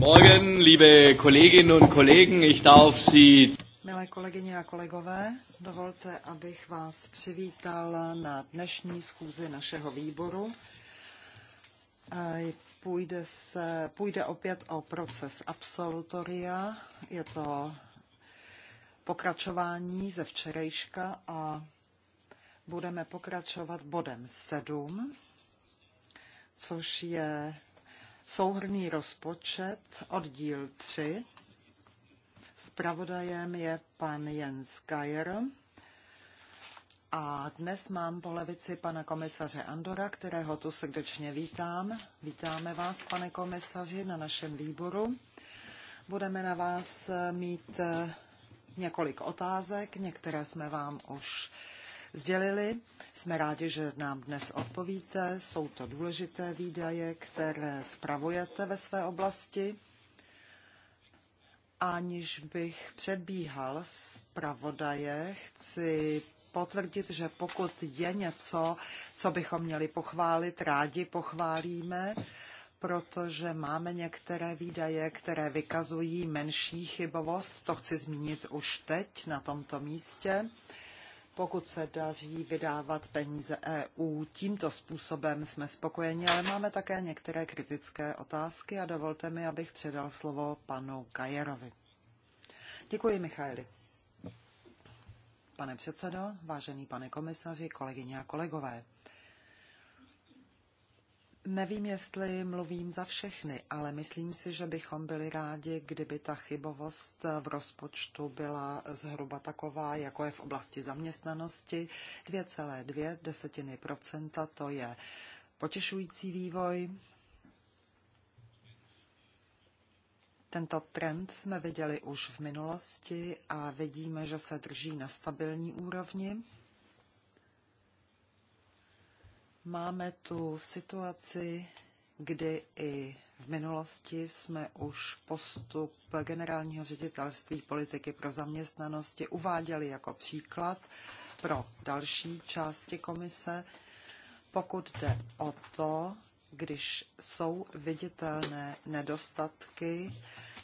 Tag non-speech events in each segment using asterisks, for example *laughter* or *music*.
Morgen, liebe Kolleginnen und Kollegen, ich darf Sie... Milé kolegyně a kolegové, dovolte, abych vás přivítal na dnešní schůzi našeho výboru. Eh, půjde, se, půjde opět o proces absolutoria. Je to pokračování ze včerejška a budeme pokračovat bodem 7, což je Souhrnný rozpočet, oddíl 3. Spravodajem je pan Jens Geier. A dnes mám po levici pana komisaře Andora, kterého tu srdečně vítám. Vítáme vás, pane komisaři, na našem výboru. Budeme na vás mít eh, několik otázek, některé jsme vám už sdělili. Jsme rádi, že nám dnes odpovíte. Jsou to důležité výdaje, které spravujete ve své oblasti. Aniž bych předbíhal zpravodaje, chci potvrdit, že pokud je něco, co bychom měli pochválit, rádi pochválíme, protože máme některé výdaje, které vykazují menší chybovost. To chci zmínit už teď na tomto místě pokud se daří vydávat peníze EU. Tímto způsobem jsme spokojeni, ale máme také některé kritické otázky a dovolte mi, abych předal slovo panu Gajerovi. Děkuji, Michaili. Pane předsedo, vážený pane komisaři, kolegyně a kolegové. Nevím, jestli mluvím za všechny, ale myslím si, že bychom byli rádi, kdyby ta chybovost v rozpočtu byla zhruba taková, jako je v oblasti zaměstnanosti. 2,2 desetiny procenta, to je potěšující vývoj. Tento trend jsme viděli už v minulosti a vidíme, že se drží na stabilní úrovni. Máme tu situaci, kdy i v minulosti jsme už postup generálního ředitelství politiky pro zaměstnanosti uváděli jako příklad pro další části komise, pokud jde o to, když jsou viditelné nedostatky,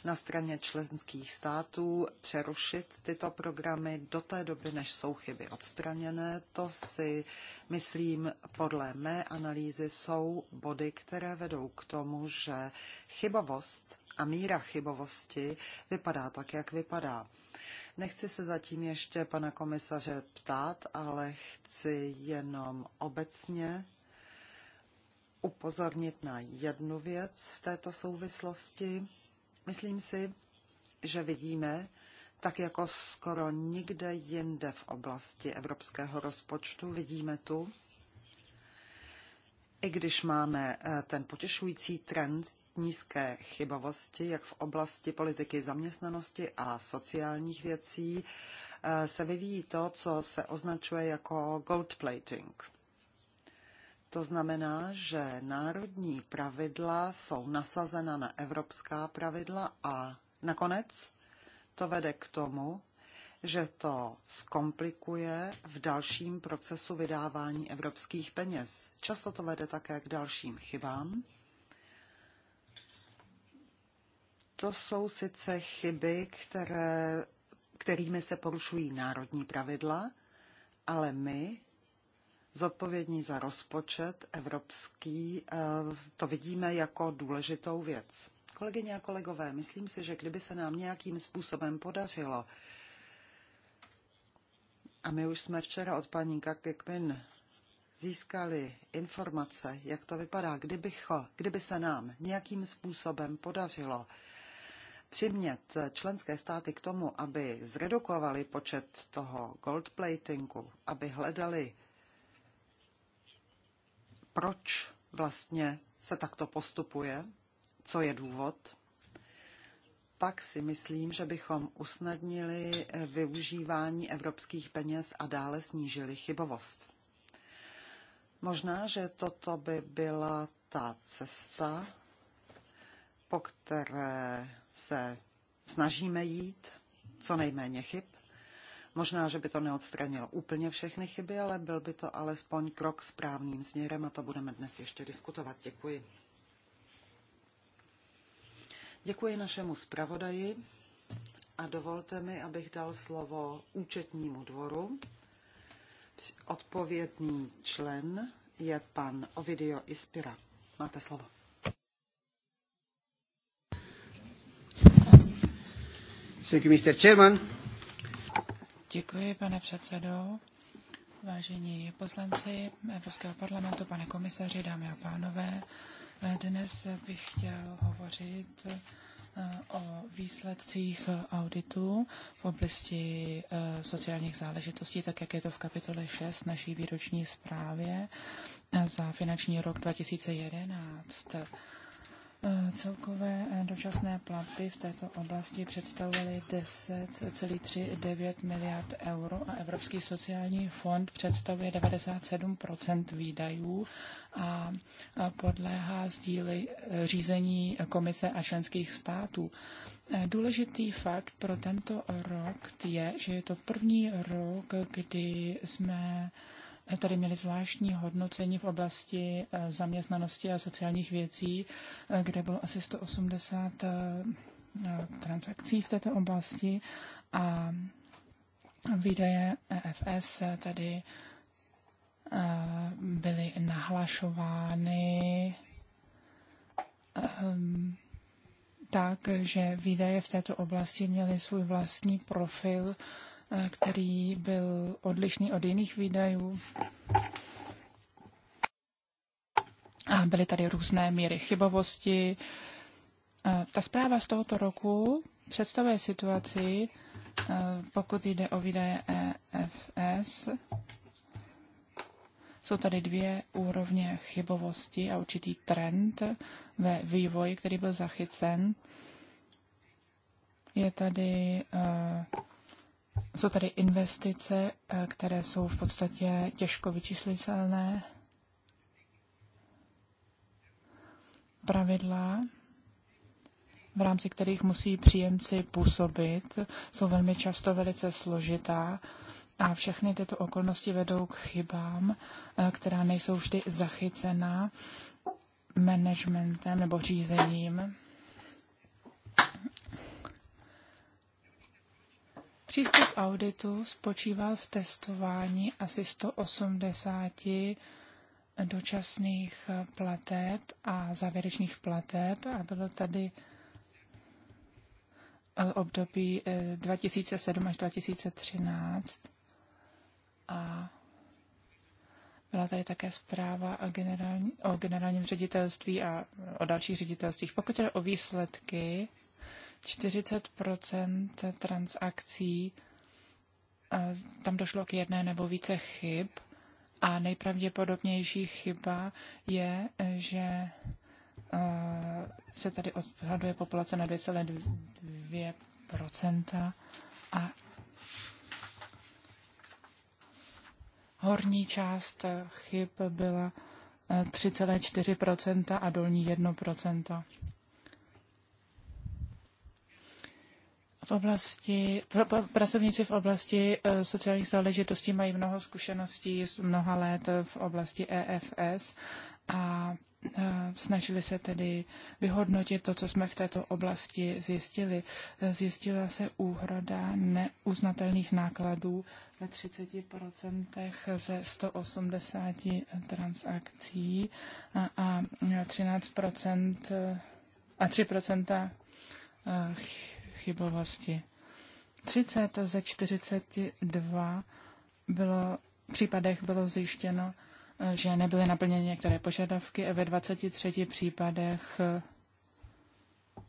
na straně členských států přerušit tyto programy do té doby, než jsou chyby odstraněné. To si, myslím, podle mé analýzy jsou body, které vedou k tomu, že chybovost a míra chybovosti vypadá tak, jak vypadá. Nechci se zatím ještě pana komisaře ptát, ale chci jenom obecně upozornit na jednu věc v této souvislosti. Myslím si, že vidíme, tak jako skoro nikde jinde v oblasti evropského rozpočtu, vidíme tu, i když máme eh, ten potěšující trend nízké chybovosti, jak v oblasti politiky zaměstnanosti a sociálních věcí, eh, se vyvíjí to, co se označuje jako gold plating. To znamená, že národní pravidla jsou nasazena na evropská pravidla a nakonec to vede k tomu, že to zkomplikuje v dalším procesu vydávání evropských peněz. Často to vede také k dalším chybám. To jsou sice chyby, které, kterými se porušují národní pravidla, ale my zodpovědní za rozpočet evropský, eh, to vidíme jako důležitou věc. Kolegyně a kolegové, myslím si, že kdyby se nám nějakým způsobem podařilo, a my už jsme včera od paní Kakikmin získali informace, jak to vypadá, kdybycho, kdyby se nám nějakým způsobem podařilo přimět členské státy k tomu, aby zredukovali počet toho goldplatingu, aby hledali proč vlastně se takto postupuje, co je důvod, pak si myslím, že bychom usnadnili eh, využívání evropských peněz a dále snížili chybovost. Možná, že toto by byla ta cesta, po které se snažíme jít, co nejméně chyb, Možná, že by to neodstranilo úplně všechny chyby, ale byl by to alespoň krok správným směrem a to budeme dnes ještě diskutovat. Děkuji. Děkuji našemu zpravodaji a dovolte mi, abych dal slovo účetnímu dvoru. Odpovědný člen je pan Ovidio Ispira. Máte slovo. Thank you, Mr. Chairman. Děkuji, pane předsedo. Vážení poslanci Evropského parlamentu, pane komisaři, dámy a pánové, dnes bych chtěl hovořit eh, o výsledcích auditu v oblasti eh, sociálních záležitostí, tak jak je to v kapitole 6 naší výroční zprávě eh, za finanční rok 2011. Eh, celkové eh, dočasné platby v této oblasti představovaly 10,39 miliard euro a Evropský sociální fond představuje 97 výdajů a podléhá sdíly eh, řízení komise a členských států. Důležitý fakt pro tento rok je, že je to první rok, kdy jsme tady měli zvláštní hodnocení v oblasti eh, zaměstnanosti a sociálních věcí, eh, kde bylo asi 180 eh, transakcí v této oblasti a výdaje EFS tady byly nahlašovány ehm, tak, že výdaje v této oblasti měly svůj vlastní profil který byl odlišný od jiných výdajů. A byly tady různé míry chybovosti. Ta zpráva z tohoto roku představuje situaci, pokud jde o výdaje EFS. Jsou tady dvě úrovně chybovosti a určitý trend ve vývoji, který byl zachycen. Je tady uh, jsou tady investice, eh, které jsou v podstatě těžko vyčíslitelné. Pravidla, v rámci kterých musí příjemci působit, jsou velmi často velice složitá a všechny tyto okolnosti vedou k chybám, eh, která nejsou vždy zachycena managementem nebo řízením. Přístup auditu spočíval v testování asi 180 dočasných eh, plateb a závěrečných plateb a bylo tady eh, období 2007 eh, až 2013 a byla tady také zpráva o, generální, o generálním ředitelství a o dalších ředitelstvích. Pokud jde o výsledky, 40 transakcí eh, tam došlo k jedné nebo více chyb a nejpravděpodobnější chyba je, že eh, se tady odhaduje populace na 2,2 a horní část chyb byla 3,4 eh, a dolní 1 v oblasti, pracovníci v oblasti eh, sociálních záležitostí mají mnoho zkušeností z mnoha let eh, v oblasti EFS a eh, snažili se tedy vyhodnotit to, co jsme v této oblasti zjistili. Zjistila se úhrada neuznatelných nákladů ve 30% ze 180 transakcí a, a 13% a 3% chybovosti. 30 ze 42 bylo, případech bylo zjištěno, že nebyly naplněny některé požadavky a ve 23 případech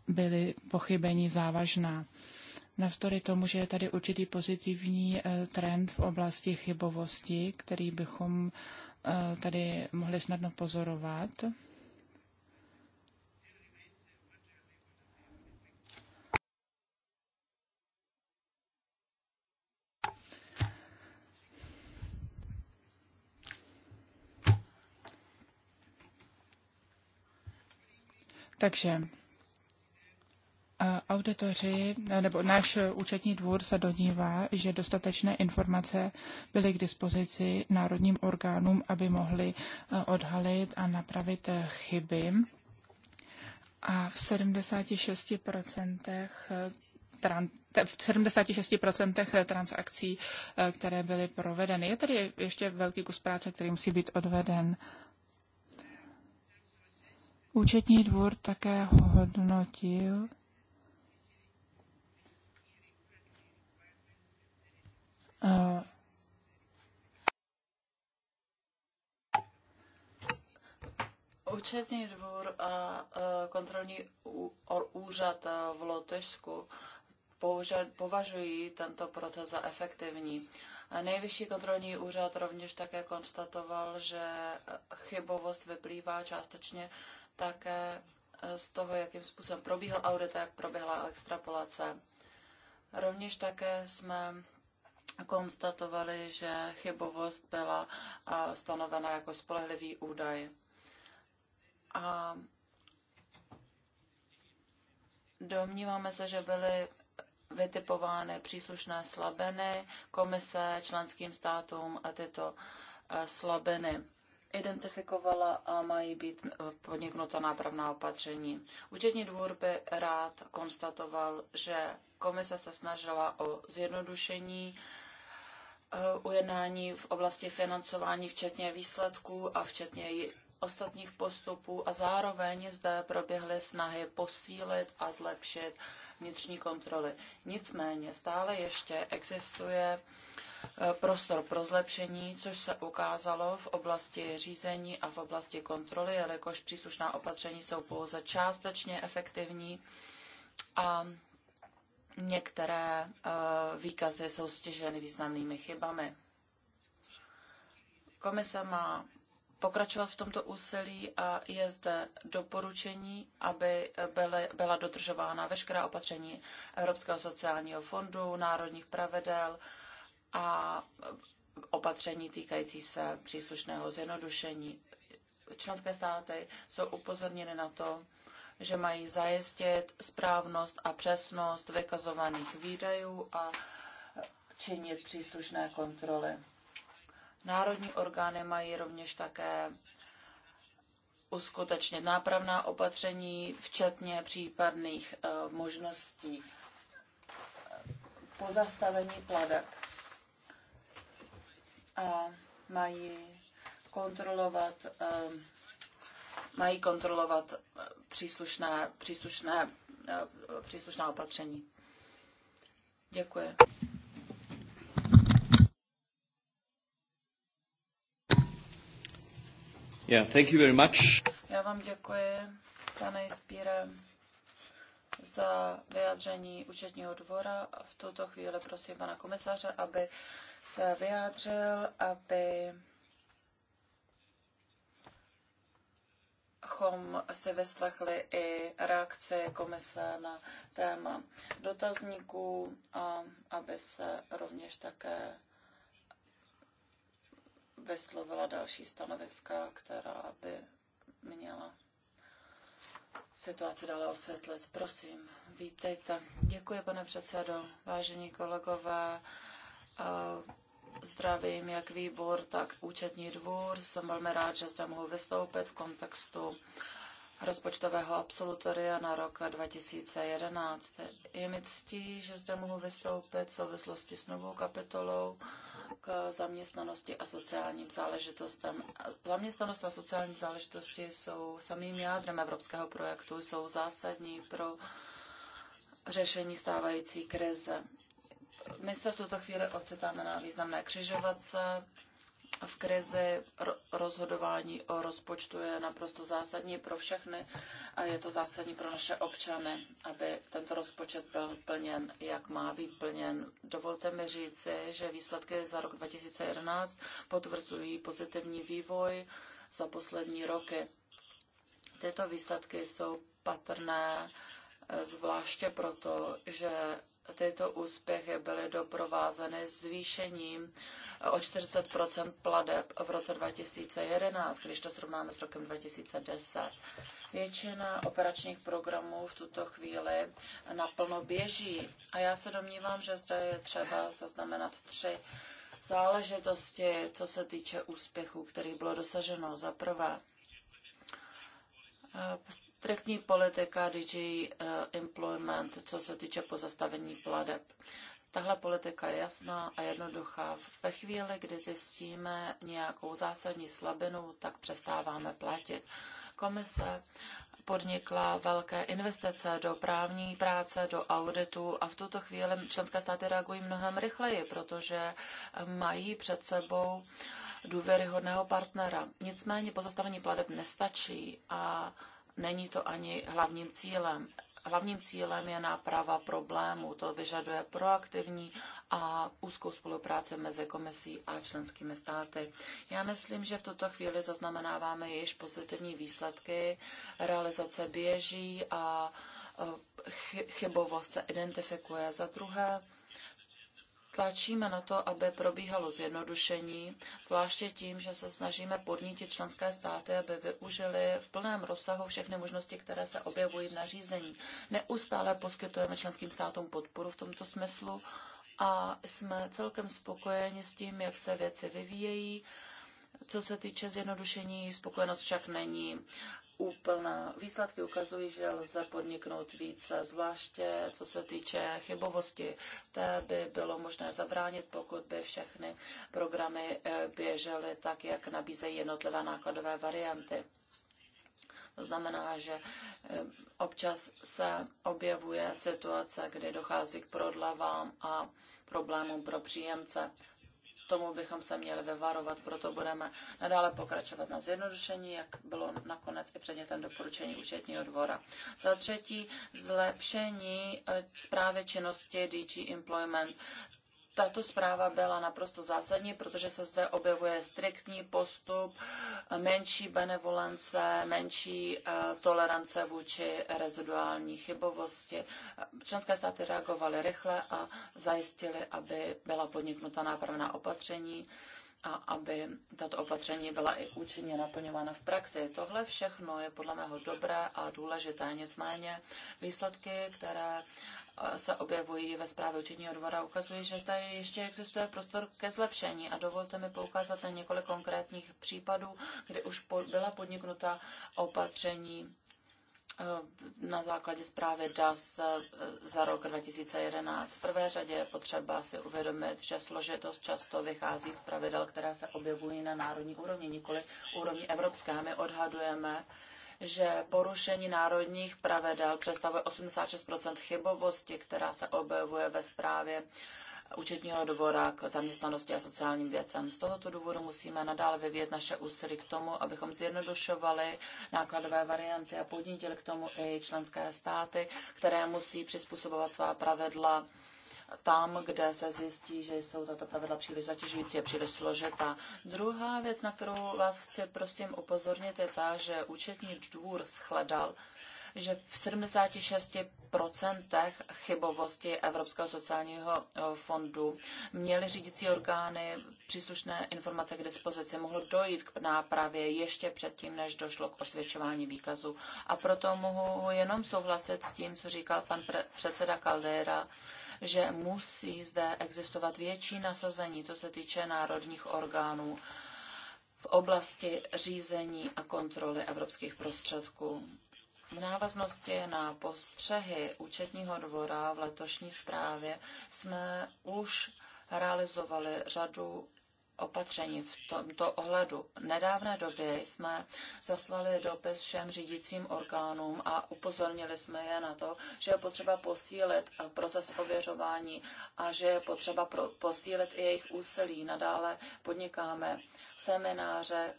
byly pochybení závažná. Navzdory tomu, že je tady určitý pozitivní eh, trend v oblasti chybovosti, který bychom eh, tady mohli snadno pozorovat, Takže eh, auditoři eh, nebo náš účetní dvůr se donívá, že dostatečné informace byly k dispozici národním orgánům, aby mohli eh, odhalit a napravit chyby. A v 76% tran- v 76% transakcí, které byly provedeny. Je tady ještě velký kus práce, který musí být odveden Účetní dvůr také hodnotil uh, Účetní dvůr a kontrolní úřad v Lotyšsku považují tento proces za efektivní. Nejvyšší kontrolní úřad rovněž také konstatoval, že e, chybovost vyplývá částečně také eh, z toho, jakým způsobem probíhal audit a jak proběhla extrapolace. Rovněž také jsme konstatovali, že chybovost byla eh, stanovena jako spolehlivý údaj. A domníváme se, že byly vytipovány příslušné slabiny komise členským státům a tyto eh, slabiny identifikovala a mají být eh, podniknuta nápravná opatření. Účetní dvůr by rád konstatoval, že komise se snažila o zjednodušení eh, ujednání v oblasti financování, včetně výsledků a včetně ostatních postupů a zároveň zde proběhly snahy posílit a zlepšit vnitřní kontroly. Nicméně stále ještě existuje uh, Eh, prostor pro zlepšení, což se ukázalo v oblasti řízení a v oblasti kontroly, jelikož příslušná opatření jsou pouze částečně efektivní a některé eh, výkazy jsou stěženy významnými chybami. Komise má pokračovat v tomto úsilí a je zde doporučení, aby byly, byla dodržována veškerá opatření Evropského sociálního fondu, národních pravidel, a opatření týkající se příslušného zjednodušení. Členské státy jsou upozorněny na to, že mají zajistit správnost a přesnost vykazovaných výdajů a činit příslušné kontroly. Národní orgány mají rovněž také uskutečnit nápravná opatření, včetně případných eh, možností pozastavení pladek a mají kontrolovat, eh, mají kontrolovat eh, příslušné, příslušné, eh, příslušná opatření. Děkuji. Yeah, thank you very much. Já vám děkuji, pane Ispíre, za vyjádření účetního dvora. V tuto chvíli prosím pana komisaře, aby se vyjádřil, aby abychom si vyslechli i reakci komise na téma dotazníků a aby se rovněž také vyslovila další stanoviska, která by měla situaci dále osvětlit. Prosím, vítejte. Děkuji, pane předsedo, vážení kolegové zdravím jak výbor, tak účetní dvůr. Jsem velmi rád, že zde mohu vystoupit v kontextu rozpočtového absolutoria na rok 2011. Je mi ctí, že zde mohu vystoupit v souvislosti s novou kapitolou k zaměstnanosti a sociálním záležitostem. Zaměstnanost a sociální záležitosti jsou samým jádrem evropského projektu, jsou zásadní pro řešení stávající krize. My se v tuto chvíli ocitáme na významné křižovatce. V krizi rozhodování o rozpočtu je naprosto zásadní pro všechny a je to zásadní pro naše občany, aby tento rozpočet byl plněn, jak má být plněn. Dovolte mi říci, že výsledky za rok 2011 potvrzují pozitivní vývoj za poslední roky. Tyto výsledky jsou patrné e, zvláště proto, že tyto úspěchy byly doprovázeny zvýšením o 40 pladeb v roce 2011, když to srovnáme s rokem 2010. Většina operačních programů v tuto chvíli naplno běží a já se domnívám, že zde je třeba zaznamenat tři záležitosti, co se týče úspěchů, který bylo dosaženo. Za prvé, Trhní politika DG eh, Employment, co se týče pozastavení pladeb. Tahle politika je jasná a jednoduchá. Ve chvíli, kdy zjistíme nějakou zásadní slabinu, tak přestáváme platit. Komise podnikla velké investice do právní práce, do auditu a v tuto chvíli členské státy reagují mnohem rychleji, protože mají před sebou důvěryhodného partnera. Nicméně pozastavení pladeb nestačí a není to ani hlavním cílem. Hlavním cílem je náprava problému. To vyžaduje proaktivní a úzkou spolupráci mezi komisí a členskými státy. Já myslím, že v tuto chvíli zaznamenáváme již pozitivní výsledky. Realizace běží a e, chybovost se identifikuje. Za druhé, Tlačíme na to, aby probíhalo zjednodušení, zvláště tím, že se snažíme podnítit členské státy, aby využili v plném rozsahu všechny možnosti, které se objevují v nařízení. Neustále poskytujeme členským státům podporu v tomto smyslu a jsme celkem spokojeni s tím, jak se věci vyvíjejí. Co se týče zjednodušení, spokojenost však není úplná. Výsledky ukazují, že lze podniknout více, zvláště co se týče chybovosti. Té by bylo možné zabránit, pokud by všechny programy eh, běžely tak, jak nabízejí jednotlivé nákladové varianty. To znamená, že eh, občas se objevuje situace, kdy dochází k prodlevám a problémům pro příjemce tomu bychom se měli vyvarovat, proto budeme nadále pokračovat na zjednodušení, jak bylo nakonec i předmětem doporučení účetního dvora. Za třetí, zlepšení zprávy eh, činnosti DG Employment. Tato zpráva byla naprosto zásadní, protože se zde objevuje striktní postup, menší benevolence, menší eh, tolerance vůči reziduální chybovosti. Členské státy reagovaly rychle a zajistily, aby byla podniknuta nápravná opatření a aby tato opatření byla i účinně naplňována v praxi. Tohle všechno je podle mého dobré a důležité. Nicméně výsledky, které eh, se objevují ve zprávě Učitního dvora, ukazují, že zde ještě existuje prostor ke zlepšení a dovolte mi poukázat na několik konkrétních případů, kdy už byla podniknuta opatření Eh, na základě zprávy DAS eh, za rok 2011. V prvé řadě je potřeba si uvědomit, že složitost často vychází z pravidel, která se objevují na národní úrovni, nikoli úrovni evropské. My odhadujeme, že porušení národních pravidel představuje 86 chybovosti, která se objevuje ve zprávě účetního dvora k zaměstnanosti a sociálním věcem. Z tohoto důvodu musíme nadále vyvíjet naše úsilí k tomu, abychom zjednodušovali nákladové varianty a podnítili k tomu i členské státy, které musí přizpůsobovat svá pravidla tam, kde se zjistí, že jsou tato pravidla příliš zatěžující a příliš složitá. Druhá věc, na kterou vás chci prosím upozornit, je ta, že účetní dvůr shledal, že v 76% chybovosti Evropského sociálního eh, fondu měly řídící orgány příslušné informace k dispozici. Mohlo dojít k nápravě ještě předtím, než došlo k osvědčování výkazu. A proto mohu jenom souhlasit s tím, co říkal pan předseda Caldera, že musí zde existovat větší nasazení, co se týče národních orgánů v oblasti řízení a kontroly evropských prostředků. V návaznosti na postřehy účetního dvora v letošní zprávě jsme už realizovali řadu opatření v tomto ohledu. V nedávné době jsme zaslali dopis všem řídícím orgánům a upozornili jsme je na to, že je potřeba posílit proces ověřování a že je potřeba posílit i jejich úsilí. Nadále podnikáme semináře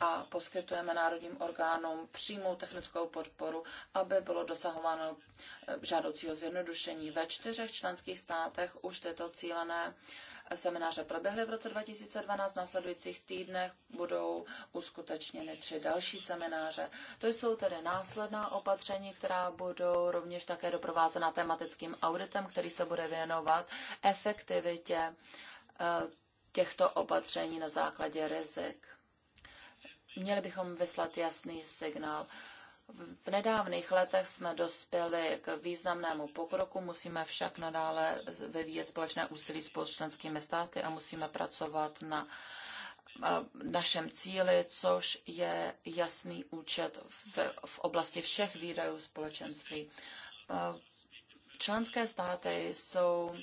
a poskytujeme národním orgánům přímou technickou podporu, aby bylo dosahováno eh, žádoucího zjednodušení. Ve čtyřech členských státech už tyto cílené semináře proběhly v roce 2012, v následujících týdnech budou uskutečněny tři další semináře. To jsou tedy následná opatření, která budou rovněž také doprovázena tematickým auditem, který se bude věnovat efektivitě eh, těchto opatření na základě rizik. Měli bychom vyslat jasný signál. V nedávných letech jsme dospěli k významnému pokroku, musíme však nadále vyvíjet společné úsilí s členskými státy a musíme pracovat na našem cíli, což je jasný účet v, v oblasti všech výdajů společenství. Členské státy jsou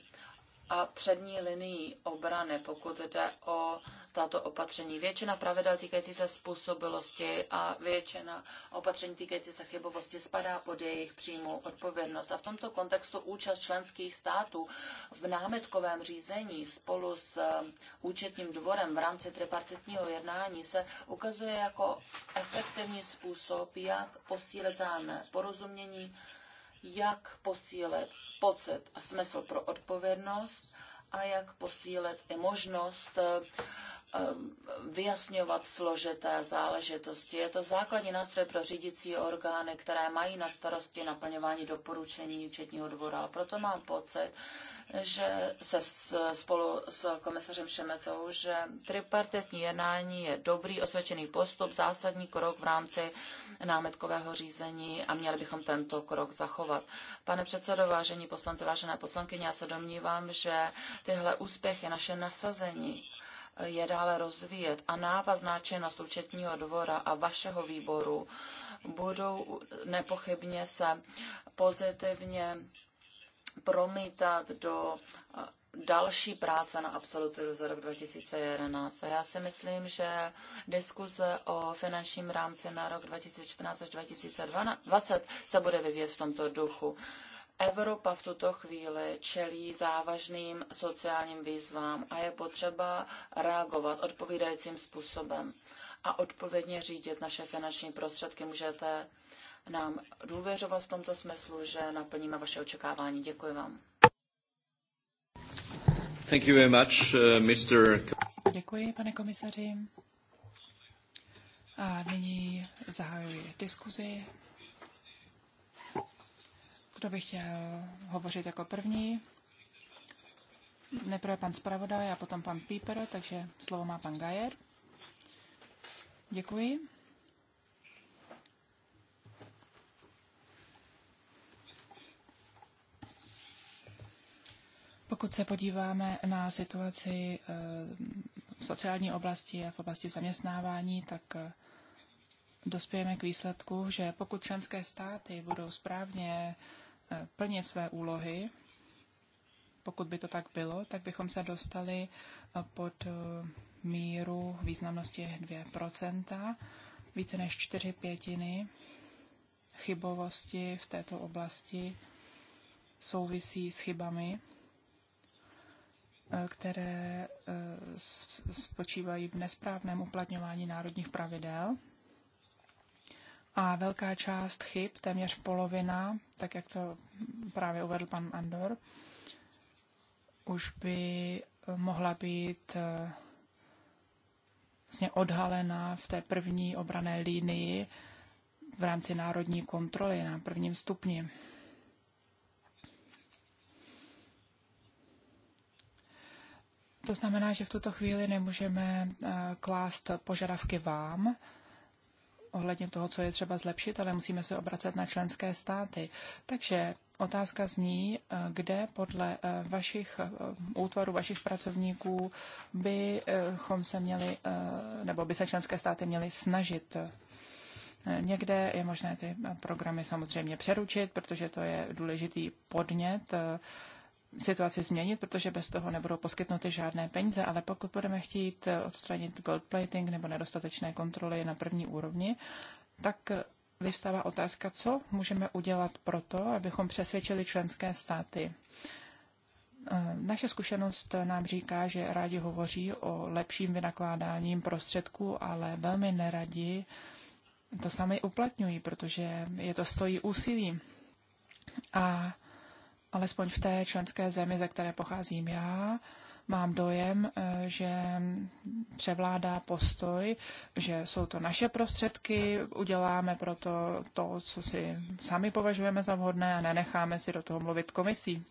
a přední linií obrany, pokud jde o tato opatření. Většina pravidel týkající se způsobilosti a většina opatření týkající se chybovosti spadá pod jejich přímou odpovědnost. A v tomto kontextu účast členských států v námitkovém řízení spolu s um, účetním dvorem v rámci tripartitního jednání se ukazuje jako efektivní způsob, jak posílit zájemné porozumění, jak posílit pocit a smysl pro odpovědnost a jak posílit i možnost eh, Um, vyjasňovat složité záležitosti. Je to základní nástroj pro řídící orgány, které mají na starosti naplňování doporučení účetního dvora. Proto mám pocit, že se spolu s komisařem Šemetou, že tripartitní jednání je dobrý osvědčený postup, zásadní krok v rámci námetkového řízení a měli bychom tento krok zachovat. Pane předsedo, vážení poslanci, vážené poslankyně, já se domnívám, že tyhle úspěchy, naše nasazení je dále rozvíjet. A návazná činnost účetního dvora a vašeho výboru budou nepochybně se pozitivně promítat do eh, další práce na absolutoru za rok 2011. A já si myslím, že diskuze o finančním rámci na rok 2014 až 2020 se bude vyvíjet v tomto duchu. Evropa v tuto chvíli čelí závažným sociálním výzvám a je potřeba reagovat odpovídajícím způsobem a odpovědně řídit naše finanční prostředky. Můžete nám důvěřovat v tomto smyslu, že naplníme vaše očekávání. Děkuji vám. Thank you very much, uh, Mr. Děkuji, pane komisaři. A nyní zahajuji diskuzi. Kdo by chtěl hovořit jako první? Nejprve pan zpravodaj a potom pan Píper, takže slovo má pan Gajer. Děkuji. Pokud se podíváme na situaci v eh, sociální oblasti a v oblasti zaměstnávání, tak eh, dospějeme k výsledku, že pokud členské státy budou správně Eh, plně své úlohy, pokud by to tak bylo, tak bychom se dostali eh, pod eh, míru významnosti 2%, více než 4 pětiny chybovosti v této oblasti souvisí s chybami, které spočívají v nesprávném uplatňování národních pravidel a velká část chyb, téměř polovina, tak jak to právě uvedl pan Andor, už by eh, mohla být eh, vlastně odhalena v té první obrané línii v rámci národní kontroly na prvním stupni. To znamená, že v tuto chvíli nemůžeme eh, klást požadavky vám, ohledně toho, co je třeba zlepšit, ale musíme se obracet na členské státy. Takže otázka zní, eh, kde podle eh, vašich eh, útvarů, vašich pracovníků bychom se měli, nebo by se členské státy měly snažit Někde je možné ty programy samozřejmě přeručit, protože to je důležitý podnět situaci změnit, protože bez toho nebudou poskytnuty žádné peníze, ale pokud budeme chtít odstranit goldplating nebo nedostatečné kontroly na první úrovni, tak vyvstává otázka, co můžeme udělat pro to, abychom přesvědčili členské státy. Naše zkušenost nám říká, že rádi hovoří o lepším vynakládání prostředků, ale velmi neradi to sami uplatňují, protože je to stojí úsilí. A alespoň v té členské zemi, ze které pocházím já, mám dojem, eh, že převládá postoj, že jsou to naše prostředky, uděláme proto to, co si sami považujeme za vhodné a nenecháme si do toho mluvit komisí.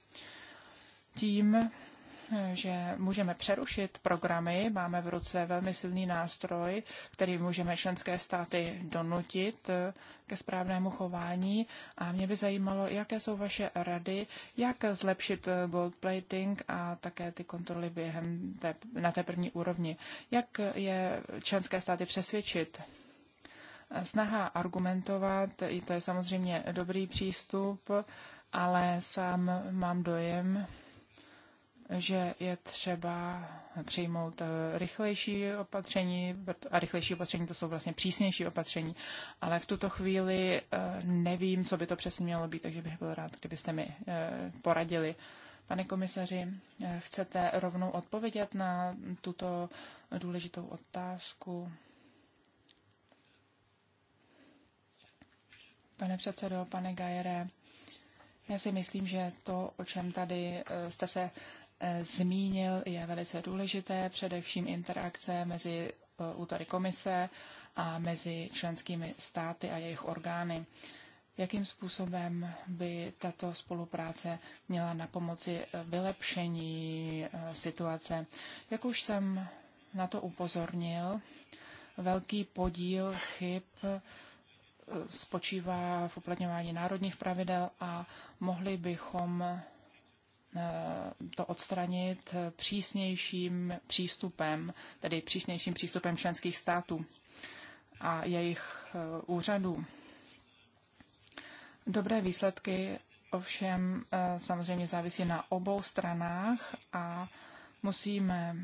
Tím že můžeme přerušit programy. Máme v ruce velmi silný nástroj, který můžeme členské státy donutit eh, ke správnému chování. A mě by zajímalo, jaké jsou vaše rady, jak zlepšit eh, gold plating a také ty kontroly během té, na té první úrovni. Jak je členské státy přesvědčit? Eh, Snaha argumentovat, i to je samozřejmě dobrý přístup, ale sám mám dojem, že je třeba přijmout eh, rychlejší opatření, a rychlejší opatření to jsou vlastně přísnější opatření, ale v tuto chvíli eh, nevím, co by to přesně mělo být, takže bych byl rád, kdybyste mi eh, poradili. Pane komisaři, chcete rovnou odpovědět na tuto důležitou otázku? Pane předsedo, pane Gajere, já si myslím, že to, o čem tady jste se Eh, zmínil, je velice důležité, především interakce mezi eh, útvary komise a mezi členskými státy a jejich orgány. Jakým způsobem by tato spolupráce měla na pomoci eh, vylepšení situace? Jak už jsem na to upozornil, velký podíl chyb spočívá v uplatňování národních pravidel a mohli bychom Eh, to odstranit přísnějším přístupem, tedy přísnějším přístupem členských států a jejich eh, úřadů. Dobré výsledky ovšem eh, samozřejmě závisí na obou stranách a musíme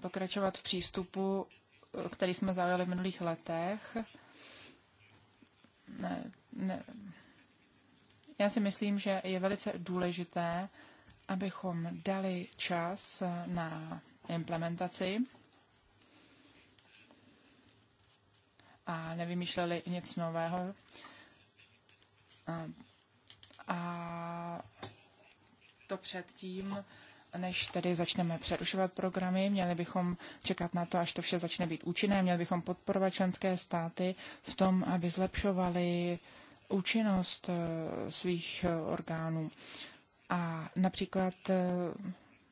pokračovat v přístupu, který jsme zaujali v minulých letech. Ne, ne, já si myslím, že je velice důležité, abychom dali čas na implementaci a nevymýšleli nic nového. A, to předtím, než tedy začneme přerušovat programy, měli bychom čekat na to, až to vše začne být účinné, měli bychom podporovat členské státy v tom, aby zlepšovali účinnost eh, svých eh, orgánů. A například eh,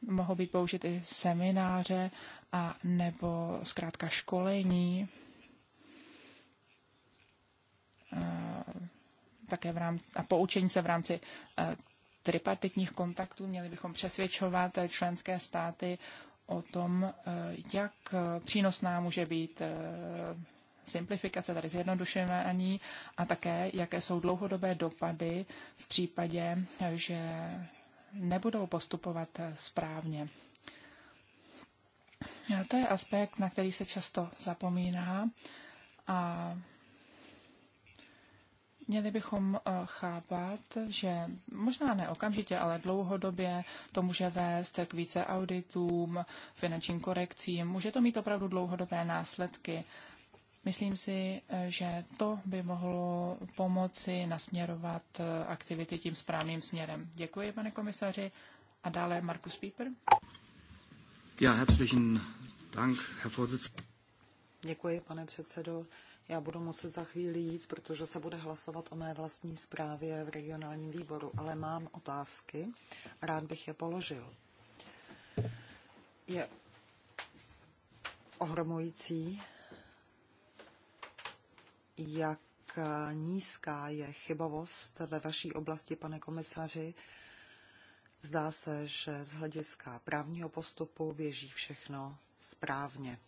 mohou být použity semináře a nebo zkrátka školení, také v rámci, a poučení se v rámci tripartitních kontaktů. Měli bychom přesvědčovat členské státy o tom, jak přínosná může být simplifikace, tady ani, a také, jaké jsou dlouhodobé dopady v případě, že nebudou postupovat správně. To je aspekt, na který se často zapomíná a měli bychom eh, chápat, že možná ne okamžitě, ale dlouhodobě to může vést k více auditům, finančním korekcím. Může to mít opravdu dlouhodobé následky Myslím si, eh, že to by mohlo pomoci nasměrovat eh, aktivity tím správným směrem. Děkuji, pane komisaři. A dále Markus Pieper. Ja, herzlichen Dank, Herr Vorsitzender. Děkuji, pane předsedo. Já budu muset za chvíli jít, protože se bude hlasovat o mé vlastní zprávě v regionálním výboru, ale mám otázky. Rád bych je položil. Je ohromující, jak nízká je chybovost ve vaší oblasti, pane komisaři. Zdá se, že z hlediska právního postupu běží všechno správně.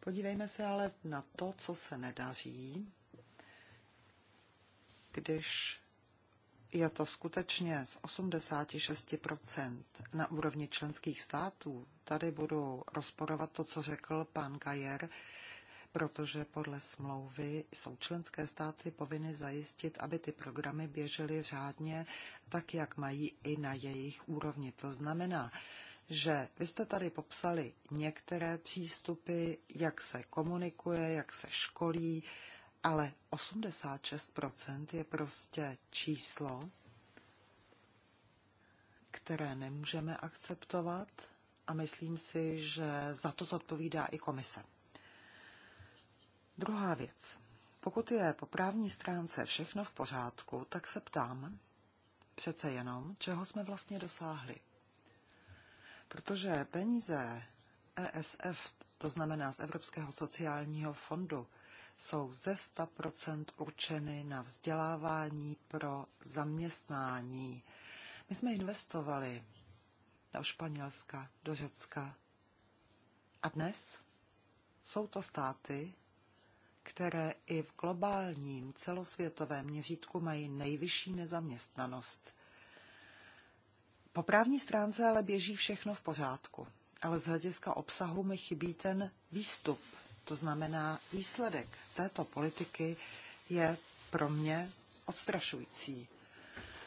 Podívejme se ale na to, co se nedaří, když je to skutečně z 86% na úrovni členských států. Tady budu rozporovat to, co řekl pan Kajer protože podle smlouvy jsou členské státy povinny zajistit, aby ty programy běžely řádně tak, jak mají i na jejich úrovni. To znamená, že vy jste tady popsali některé přístupy, jak se komunikuje, jak se školí, ale 86% je prostě číslo, které nemůžeme akceptovat a myslím si, že za to odpovídá i komise. Druhá věc. Pokud je po právní stránce všechno v pořádku, tak se ptám přece jenom, čeho jsme vlastně dosáhli. Protože peníze ESF, to znamená z Evropského sociálního fondu, jsou ze 100% určeny na vzdělávání pro zaměstnání. My jsme investovali do Španělska, do Řecka. A dnes jsou to státy, které i v globálním celosvětovém měřítku mají nejvyšší nezaměstnanost. Po právní stránce ale běží všechno v pořádku, ale z hlediska obsahu mi chybí ten výstup, to znamená výsledek této politiky je pro mě odstrašující.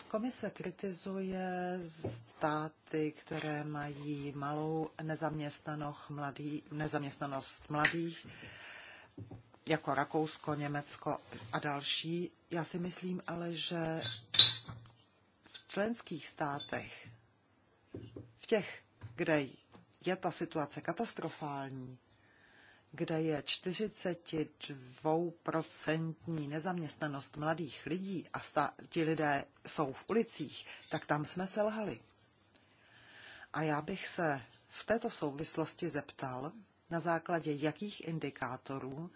Komise kritizuje státy, které mají malou nezaměstnanost mladých, nezaměstnanost mladých jako Rakousko, Německo a další. Já si myslím ale, že v členských státech, v těch, kde je ta situace katastrofální, kde je 42% nezaměstnanost mladých lidí a sta- ti lidé jsou v ulicích, tak tam jsme selhali. A já bych se v této souvislosti zeptal, na základě jakých indikátorů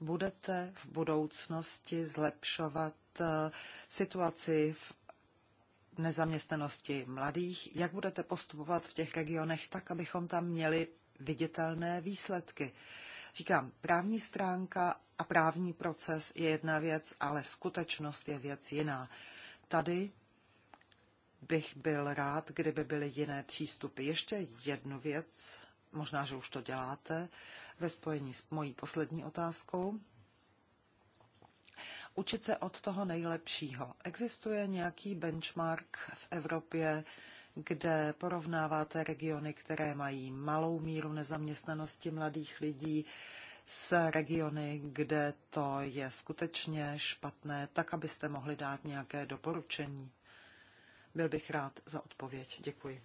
budete v budoucnosti zlepšovat eh, situaci v nezaměstnanosti mladých, jak budete postupovat v těch regionech tak, abychom tam měli viditelné výsledky. Říkám, právní stránka a právní proces je jedna věc, ale skutečnost je věc jiná. Tady bych byl rád, kdyby byly jiné přístupy. Ještě jednu věc možná, že už to děláte, ve spojení s mojí poslední otázkou. Učit se od toho nejlepšího. Existuje nějaký benchmark v Evropě, kde porovnáváte regiony, které mají malou míru nezaměstnanosti mladých lidí, s regiony, kde to je skutečně špatné, tak abyste mohli dát nějaké doporučení. Byl bych rád za odpověď. Děkuji.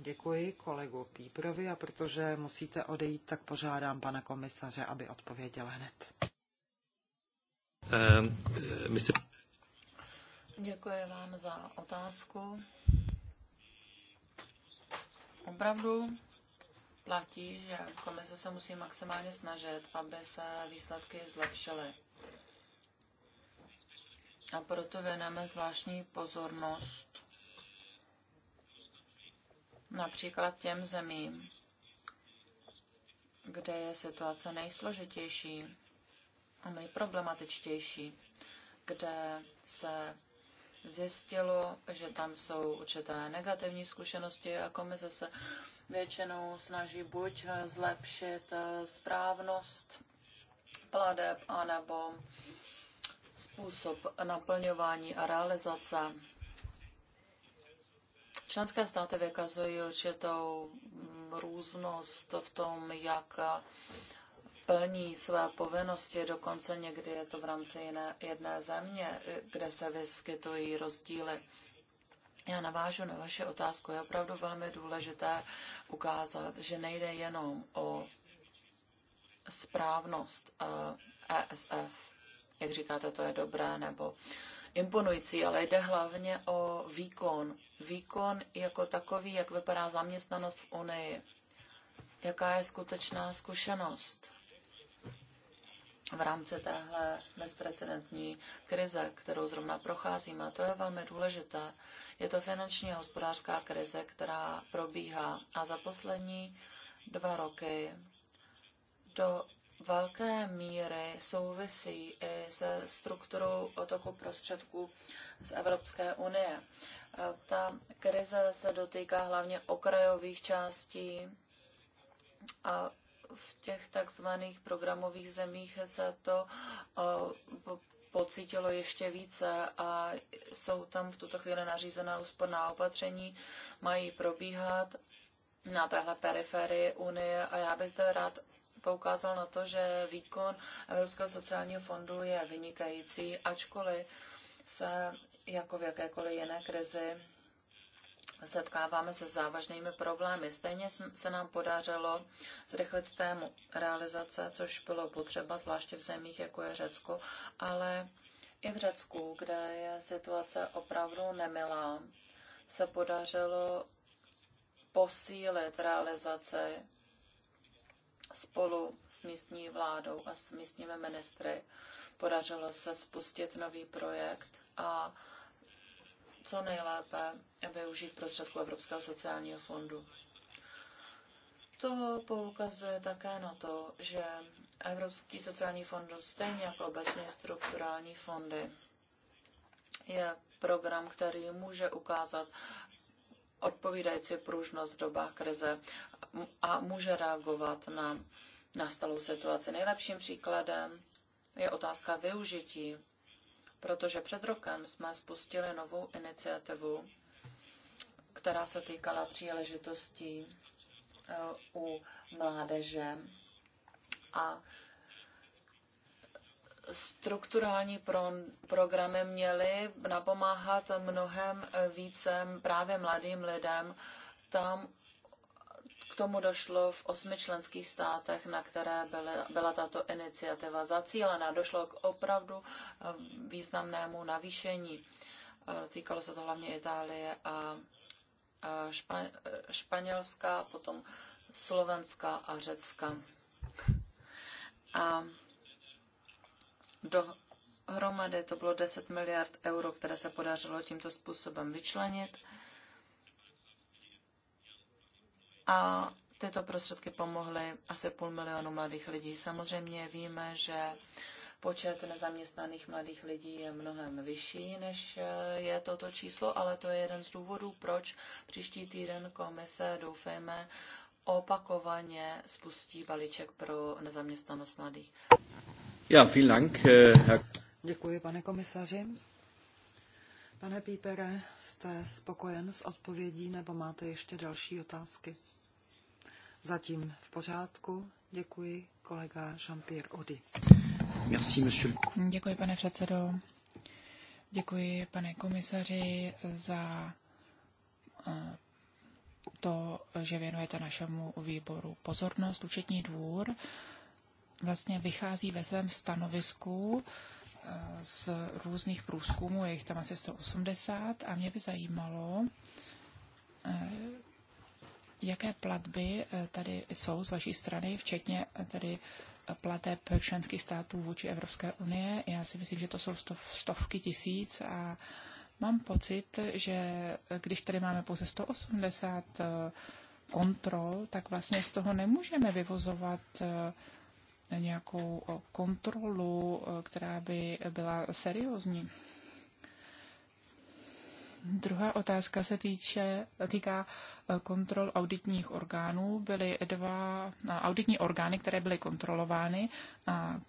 Děkuji kolegu Píprovi a protože musíte odejít, tak požádám pana komisaře, aby odpověděl hned. Ehm, eh, Děkuji vám za otázku. Opravdu platí, že komise se musí maximálně snažit, aby se výsledky zlepšily. A proto věneme zvláštní pozornost například těm zemím, kde je situace nejsložitější a nejproblematičtější, kde se zjistilo, že tam jsou určité negativní zkušenosti a komise se většinou snaží buď zlepšit eh, správnost pladeb, anebo způsob naplňování a realizace Členské státy vykazují určitou mm, různost v tom, jak eh, plní své povinnosti, dokonce někdy je to v rámci jiné, jedné země, eh, kde se vyskytují rozdíly. Já navážu na vaši otázku. Je opravdu velmi důležité ukázat, že nejde jenom o správnost ESF, eh, e jak říkáte, to je dobré, nebo imponující, ale jde hlavně o výkon. Výkon jako takový, jak vypadá zaměstnanost v Unii. Jaká je skutečná zkušenost v rámci téhle bezprecedentní krize, kterou zrovna procházíme. to je velmi důležité. Je to finanční a hospodářská krize, která probíhá. A za poslední dva roky do velké míry souvisí i se strukturou otoku prostředků z Evropské unie. Ta krize se dotýká hlavně okrajových částí a v těch takzvaných programových zemích se to pocítilo ještě více a jsou tam v tuto chvíli nařízená úsporná opatření, mají probíhat na téhle periferii Unie a já bych zde rád poukázal na to, že výkon Evropského sociálního fondu je vynikající, ačkoliv se jako v jakékoliv jiné krizi setkáváme se závažnými problémy. Stejně se nám podařilo zrychlit tému realizace, což bylo potřeba, zvláště v zemích, jako je Řecko, ale i v Řecku, kde je situace opravdu nemilá, se podařilo posílit realizaci spolu s místní vládou a s místními ministry podařilo se spustit nový projekt a co nejlépe využít prostředku Evropského sociálního fondu. To poukazuje také na to, že Evropský sociální fond, stejně jako obecně strukturální fondy, je program, který může ukázat odpovídající pružnost v dobách krize a může reagovat na nastalou situaci. Nejlepším příkladem je otázka využití, protože před rokem jsme spustili novou iniciativu, která se týkala příležitostí eh, u mládeže a strukturální pro, programy měly napomáhat mnohem více právě mladým lidem. Tam k tomu došlo v osmi členských státech, na které byly, byla tato iniciativa zacílena. Došlo k opravdu eh, významnému navýšení. Eh, týkalo se to hlavně Itálie a špa, Španělska, potom Slovenska a Řecka. A Dohromady to bylo 10 miliard euro, které se podařilo tímto způsobem vyčlenit. A tyto prostředky pomohly asi půl milionu mladých lidí. Samozřejmě víme, že počet nezaměstnaných mladých lidí je mnohem vyšší, než eh, je toto číslo, ale to je jeden z důvodů, proč příští týden komise, doufejme, opakovaně spustí balíček pro nezaměstnanost mladých. Äh, Děkuji, pane komisaři. Pane Pípere, jste spokojen s odpovědí nebo máte ještě další otázky? Zatím v pořádku. Děkuji, kolega Jean-Pierre Ody. Merci, monsieur. Děkuji, pane předsedo. Děkuji, pane komisaři, za eh, to, že věnujete našemu výboru pozornost. Účetní dvůr vlastně vychází ve svém stanovisku eh, z různých průzkumů, je jich tam asi 180 a mě by zajímalo, eh, jaké platby eh, tady jsou z vaší strany, včetně tady plateb členských států vůči Evropské unie. Já si myslím, že to jsou stovky tisíc a mám pocit, že když tady máme pouze 180 kontrol, tak vlastně z toho nemůžeme vyvozovat nějakou kontrolu, která by byla seriózní. Druhá otázka se týče, týká e, kontrol auditních orgánů. Byly dva e, auditní orgány, které byly kontrolovány. A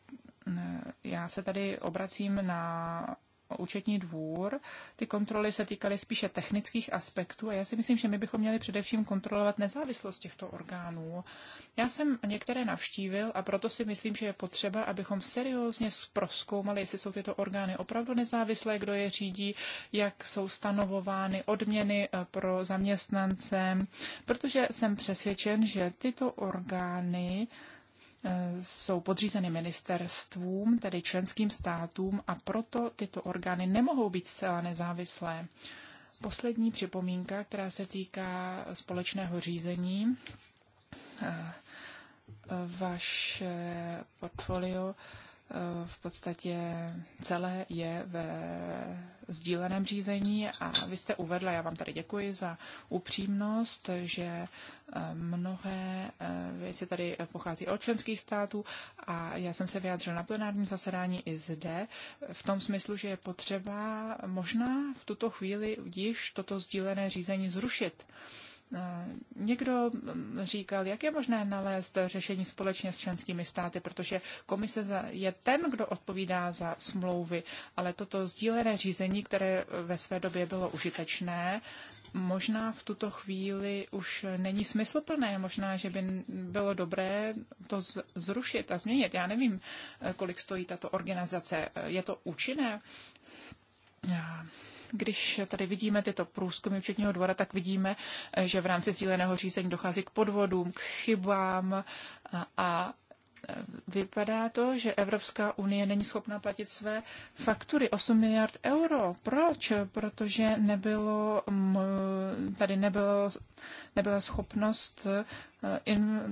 e, já se tady obracím na účetní dvůr. Ty kontroly se týkaly spíše technických aspektů a já si myslím, že my bychom měli především kontrolovat nezávislost těchto orgánů. Já jsem některé navštívil a proto si myslím, že je potřeba, abychom seriózně zproskoumali, jestli jsou tyto orgány opravdu nezávislé, kdo je řídí, jak jsou stanovovány odměny eh, pro zaměstnance, protože jsem přesvědčen, že tyto orgány E, jsou podřízeny ministerstvům, tedy členským státům, a proto tyto orgány nemohou být zcela nezávislé. Poslední připomínka, která se týká společného řízení. E, vaše portfolio v podstatě celé je ve sdíleném řízení a vy jste uvedla, já vám tady děkuji za upřímnost, že eh, mnohé eh, věci tady eh, pochází od členských států a já jsem se vyjádřil na plenárním zasedání i zde v tom smyslu, že je potřeba možná v tuto chvíli již toto sdílené řízení zrušit Eh, někdo mm, říkal, jak je možné nalézt řešení společně s členskými státy, protože komise je ten, kdo odpovídá za smlouvy, ale toto sdílené řízení, které ve své době bylo užitečné, možná v tuto chvíli už není smysluplné, možná, že by bylo dobré to zrušit a změnit. Já nevím, eh, kolik stojí tato organizace. Eh, je to účinné? Když tady vidíme tyto průzkumy účetního dvora, tak vidíme, že v rámci sdíleného řízení dochází k podvodům, k chybám a, a vypadá to, že Evropská unie není schopná platit své faktury 8 miliard euro. Proč? Protože nebylo, tady nebylo, nebyla schopnost Eh,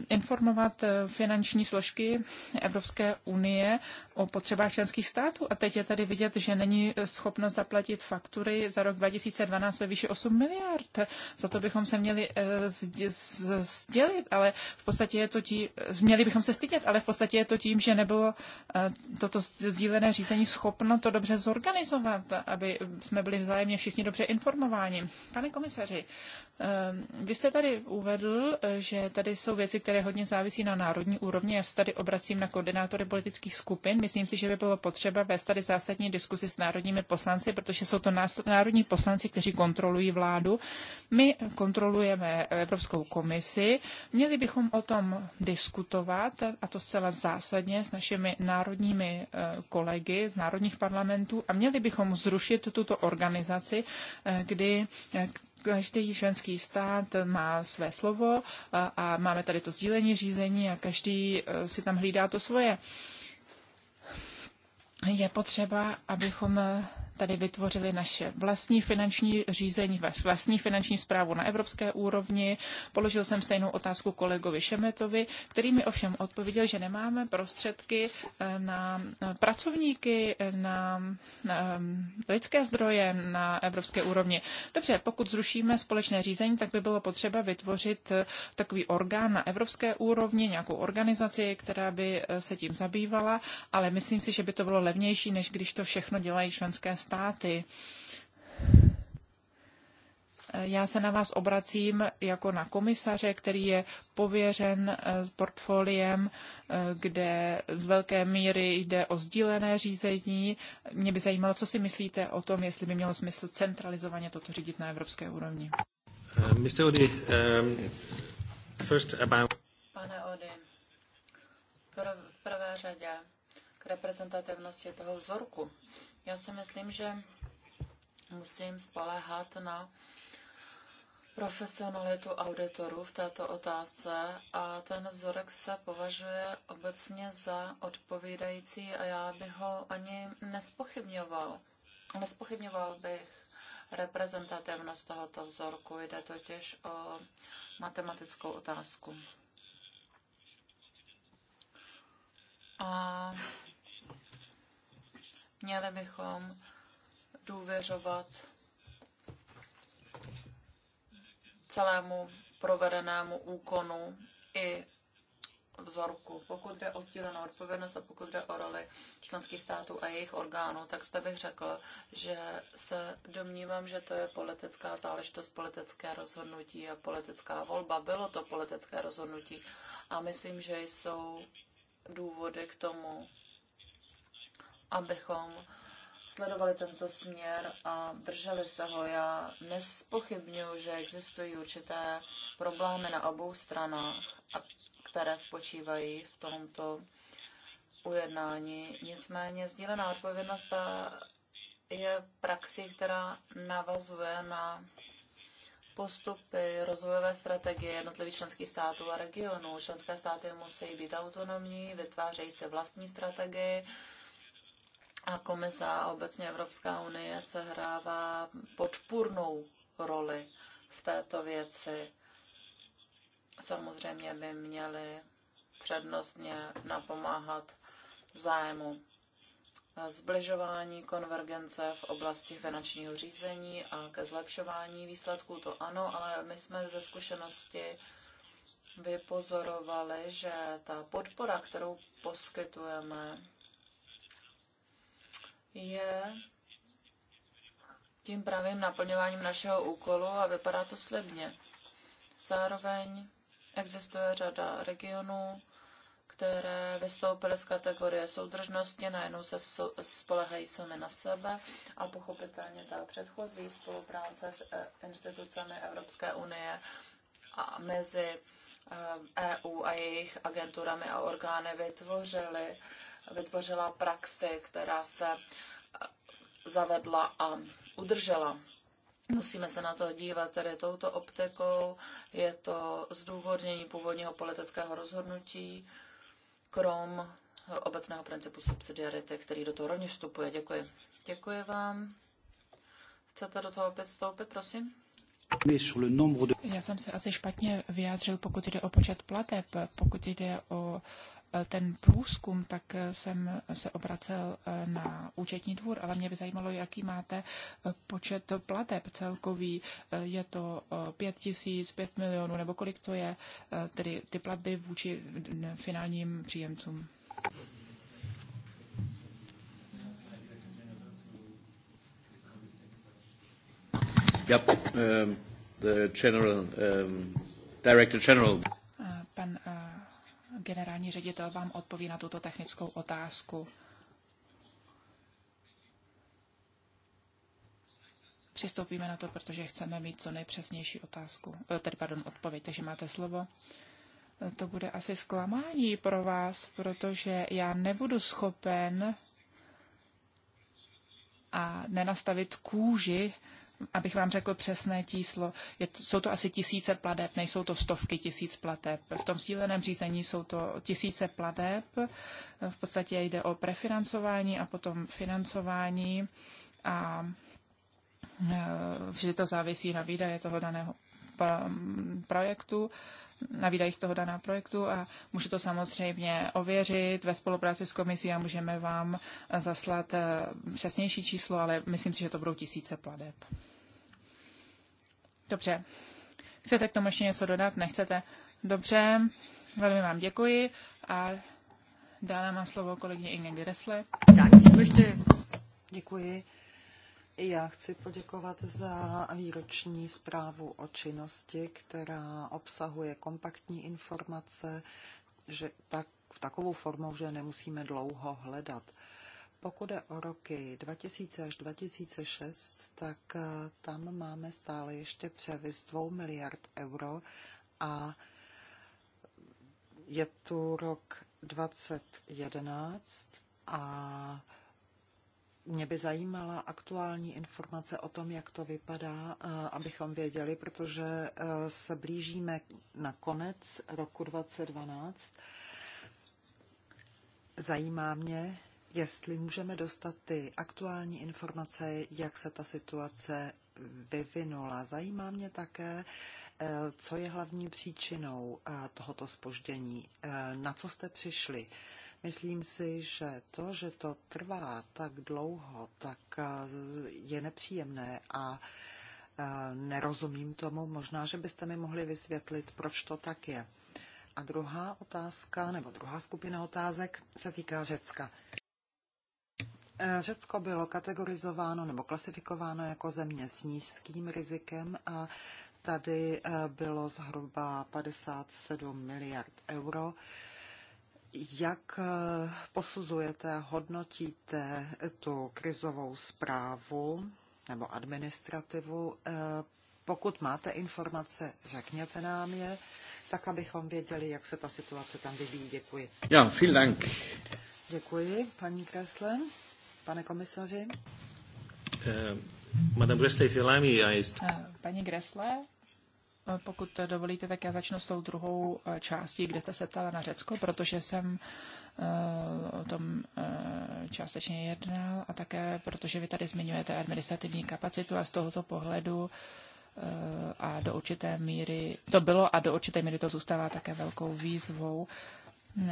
informovat eh, finanční složky Evropské unie o potřebách členských států. A teď je tady vidět, že není eh, schopnost zaplatit faktury za rok 2012 ve výši 8 miliard. Za to bychom se měli sdělit, ale v podstatě je to tím, měli bychom se stydět, ale v podstatě je to tím, že nebylo toto sdílené řízení schopno to dobře zorganizovat, aby jsme byli vzájemně všichni dobře informováni. Pane komisaři, vy jste tady uvedl, že tady jsou věci, které hodně závisí na národní úrovni. Já se tady obracím na koordinátory politických skupin. Myslím si, že by bylo potřeba vést tady zásadní diskusi s národními poslanci, protože jsou to národní poslanci, kteří kontrolují vládu. My kontrolujeme Evropskou komisi. Měli bychom o tom diskutovat, a to zcela zásadně, s našimi národními eh, kolegy z národních parlamentů a měli bychom zrušit tuto organizaci, eh, kdy eh, každý členský stát má své slovo a, a máme tady to sdílení řízení a každý e, si tam hlídá to svoje. Je potřeba, abychom e, tady vytvořili naše vlastní finanční řízení, vlastní finanční zprávu na evropské úrovni. Položil jsem stejnou otázku kolegovi Šemetovi, který mi ovšem odpověděl, že nemáme prostředky eh, na pracovníky, na, na eh, lidské zdroje na evropské úrovni. Dobře, pokud zrušíme společné řízení, tak by bylo potřeba vytvořit eh, takový orgán na evropské úrovni, nějakou organizaci, která by se tím zabývala, ale myslím si, že by to bylo levnější, než když to všechno dělají členské státy státy. Eh, já se na vás obracím jako na komisaře, který je pověřen eh, portfoliem, eh, kde z velké míry jde o sdílené řízení. Mě by zajímalo, co si myslíte o tom, jestli by mělo smysl centralizovaně toto řídit na evropské úrovni. Ehm, Pane Ody, v prvé řadě reprezentativnosti toho vzorku. Já si myslím, že musím spoléhat na profesionalitu auditorů v této otázce a ten vzorek se považuje obecně za odpovídající a já bych ho ani nespochybňoval. Nespochybňoval bych reprezentativnost tohoto vzorku. Jde totiž o matematickou otázku. A Měli bychom důvěřovat celému provedenému úkonu i vzorku. Pokud jde o sdílenou odpovědnost a pokud jde o roli členských států a jejich orgánů, tak jste bych řekl, že se domnívám, že to je politická záležitost, politické rozhodnutí a politická volba. Bylo to politické rozhodnutí a myslím, že jsou důvody k tomu, abychom sledovali tento směr a drželi se ho. Já nespochybnuju, že existují určité problémy na obou stranách, které spočívají v tomto ujednání. Nicméně sdílená odpovědnost eh, je praxi, která navazuje na postupy rozvojové strategie jednotlivých členských států a regionů. Členské státy musí být autonomní, vytvářejí se vlastní strategie, a komise a obecně Evropská unie sehrává podpůrnou roli v této věci. Samozřejmě by měly přednostně napomáhat zájmu zbližování konvergence v oblasti finančního řízení a ke zlepšování výsledků, to ano, ale my jsme ze zkušenosti vypozorovali, že ta podpora, kterou poskytujeme je tím pravým naplňováním našeho úkolu a vypadá to slibně. Zároveň existuje řada regionů, které vystoupily z kategorie soudržnosti, najednou se spolehají sami na sebe a pochopitelně ta předchozí spolupráce s eh, institucemi Evropské unie a mezi EU eh, e a jejich agenturami a orgány vytvořily vytvořila praxi, která se eh, zavedla a udržela. Musíme se na to dívat tedy touto optikou. Je to zdůvodnění původního politického rozhodnutí, krom obecného principu subsidiarity, který do toho rovněž vstupuje. Děkuji. Děkuji vám. Chcete do toho opět vstoupit, prosím? Já jsem se asi špatně vyjádřil, pokud jde o počet plateb, pokud jde o Eh, ten průzkum, tak eh, jsem eh, se obracel na účetní dvůr, ale mě by zajímalo, jaký máte počet plateb celkový. Je to 5 tisíc, 5 milionů, nebo kolik to je, tedy ty platby vůči finálním příjemcům? Yep, um, the general, um, director general. Pan uh, generální ředitel vám odpoví na tuto technickou otázku. Přistoupíme na to, protože chceme mít co nejpřesnější otázku, eh, tedy pardon, odpověď, takže máte slovo. To bude asi zklamání pro vás, protože já nebudu schopen a nenastavit kůži abych vám řekl přesné číslo, je, jsou to asi tisíce pladeb, nejsou to stovky tisíc plateb. V tom sdíleném řízení jsou to tisíce pladeb, v podstatě jde o prefinancování a potom financování a e, vždy to závisí na výdaje toho daného projektu, na výdajích toho daného projektu a může to samozřejmě ověřit ve spolupráci s komisí a můžeme vám zaslat eh, přesnější číslo, ale myslím si, že to budou tisíce pladeb. Dobře. Chcete k tomu ještě něco dodat? Nechcete? Dobře, velmi vám děkuji a dále má slovo kolegyně Inge Gressle. Děkuji. Já chci poděkovat za výroční zprávu o činnosti, která obsahuje kompaktní informace, že tak, v takovou formou, že nemusíme dlouho hledat. Pokud je o roky 2000 až 2006, tak eh, tam máme stále ještě převis 2 miliard euro a je tu rok 2011 a mě by zajímala aktuální informace o tom, jak to vypadá, eh, abychom věděli, protože eh, se blížíme na konec roku 2012. Zajímá mě, jestli můžeme dostat ty aktuální informace, jak se ta situace vyvinula. Zajímá mě také, eh, co je hlavní příčinou tohoto spoždění, na co jste přišli. Myslím si, že to, že to trvá tak dlouho, tak eh, je nepříjemné a eh, nerozumím tomu. Možná, že byste mi mohli vysvětlit, proč to tak je. A druhá otázka, nebo druhá skupina otázek se týká Řecka. Eh, Řecko bylo kategorizováno nebo klasifikováno jako země s nízkým rizikem a tady bylo zhruba 57 miliard euro. Jak eh, posuzujete, hodnotíte tu krizovou zprávu nebo administrativu? Eh, pokud máte informace, řekněte nám je, tak abychom věděli, jak se ta situace tam vyvíjí. Děkuji. Ja, vielen Dank. Děkuji, paní Kresle. Pane komisaři. Eh, Madame Gressle, eh, Paní Gressle, pokud dovolíte, tak já začnu s tou druhou eh, částí, kde jste se ptala na Řecko, protože jsem eh, o tom eh, částečně jednal a také protože vy tady zmiňujete administrativní kapacitu a z tohoto pohledu a do určité míry, to bylo a do určité míry to zůstává také velkou výzvou.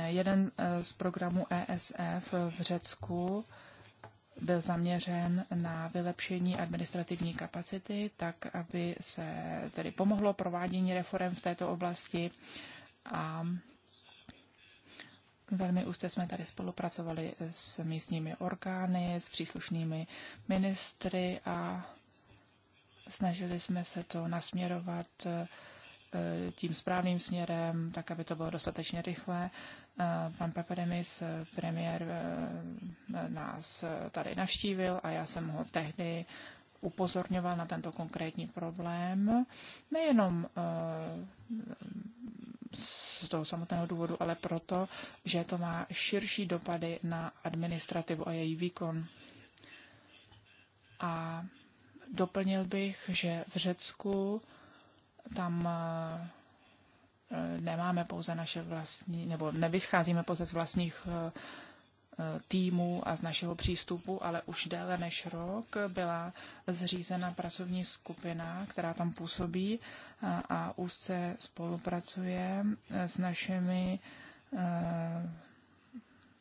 Jeden z programů ESF v Řecku byl zaměřen na vylepšení administrativní kapacity, tak aby se tedy pomohlo provádění reform v této oblasti. A Velmi úzce jsme tady spolupracovali s místními orgány, s příslušnými ministry a snažili jsme se to nasměrovat eh, tím správným směrem, tak aby to bylo dostatečně rychlé. Eh, pan Papademis, eh, premiér, eh, nás tady navštívil a já jsem ho tehdy upozorňoval na tento konkrétní problém. Nejenom z toho samotného důvodu, ale proto, že to má širší dopady na administrativu a její výkon. A doplnil bych, že v Řecku tam Eh, nemáme pouze naše vlastní, nebo nevycházíme pouze z vlastních eh, eh, týmu a z našeho přístupu, ale už déle než rok byla zřízena pracovní skupina, která tam působí a, a úzce spolupracuje s našimi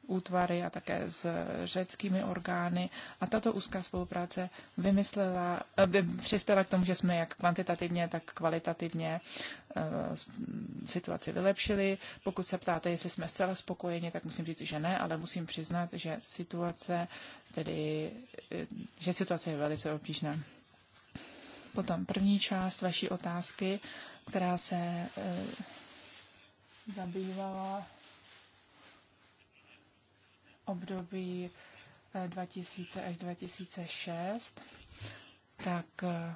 útvary a také s řeckými orgány. A tato úzká spolupráce vymyslela, eh, přispěla k tomu, že jsme jak kvantitativně, tak kvalitativně eh, situaci vylepšili. Pokud se ptáte, jestli jsme zcela spokojeni, tak musím říct, že ne, ale musím přiznat, že situace, tedy, eh, že situace je velice obtížná. Potom první část vaší otázky, která se zabývala období 2000 eh, až 2006, tak eh,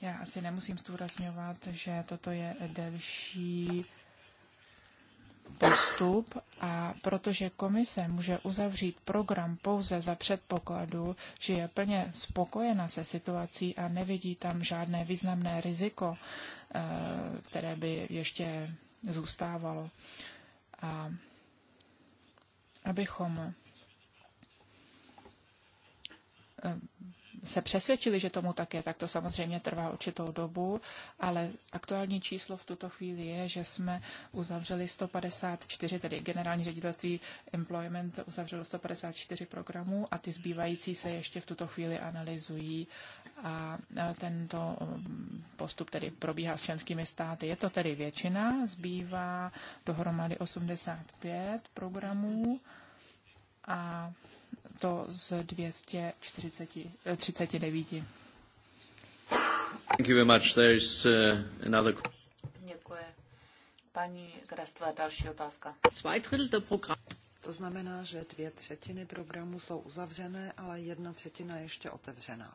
já asi nemusím zdůrazňovat, že toto je delší postup a protože komise může uzavřít program pouze za předpokladu, že je plně spokojena se situací a nevidí tam žádné významné riziko, eh, které by ještě zůstávalo. A abychom se přesvědčili, že tomu tak je, tak to samozřejmě trvá určitou dobu, ale aktuální číslo v tuto chvíli je, že jsme uzavřeli 154, tedy generální ředitelství Employment uzavřelo 154 programů a ty zbývající se ještě v tuto chvíli analyzují a e, tento mm, postup tedy probíhá s členskými státy. Je to tedy většina, zbývá dohromady 85 programů a to z 239. Eh, uh, Děkuji. Paní Krestle, další otázka. To znamená, že dvě třetiny programu jsou uzavřené, ale jedna třetina ještě otevřená.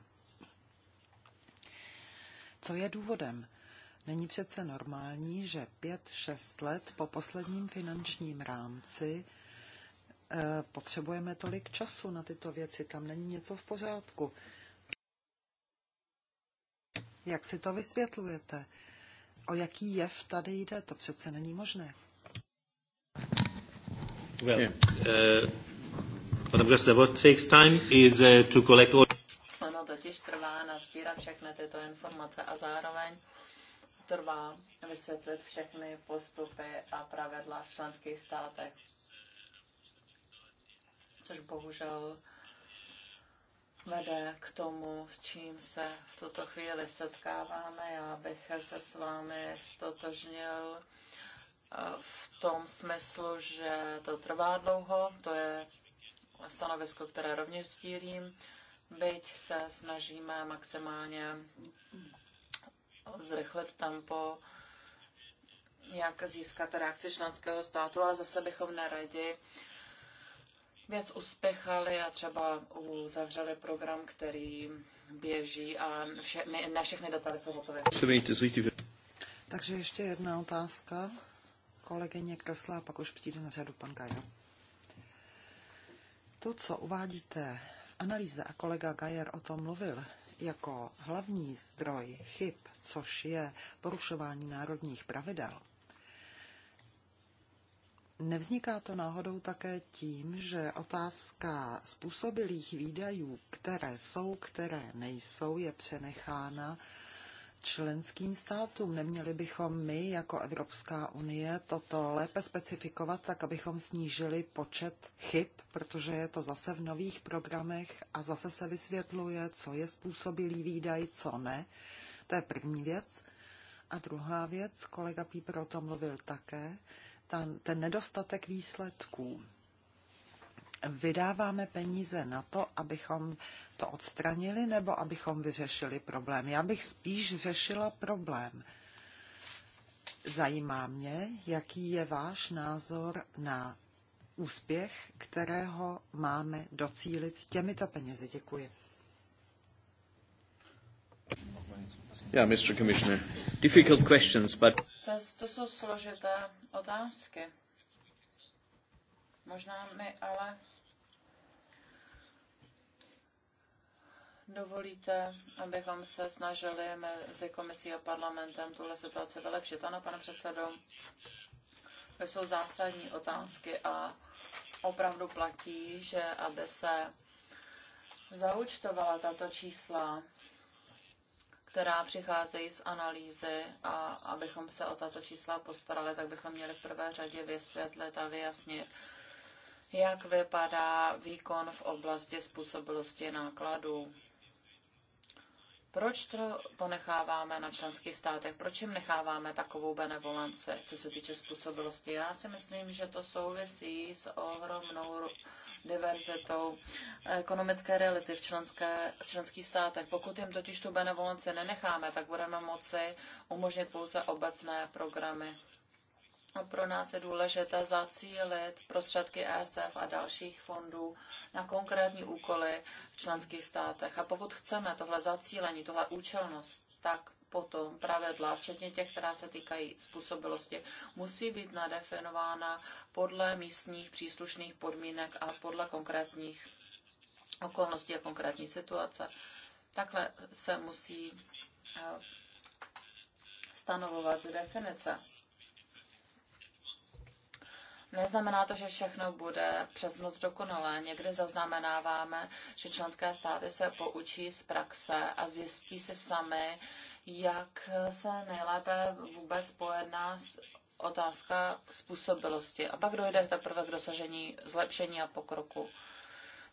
Co je důvodem? Není přece normální, že pět šest let po posledním finančním rámci Eh, potřebujeme tolik času na tyto věci, tam není něco v pořádku. Jak si to vysvětlujete? O jaký jev tady jde? To přece není možné. Well, eh, what takes time is uh, to collect all... Ono totiž trvá nazbírat všechny tyto informace a zároveň trvá vysvětlit všechny postupy a pravidla v členských státech což bohužel vede k tomu, s čím se v tuto chvíli setkáváme. Já bych se s vámi stotožnil eh, v tom smyslu, že to trvá dlouho, to je stanovisko, které rovněž sdílím, byť se snažíme maximálně zrychlit tempo, jak získat reakci členského státu, ale zase bychom neradi věc uspěchali a třeba uzavřeli program, který běží a vše, ne, ne všechny detaily jsou hotové. Takže ještě jedna otázka. Kolegyně Kresla a pak už přijde na řadu pan Gajo. To, co uvádíte v analýze, a kolega Gajer o tom mluvil, jako hlavní zdroj chyb, což je porušování národních pravidel, Nevzniká to náhodou také tím, že otázka způsobilých výdajů, které jsou, které nejsou, je přenechána členským státům. Neměli bychom my jako Evropská unie toto lépe specifikovat, tak abychom snížili počet chyb, protože je to zase v nových programech a zase se vysvětluje, co je způsobilý výdaj, co ne. To je první věc. A druhá věc, kolega Píper o tom mluvil také, ten, ten nedostatek výsledků. Vydáváme peníze na to, abychom to odstranili nebo abychom vyřešili problém. Já bych spíš řešila problém. Zajímá mě, jaký je váš názor na úspěch, kterého máme docílit těmito penězi. Děkuji. Yeah, Mr. Commissioner, difficult questions, but... Eh, to jsou složité otázky. Možná mi ale dovolíte, abychom se snažili mezi komisí a parlamentem tuhle situaci vylepšit. Ano, pane předsedo, to jsou zásadní otázky a opravdu platí, že aby se zaučtovala tato čísla, která přicházejí z analýzy a abychom se o tato čísla postarali, tak bychom měli v prvé řadě vysvětlit a vyjasnit, jak vypadá výkon v oblasti způsobilosti nákladů. Proč to ponecháváme na členských státech? Proč jim necháváme takovou benevolence, co se týče způsobilosti? Já si myslím, že to souvisí s ohromnou diverzitou ekonomické reality v, členské, v členských státech. Pokud jim totiž tu benevolenci nenecháme, tak budeme moci umožnit pouze obecné programy. A pro nás je důležité zacílit prostředky ESF a dalších fondů na konkrétní úkoly v členských státech. A pokud chceme tohle zacílení, tohle účelnost, tak potom pravidla, včetně těch, která se týkají způsobilosti, musí být nadefinována podle místních příslušných podmínek a podle konkrétních okolností a konkrétní situace. Takhle se musí eh, stanovovat definice. Neznamená to, že všechno bude přes noc dokonalé. Někdy zaznamenáváme, že členské státy se poučí z praxe a zjistí si sami, jak se nejlépe vůbec pojedná otázka způsobilosti. A pak dojde teprve k dosažení zlepšení a pokroku.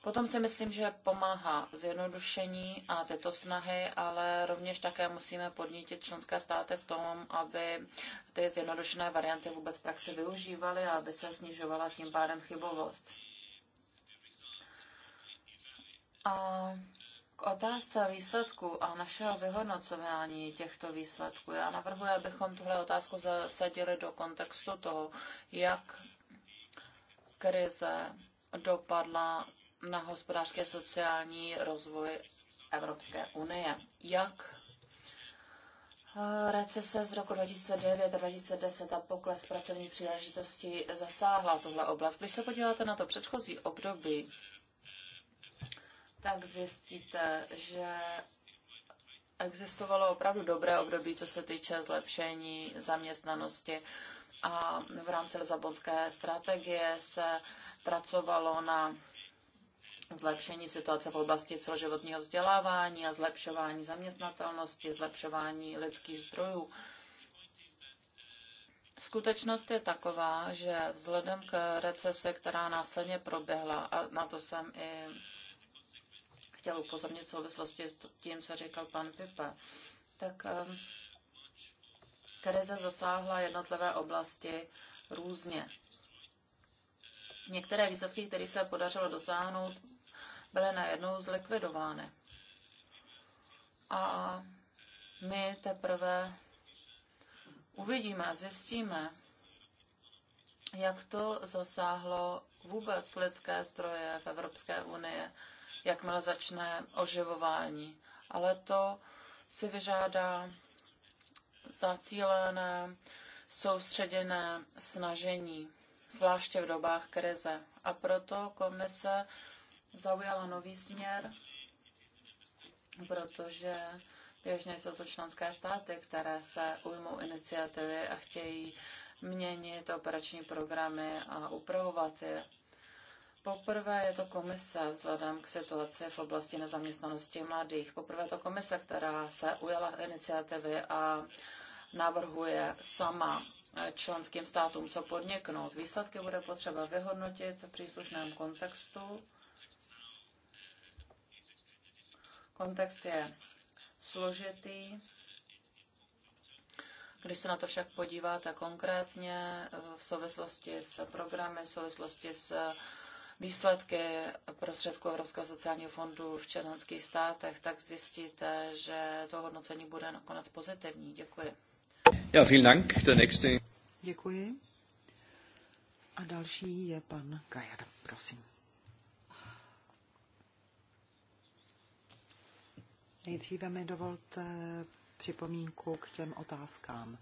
Potom si myslím, že pomáhá zjednodušení a tyto snahy, ale rovněž také musíme podnítit členské státy v tom, aby ty zjednodušené varianty vůbec v praxi využívaly a aby se snižovala tím pádem chybovost. A otázce výsledků a našeho vyhodnocování těchto výsledků, já navrhuji, abychom tuhle otázku zasadili do kontextu toho, jak krize dopadla na hospodářský a sociální rozvoj Evropské unie. Jak recese z roku 2009 a 2010 a pokles pracovní příležitosti zasáhla tuhle oblast. Když se podíváte na to předchozí období, tak zjistíte, že existovalo opravdu dobré období, co se týče zlepšení zaměstnanosti a v rámci Lisabonské strategie se pracovalo na zlepšení situace v oblasti celoživotního vzdělávání a zlepšování zaměstnatelnosti, zlepšování lidských zdrojů. Skutečnost je taková, že vzhledem k recese, která následně proběhla, a na to jsem i chtěl upozornit v souvislosti s tím, co říkal pan Pipe. Tak um, krize zasáhla jednotlivé oblasti různě. Některé výsledky, které se podařilo dosáhnout, byly najednou zlikvidovány. A my teprve uvidíme a zjistíme, jak to zasáhlo vůbec lidské stroje, v Evropské unii jakmile začne oživování. Ale to si vyžádá zacílené, soustředěné snažení, zvláště v dobách krize. A proto komise zaujala nový směr, protože běžně jsou to členské státy, které se ujmou iniciativy a chtějí měnit operační programy a upravovat je. Poprvé je to komise vzhledem k situaci v oblasti nezaměstnanosti mladých. Poprvé je to komise, která se ujala iniciativy a navrhuje sama členským státům, co podniknout. Výsledky bude potřeba vyhodnotit v příslušném kontextu. Kontext je složitý. Když se na to však podíváte konkrétně v souvislosti s programy, v souvislosti s výsledky prostředků Evropského sociálního fondu v členských státech, tak zjistíte, že to hodnocení bude nakonec pozitivní. Děkuji. Ja, vielen Dank. Der nächste... Děkuji. A další je pan Kajar, prosím. Nejdříve mi dovolte připomínku k těm otázkám.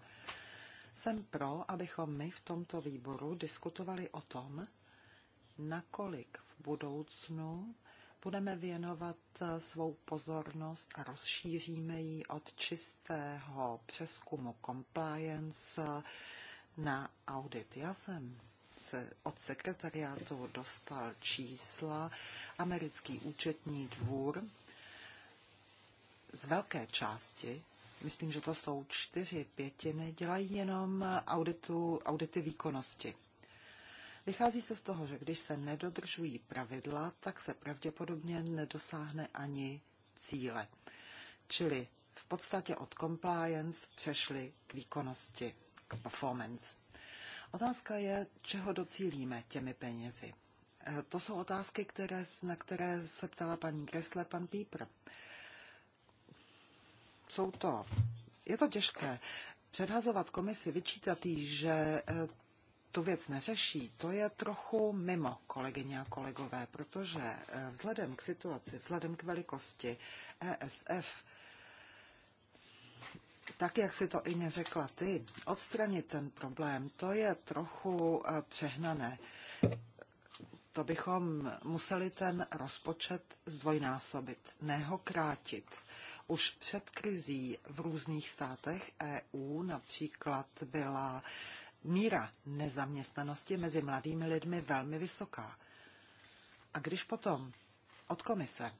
Jsem pro, abychom my v tomto výboru diskutovali o tom, nakolik v budoucnu budeme věnovat eh, svou pozornost a rozšíříme ji od čistého přeskumu compliance na audit. Já jsem se od sekretariátu dostal čísla. Americký účetní dvůr z velké části, myslím, že to jsou čtyři pětiny, dělají jenom auditu, audity výkonnosti. Vychází se z toho, že když se nedodržují pravidla, tak se pravděpodobně nedosáhne ani cíle. Čili v podstatě od compliance přešli k výkonnosti, k performance. Otázka je, čeho docílíme těmi penězi. Eh, to jsou otázky, které, na které se ptala paní Kresle, pan Pípr. Jsou to, je to těžké, předhazovat komisi, vyčítat jí, že eh, tu věc neřeší, to je trochu mimo, kolegyně a kolegové, protože eh, vzhledem k situaci, vzhledem k velikosti ESF, tak, jak si to i řekla ty, odstranit ten problém, to je trochu eh, přehnané. To bychom museli ten rozpočet zdvojnásobit, ne ho krátit. Už před krizí v různých státech EU například byla míra nezaměstnanosti mezi mladými lidmi velmi vysoká. A když potom od komise,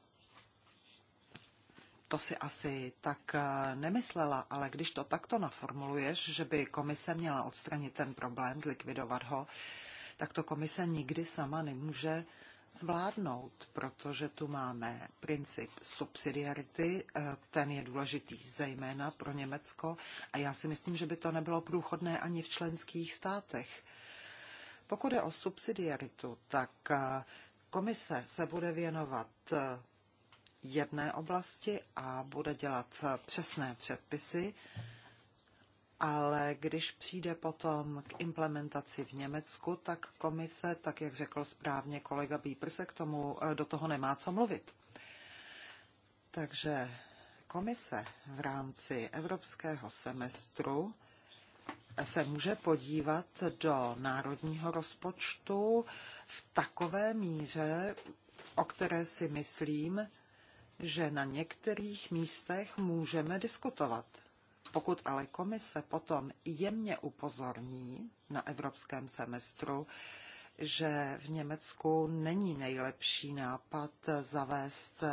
to si asi tak eh, nemyslela, ale když to takto naformuluješ, že by komise měla odstranit ten problém, zlikvidovat ho, tak to komise nikdy sama nemůže zvládnout, protože tu máme princip subsidiarity, eh, ten je důležitý zejména pro Německo a já si myslím, že by to nebylo průchodné ani v členských státech. Pokud je o subsidiaritu, tak eh, komise se bude věnovat eh, jedné oblasti a bude dělat přesné předpisy, ale když přijde potom k implementaci v Německu, tak komise, tak jak řekl správně kolega Bíbr, se k tomu eh, do toho nemá co mluvit. Takže komise v rámci evropského semestru eh, se může podívat do národního rozpočtu v takové míře, o které si myslím, že na některých místech můžeme diskutovat. Pokud ale komise potom jemně upozorní na evropském semestru, že v Německu není nejlepší nápad zavést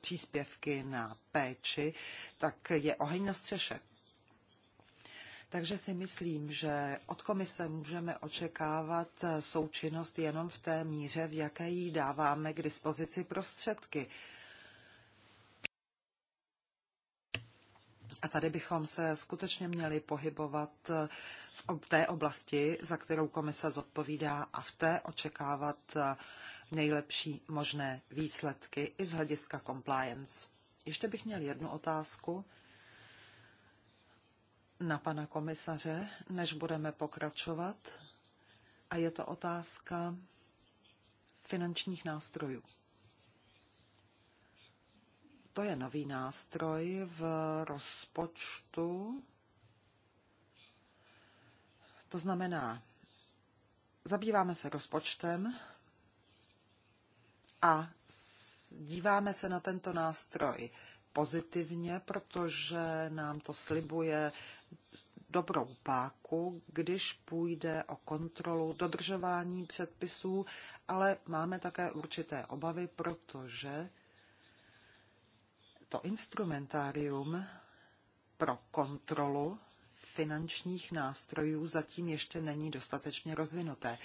příspěvky na péči, tak je oheň na střeše. Takže si myslím, že od komise můžeme očekávat součinnost jenom v té míře, v jaké jí dáváme k dispozici prostředky. A tady bychom se skutečně měli pohybovat eh, v té oblasti, za kterou komise zodpovídá a v té očekávat eh, nejlepší možné výsledky i z hlediska compliance. Ještě bych měl jednu otázku na pana komisaře, než budeme pokračovat. A je to otázka finančních nástrojů. To je nový nástroj v rozpočtu. To znamená, zabýváme se rozpočtem a díváme se na tento nástroj pozitivně, protože nám to slibuje dobrou páku, když půjde o kontrolu dodržování předpisů, ale máme také určité obavy, protože to instrumentárium pro kontrolu finančních nástrojů zatím ještě není dostatečně rozvinuté.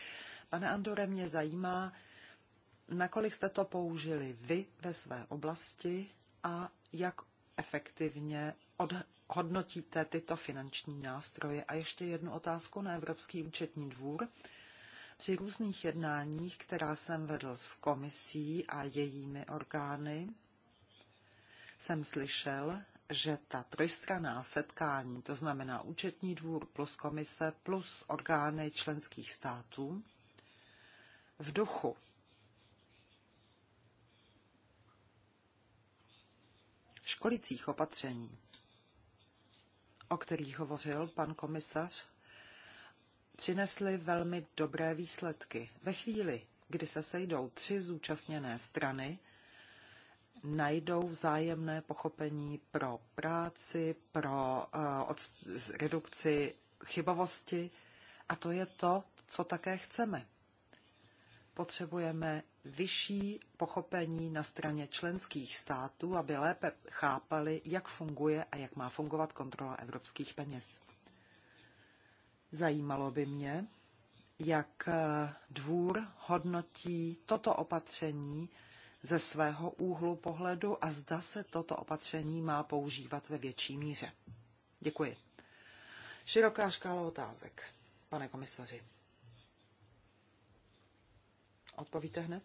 Pane Andore, mě zajímá, nakolik jste to použili vy ve své oblasti a jak efektivně hodnotíte tyto finanční nástroje? A ještě jednu otázku na Evropský účetní dvůr. Při různých jednáních, která jsem vedl s komisí a jejími orgány, jsem slyšel, že ta trojstraná setkání, to znamená účetní dvůr plus komise plus orgány členských států, v duchu školicích opatření, o kterých hovořil pan komisař, přinesly velmi dobré výsledky. Ve chvíli, kdy se sejdou tři zúčastněné strany, najdou vzájemné pochopení pro práci, pro eh, redukci chybovosti a to je to, co také chceme. Potřebujeme vyšší pochopení na straně členských států, aby lépe chápali, jak funguje a jak má fungovat kontrola evropských peněz. Zajímalo by mě, jak eh, dvůr hodnotí toto opatření ze svého úhlu pohledu a zda se toto opatření má používat ve větší míře. Děkuji. Široká škála otázek, pane komisaři. Odpovíte hned?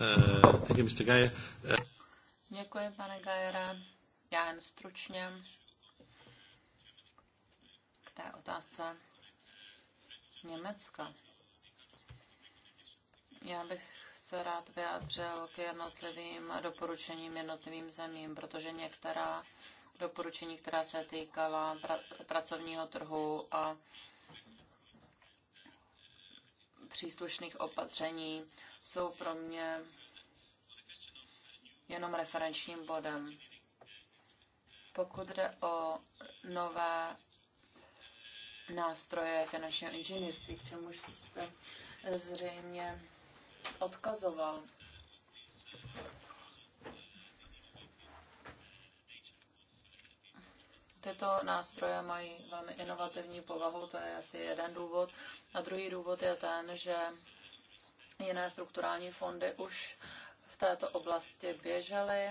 Uh, eh, Mr. Gajer. Uh... Děkuji, pane Gajera. Já jen stručně k té otázce Německa. Já bych se rád vyjádřil k jednotlivým doporučením jednotlivým zemím, protože některá doporučení, která se týkala pra- pracovního trhu a příslušných opatření, jsou pro mě jenom referenčním bodem. Pokud jde o nové nástroje finančního inženýrství, k čemuž jste zřejmě odkazoval. Tyto nástroje mají velmi inovativní povahu, to je asi jeden důvod. A druhý důvod je ten, že jiné strukturální fondy už v této oblasti běžely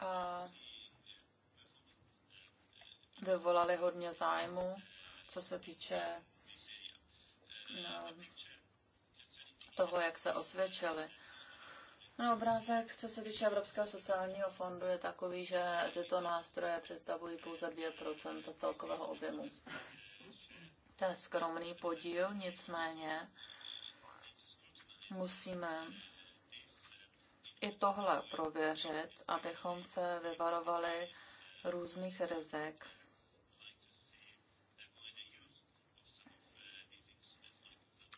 a vyvolaly hodně zájmu, co se týče no, toho, jak se osvědčili. No, obrázek, co se týče Evropského sociálního fondu, je takový, že tyto nástroje představují pouze 2% celkového objemu. To je skromný podíl, nicméně musíme i tohle prověřit, abychom se vyvarovali různých rizik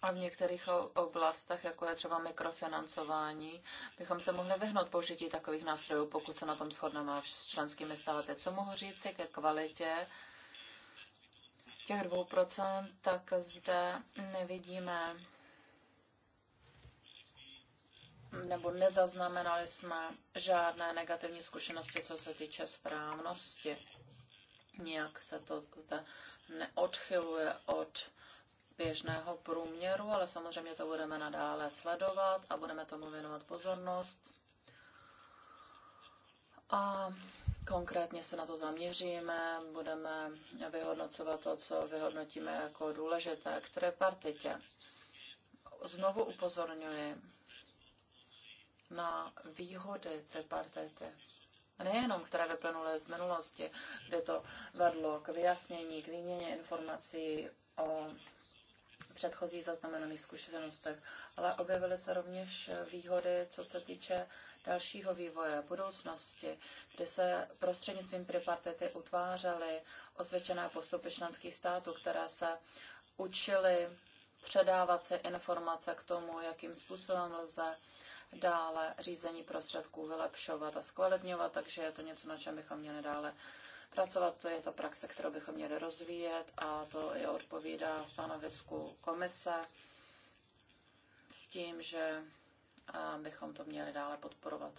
A v některých oblastech, jako je třeba mikrofinancování, bychom se mohli vyhnout použití takových nástrojů, pokud se na tom shodneme s členskými státy. Co mohu říct si ke kvalitě těch 2%, tak zde nevidíme nebo nezaznamenali jsme žádné negativní zkušenosti, co se týče správnosti. Nijak se to zde neodchyluje od běžného průměru, ale samozřejmě to budeme nadále sledovat a budeme tomu věnovat pozornost. A konkrétně se na to zaměříme, budeme vyhodnocovat to, co vyhodnotíme jako důležité k tripartitě. Znovu upozorňuji na výhody tripartity. Nejenom, které vyplynuly z minulosti, kde to vedlo k vyjasnění, k výměně informací o předchozích zaznamenaných zkušenostech, ale objevily se rovněž výhody, co se týče dalšího vývoje, budoucnosti, kdy se prostřednictvím tripartity utvářely osvědčené postupy členských států, které se učily předávat si informace k tomu, jakým způsobem lze dále řízení prostředků vylepšovat a zkvalitňovat, takže je to něco, na čem bychom měli dále pracovat. To je to praxe, kterou bychom měli rozvíjet a to i odpovídá stanovisku komise s tím, že bychom to měli dále podporovat.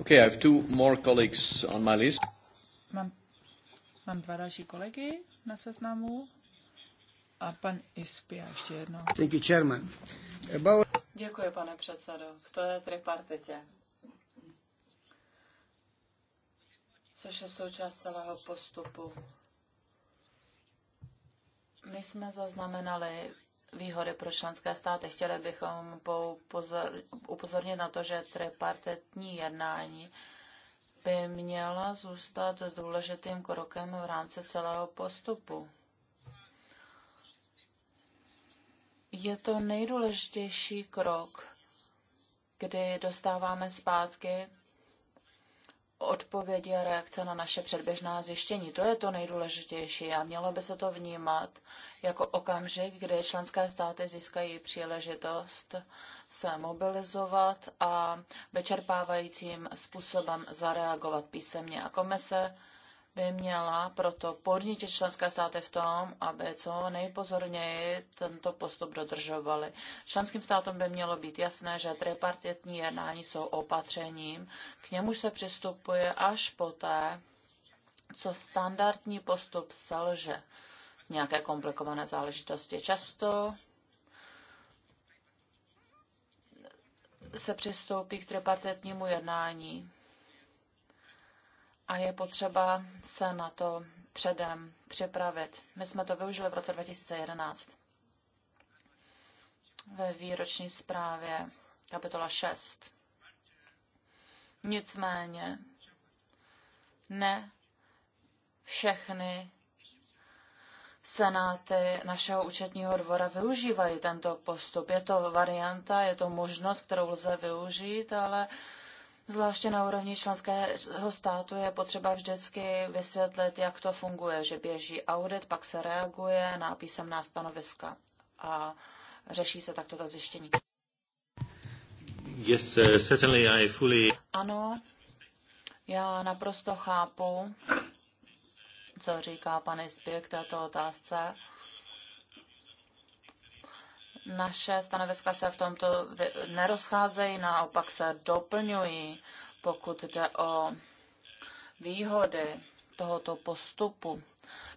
Okay, I have two more colleagues on my list. Mám, mám dva další kolegy na seznamu a pan Ispia ještě jedno. Thank you, chairman. About... Děkuji, pane předsedo. K té tripartitě. což je součást celého postupu. My jsme zaznamenali výhody pro členské státy. Chtěli bychom upozornit na to, že tripartitní jednání by měla zůstat důležitým krokem v rámci celého postupu. Je to nejdůležitější krok, kdy dostáváme zpátky odpovědi a reakce na naše předběžná zjištění. To je to nejdůležitější a mělo by se to vnímat jako okamžik, kdy členské státy získají příležitost se mobilizovat a vyčerpávajícím způsobem zareagovat písemně. A komise by měla proto podnítit členské státy v tom, aby co nejpozorněji tento postup dodržovaly. Členským státům by mělo být jasné, že tripartitní jednání jsou opatřením, k němuž se přistupuje až poté, co standardní postup selže nějaké komplikované záležitosti. Často se přistoupí k tripartitnímu jednání a je potřeba se na to předem připravit. My jsme to využili v roce 2011 ve výroční zprávě kapitola 6. Nicméně ne všechny senáty našeho účetního dvora využívají tento postup. Je to varianta, je to možnost, kterou lze využít, ale Zvláště na úrovni členského státu je potřeba vždycky vysvětlit, jak to funguje, že běží audit, pak se reaguje na písemná stanoviska a řeší se takto ta zjištění. Yes, uh, certainly I fully... Ano, já naprosto chápu, co říká pan Ispě k této otázce. Naše stanoviska se v tomto nerozcházejí, naopak se doplňují, pokud jde o výhody tohoto postupu.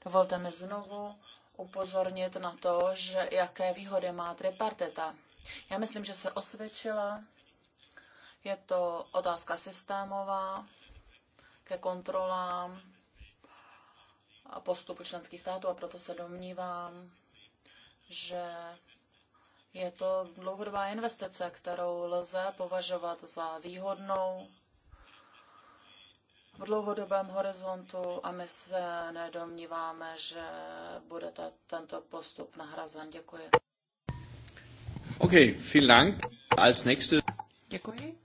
Dovolte mi znovu upozornit na to, že jaké výhody má tripartita. Já myslím, že se osvědčila. Je to otázka systémová ke kontrolám a postupu členských států a proto se domnívám, že je to dlouhodobá investice, kterou lze považovat za výhodnou v dlouhodobém horizontu a my se nedomníváme, že bude tento postup nahrazen. Děkuji. OK, vielen Dank. Als nächstes. Děkuji.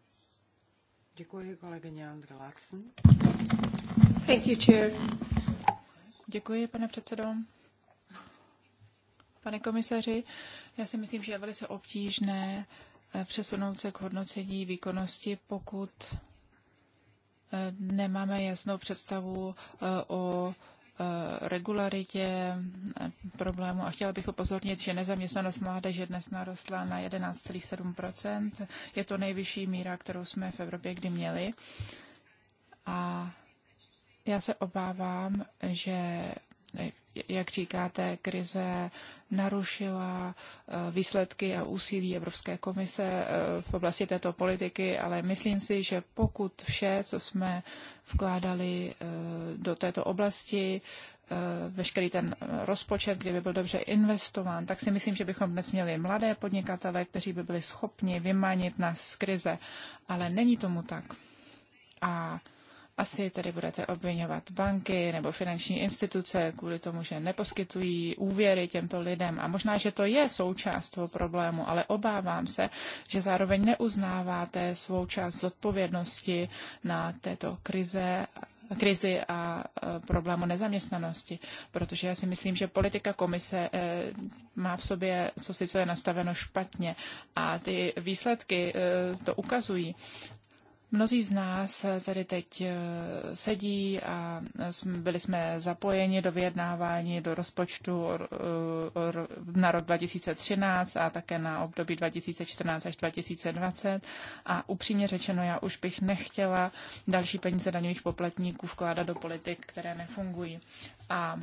Děkuji kolegyně Andra Larsen. Thank you, Chair. Děkuji, pane předsedo. Pane komisaři, já si myslím, že je velice obtížné eh, přesunout se k hodnocení výkonnosti, pokud eh, nemáme jasnou představu eh, o regularitě problému a chtěla bych upozornit, že nezaměstnanost mládeže dnes narostla na 11,7 Je to nejvyšší míra, kterou jsme v Evropě kdy měli. A já se obávám, že jak říkáte, krize narušila eh, výsledky a úsilí Evropské komise eh, v oblasti této politiky, ale myslím si, že pokud vše, co jsme vkládali eh, do této oblasti, veškerý ten rozpočet, kdyby byl dobře investován, tak si myslím, že bychom dnes měli mladé podnikatele, kteří by byli schopni vymanit nás z krize. Ale není tomu tak. A asi tedy budete obvinovat banky nebo finanční instituce kvůli tomu, že neposkytují úvěry těmto lidem. A možná, že to je součást toho problému, ale obávám se, že zároveň neuznáváte svou část zodpovědnosti na této krize krizi a e, problému nezaměstnanosti, protože já si myslím, že politika komise e, má v sobě co si, co je nastaveno špatně a ty výsledky e, to ukazují. Mnozí z nás eh, tady teď eh, sedí a eh, byli jsme zapojeni do vyjednávání do rozpočtu na rok 2013 a také na období 2014 až 2020. A upřímně řečeno, já už bych nechtěla další peníze daňových poplatníků vkládat do politik, které nefungují. A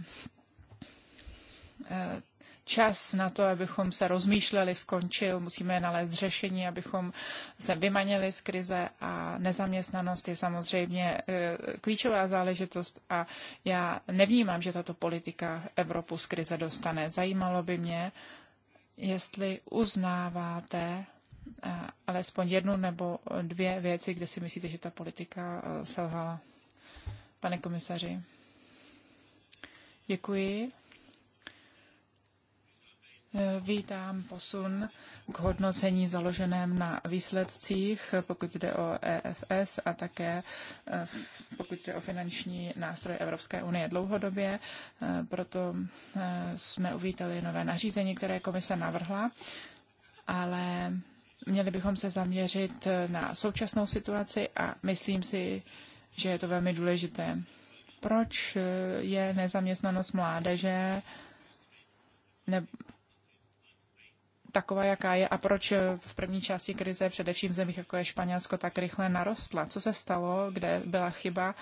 čas na to, abychom se rozmýšleli, skončil. Musíme nalézt řešení, abychom se vymanili z krize a nezaměstnanost je samozřejmě eh, klíčová záležitost a já nevnímám, že tato politika Evropu z krize dostane. Zajímalo by mě, jestli uznáváte eh, alespoň jednu nebo dvě věci, kde si myslíte, že ta politika eh, selhala. Pane komisaři. Děkuji. Vítám posun k hodnocení založeném na výsledcích, pokud jde o EFS a také eh, pokud jde o finanční nástroje Evropské unie dlouhodobě. Eh, proto eh, jsme uvítali nové nařízení, které komise navrhla, ale měli bychom se zaměřit na současnou situaci a myslím si, že je to velmi důležité. Proč je nezaměstnanost mládeže ne, taková, jaká je a proč eh, v první části krize, především v zemích jako je Španělsko, tak rychle narostla. Co se stalo, kde byla chyba,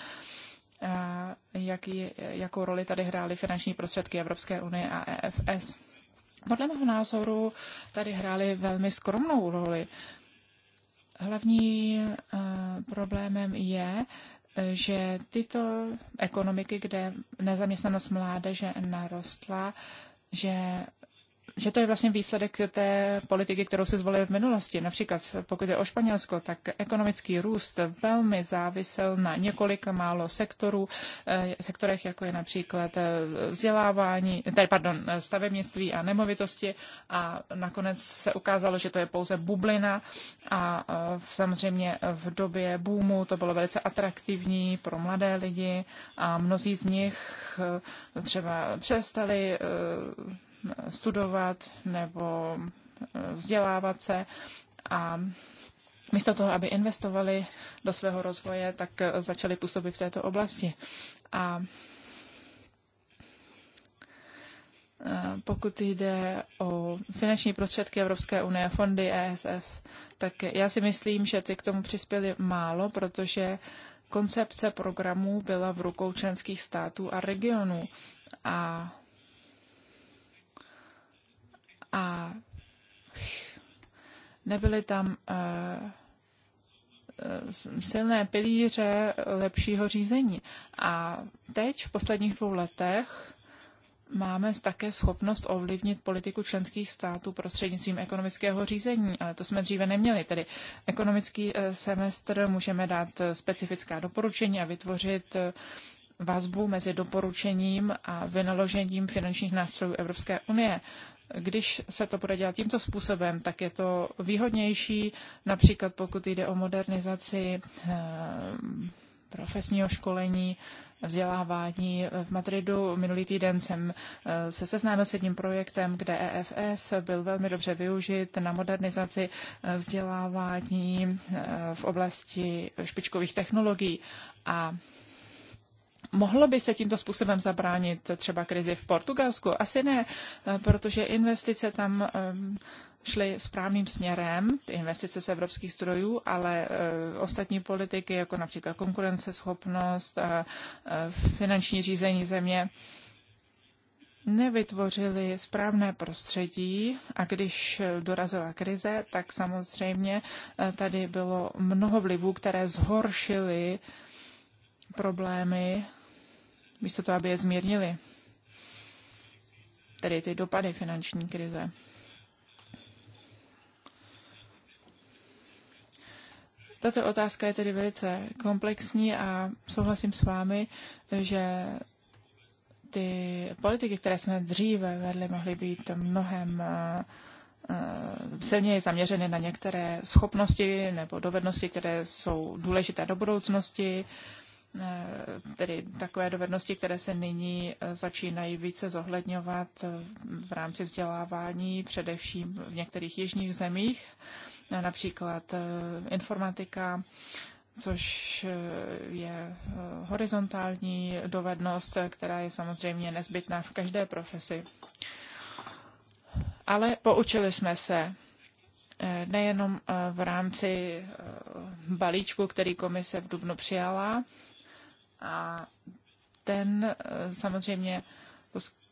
eh, jaký, jakou roli tady hrály finanční prostředky Evropské unie a EFS. Podle mého názoru tady hrály velmi skromnou roli. Hlavní uh, problémem je, že tyto ekonomiky, kde nezaměstnanost mládeže narostla, že že to je vlastně výsledek té politiky, kterou se zvolili v minulosti. Například pokud je o Španělsko, tak ekonomický růst velmi závisel na několika málo sektorů, eh, sektorech, jako je například eh, vzdělávání, tady, pardon, stavebnictví a nemovitosti a nakonec se ukázalo, že to je pouze bublina a eh, samozřejmě v době boomu to bylo velice atraktivní pro mladé lidi a mnozí z nich třeba přestali studovat nebo eh, vzdělávat se a místo toho, aby investovali do svého rozvoje, tak eh, začali působit v této oblasti. A eh, pokud jde o finanční prostředky Evropské unie, fondy ESF, tak já si myslím, že ty k tomu přispěly málo, protože koncepce programů byla v rukou členských států a regionů. A a nebyly tam eh, eh, silné pilíře lepšího řízení. A teď v posledních dvou letech máme také schopnost ovlivnit politiku členských států prostřednictvím ekonomického řízení, ale to jsme dříve neměli. Tedy ekonomický eh, semestr můžeme dát specifická doporučení a vytvořit vazbu mezi doporučením a vynaložením finančních nástrojů Evropské unie když se to bude dělat tímto způsobem, tak je to výhodnější, například pokud jde o modernizaci eh, profesního školení, vzdělávání. V Madridu minulý týden jsem eh, se seznámil s jedním projektem, kde EFS byl velmi dobře využit na modernizaci eh, vzdělávání v oblasti špičkových technologií. A Mohlo by se tímto způsobem zabránit třeba krizi v Portugalsku? Asi ne, eh, protože investice tam eh, šly správným směrem, ty investice z evropských zdrojů, ale eh, ostatní politiky, jako například konkurenceschopnost, a, finanční řízení země, nevytvořili správné prostředí a když dorazila krize, tak samozřejmě tady bylo mnoho vlivů, které zhoršily problémy, místo toho, aby je zmírnili. Tedy ty dopady finanční krize. Tato otázka je tedy velice komplexní a souhlasím s vámi, že ty politiky, které jsme dříve vedli, mohly být mnohem eh, eh, silněji zaměřeny na některé schopnosti nebo dovednosti, které jsou důležité do budoucnosti Eh, tedy takové dovednosti, které se nyní eh, začínají více zohledňovat eh, v rámci vzdělávání, především v některých jižních zemích, například informatika, což je horizontální dovednost, která je samozřejmě nezbytná v každé profesi. Ale poučili jsme se nejenom v rámci balíčku, který komise v Dubnu přijala, a ten e, samozřejmě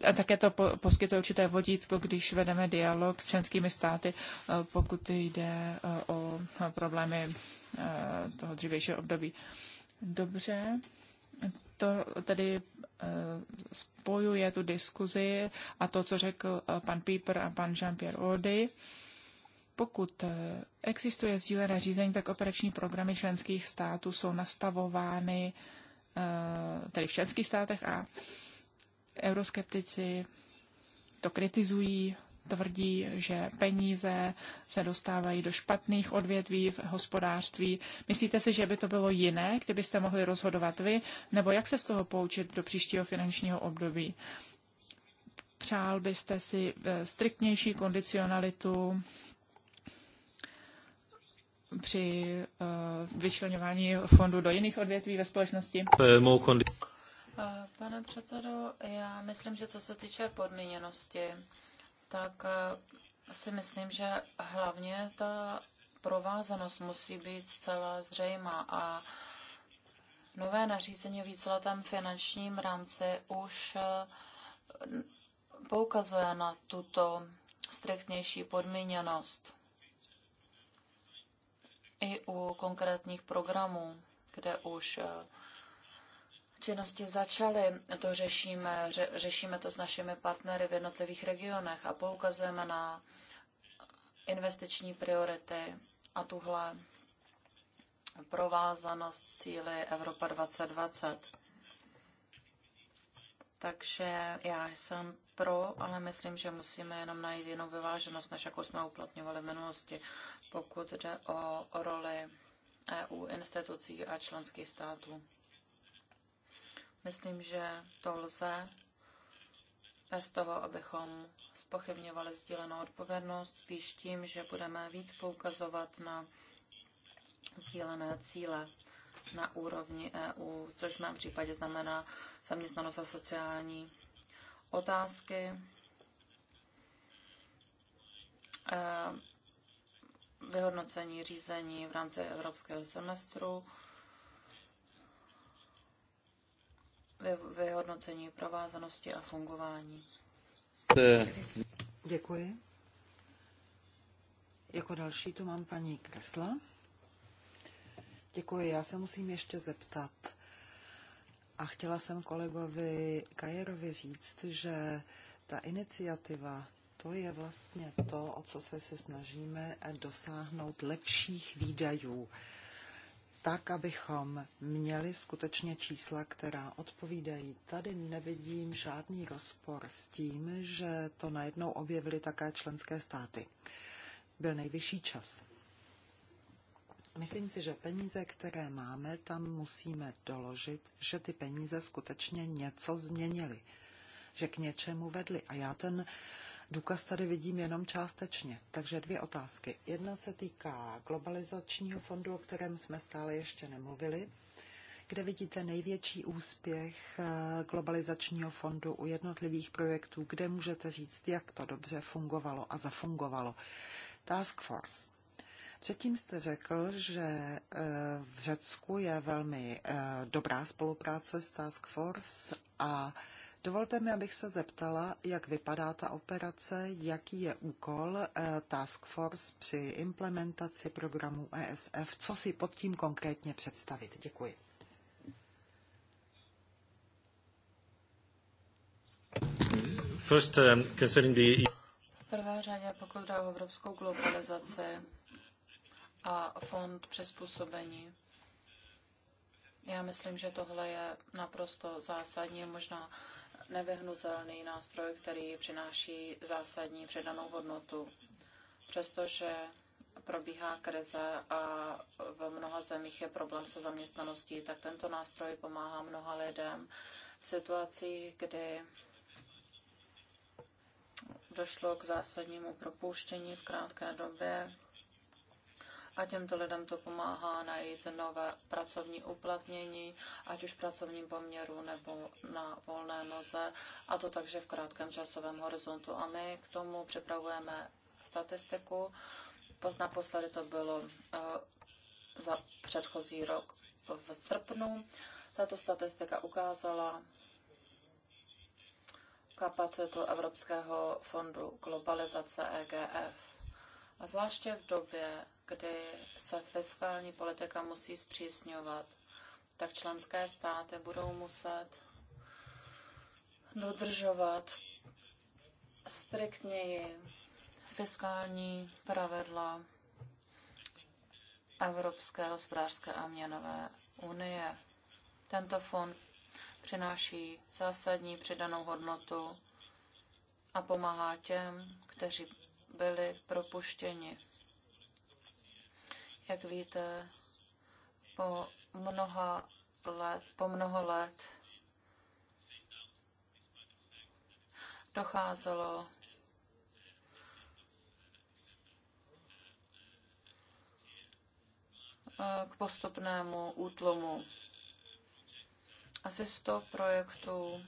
a také to poskytuje určité vodítko, když vedeme dialog s členskými státy, e, pokud jde e, o problémy toho dřívějšího období. Dobře, to tedy spojuje tu diskuzi a to, co řekl pan Pieper a pan Jean-Pierre Audy. Pokud existuje sdílené řízení, tak operační programy členských států jsou nastavovány Eh, tedy v členských státech a euroskeptici to kritizují, tvrdí, že peníze se dostávají do špatných odvětví v hospodářství. Myslíte si, že by to bylo jiné, kdybyste mohli rozhodovat vy, nebo jak se z toho poučit do příštího finančního období? Přál byste si eh, striktnější kondicionalitu při eh, vyčlenování fondu do jiných odvětví ve společnosti? Eh, pane předsedo, já myslím, že co se týče podmíněnosti, tak eh, si myslím, že hlavně ta provázanost musí být zcela zřejmá a nové nařízení o víceletém finančním rámci už poukazuje na tuto striktnější podmíněnost i u konkrétních programů, kde už eh, činnosti začaly. To řešíme, ře, řešíme to s našimi partnery v jednotlivých regionech a poukazujeme na investiční priority a tuhle provázanost síly Evropa 2020. Takže já jsem pro, ale myslím, že musíme jenom najít jinou vyváženost, než jakou jsme uplatňovali v minulosti pokud jde o roli EU institucí a členských států. Myslím, že to lze bez toho, abychom spochybňovali sdílenou odpovědnost, spíš tím, že budeme víc poukazovat na sdílené cíle na úrovni EU, což v mém případě znamená zaměstnanost a sociální otázky, e, vyhodnocení řízení v rámci evropského semestru, vyhodnocení provázanosti a fungování. Děkuji. Jako další tu mám paní Kresla. Děkuji. Já se musím ještě zeptat. A chtěla jsem kolegovi Kajerovi říct, že ta iniciativa to je vlastně to, o co se, se snažíme dosáhnout lepších výdajů tak, abychom měli skutečně čísla, která odpovídají. Tady nevidím žádný rozpor s tím, že to najednou objevily také členské státy. Byl nejvyšší čas. Myslím si, že peníze, které máme, tam musíme doložit, že ty peníze skutečně něco změnily, že k něčemu vedly. A já ten uh, Důkaz tady vidím jenom částečně. Takže dvě otázky. Jedna se týká globalizačního fondu, o kterém jsme stále ještě nemluvili. Kde vidíte největší úspěch eh, globalizačního fondu u jednotlivých projektů? Kde můžete říct, jak to dobře fungovalo a zafungovalo? Task Force. Předtím jste řekl, že eh, v Řecku je velmi eh, dobrá spolupráce s Task Force a Dovolte mi, abych se zeptala, jak vypadá ta operace, jaký je úkol eh, Task Force při implementaci programu ESF, co si pod tím konkrétně představit. Děkuji. First, um, concerning the... V prvé řadě, pokud jde o evropskou globalizaci a fond přizpůsobení, já myslím, že tohle je naprosto zásadní, možná nevyhnutelný nástroj, který přináší zásadní předanou hodnotu. Přestože probíhá krize a v mnoha zemích je problém se zaměstnaností, tak tento nástroj pomáhá mnoha lidem v situacích, kdy došlo k zásadnímu propuštění v krátké době a těmto lidem to pomáhá najít nové pracovní uplatnění, ať už v pracovním poměru nebo na volné noze, a to takže v krátkém časovém horizontu. A my k tomu připravujeme statistiku. Naposledy to bylo eh, za předchozí rok v srpnu. Tato statistika ukázala kapacitu Evropského fondu globalizace EGF. A zvláště v době kdy se fiskální politika musí zpřísňovat, tak členské státy budou muset dodržovat striktněji fiskální pravidla Evropské hospodářské a měnové unie. Tento fond přináší zásadní přidanou hodnotu a pomáhá těm, kteří byli propuštěni jak víte, po, mnoha let, po mnoho let docházelo k postupnému útlumu. Asi 100 projektů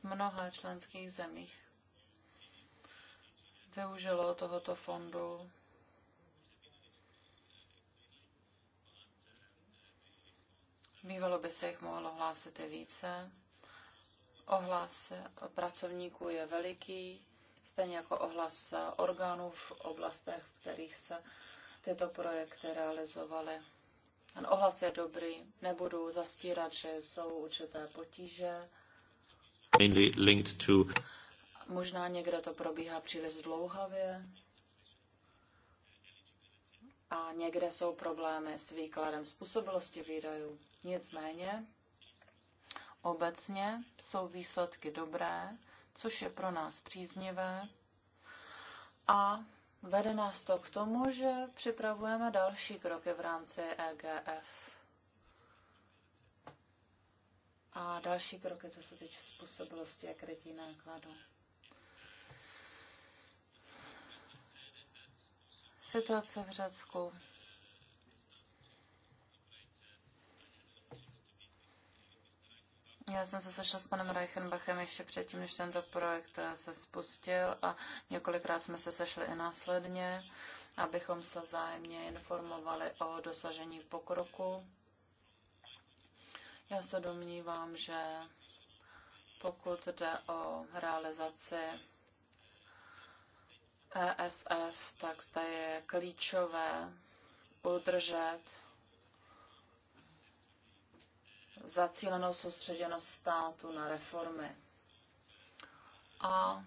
v mnoha členských zemích využilo tohoto fondu. Bývalo by se jich mohlo hlásit i více. Ohlas pracovníků je veliký, stejně jako ohlas orgánů v oblastech, v kterých se tyto projekty realizovaly. Ten ohlas je dobrý, nebudu zastírat, že jsou určité potíže. Mainly linked to Možná někde to probíhá příliš dlouhavě a někde jsou problémy s výkladem způsobilosti výdajů. Nicméně obecně jsou výsledky dobré, což je pro nás příznivé a vede nás to k tomu, že připravujeme další kroky v rámci EGF a další kroky, co se týče způsobilosti a krytí nákladů. Situace v Řecku. Já jsem se sešla s panem Reichenbachem ještě předtím, než tento projekt se spustil a několikrát jsme se sešli i následně, abychom se vzájemně informovali o dosažení pokroku. Já se domnívám, že pokud jde o realizaci ESF, tak zde je klíčové udržet zacílenou soustředěnost státu na reformy. A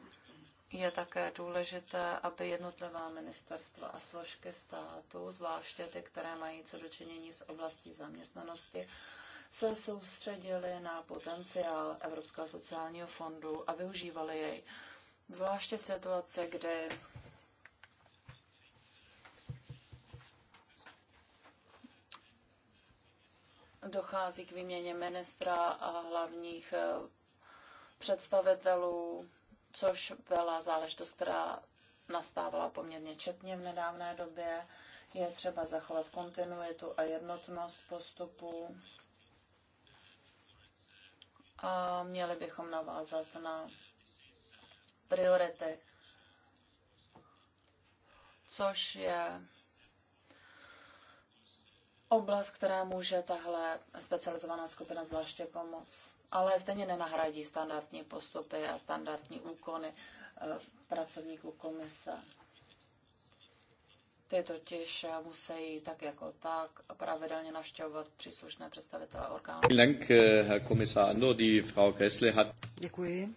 je také důležité, aby jednotlivá ministerstva a složky státu, zvláště ty, které mají co dočinění s oblastí zaměstnanosti, se soustředili na potenciál Evropského sociálního fondu a využívali jej. Zvláště v situace, kde dochází k výměně ministra a hlavních eh, představitelů, což byla záležitost, která nastávala poměrně četně v nedávné době. Je třeba zachovat kontinuitu a jednotnost postupu a měli bychom navázat na priority, což je oblast, která může tahle specializovaná skupina zvláště pomoct. Ale stejně nenahradí standardní postupy a standardní úkony eh, pracovníků komise. Ty totiž eh, musí tak jako tak pravidelně navštěvovat příslušné představitele orgánů. Eh, Děkuji.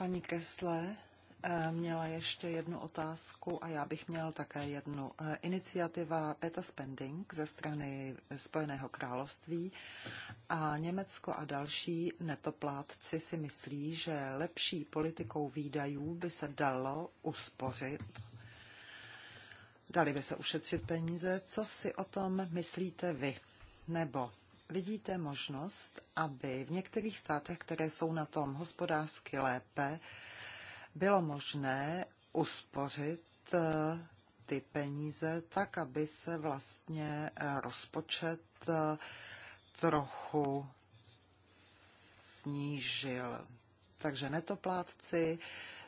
Paní Kesle eh, měla ještě jednu otázku a já bych měl také jednu. Eh, iniciativa Beta Spending ze strany Spojeného království a Německo a další netoplátci si myslí, že lepší politikou výdajů by se dalo uspořit Dali by se ušetřit peníze. Co si o tom myslíte vy? Nebo vidíte možnost, aby v některých státech, které jsou na tom hospodářsky lépe, bylo možné uspořit eh, ty peníze tak, aby se vlastně eh, rozpočet eh, trochu snížil. Takže netoplátci,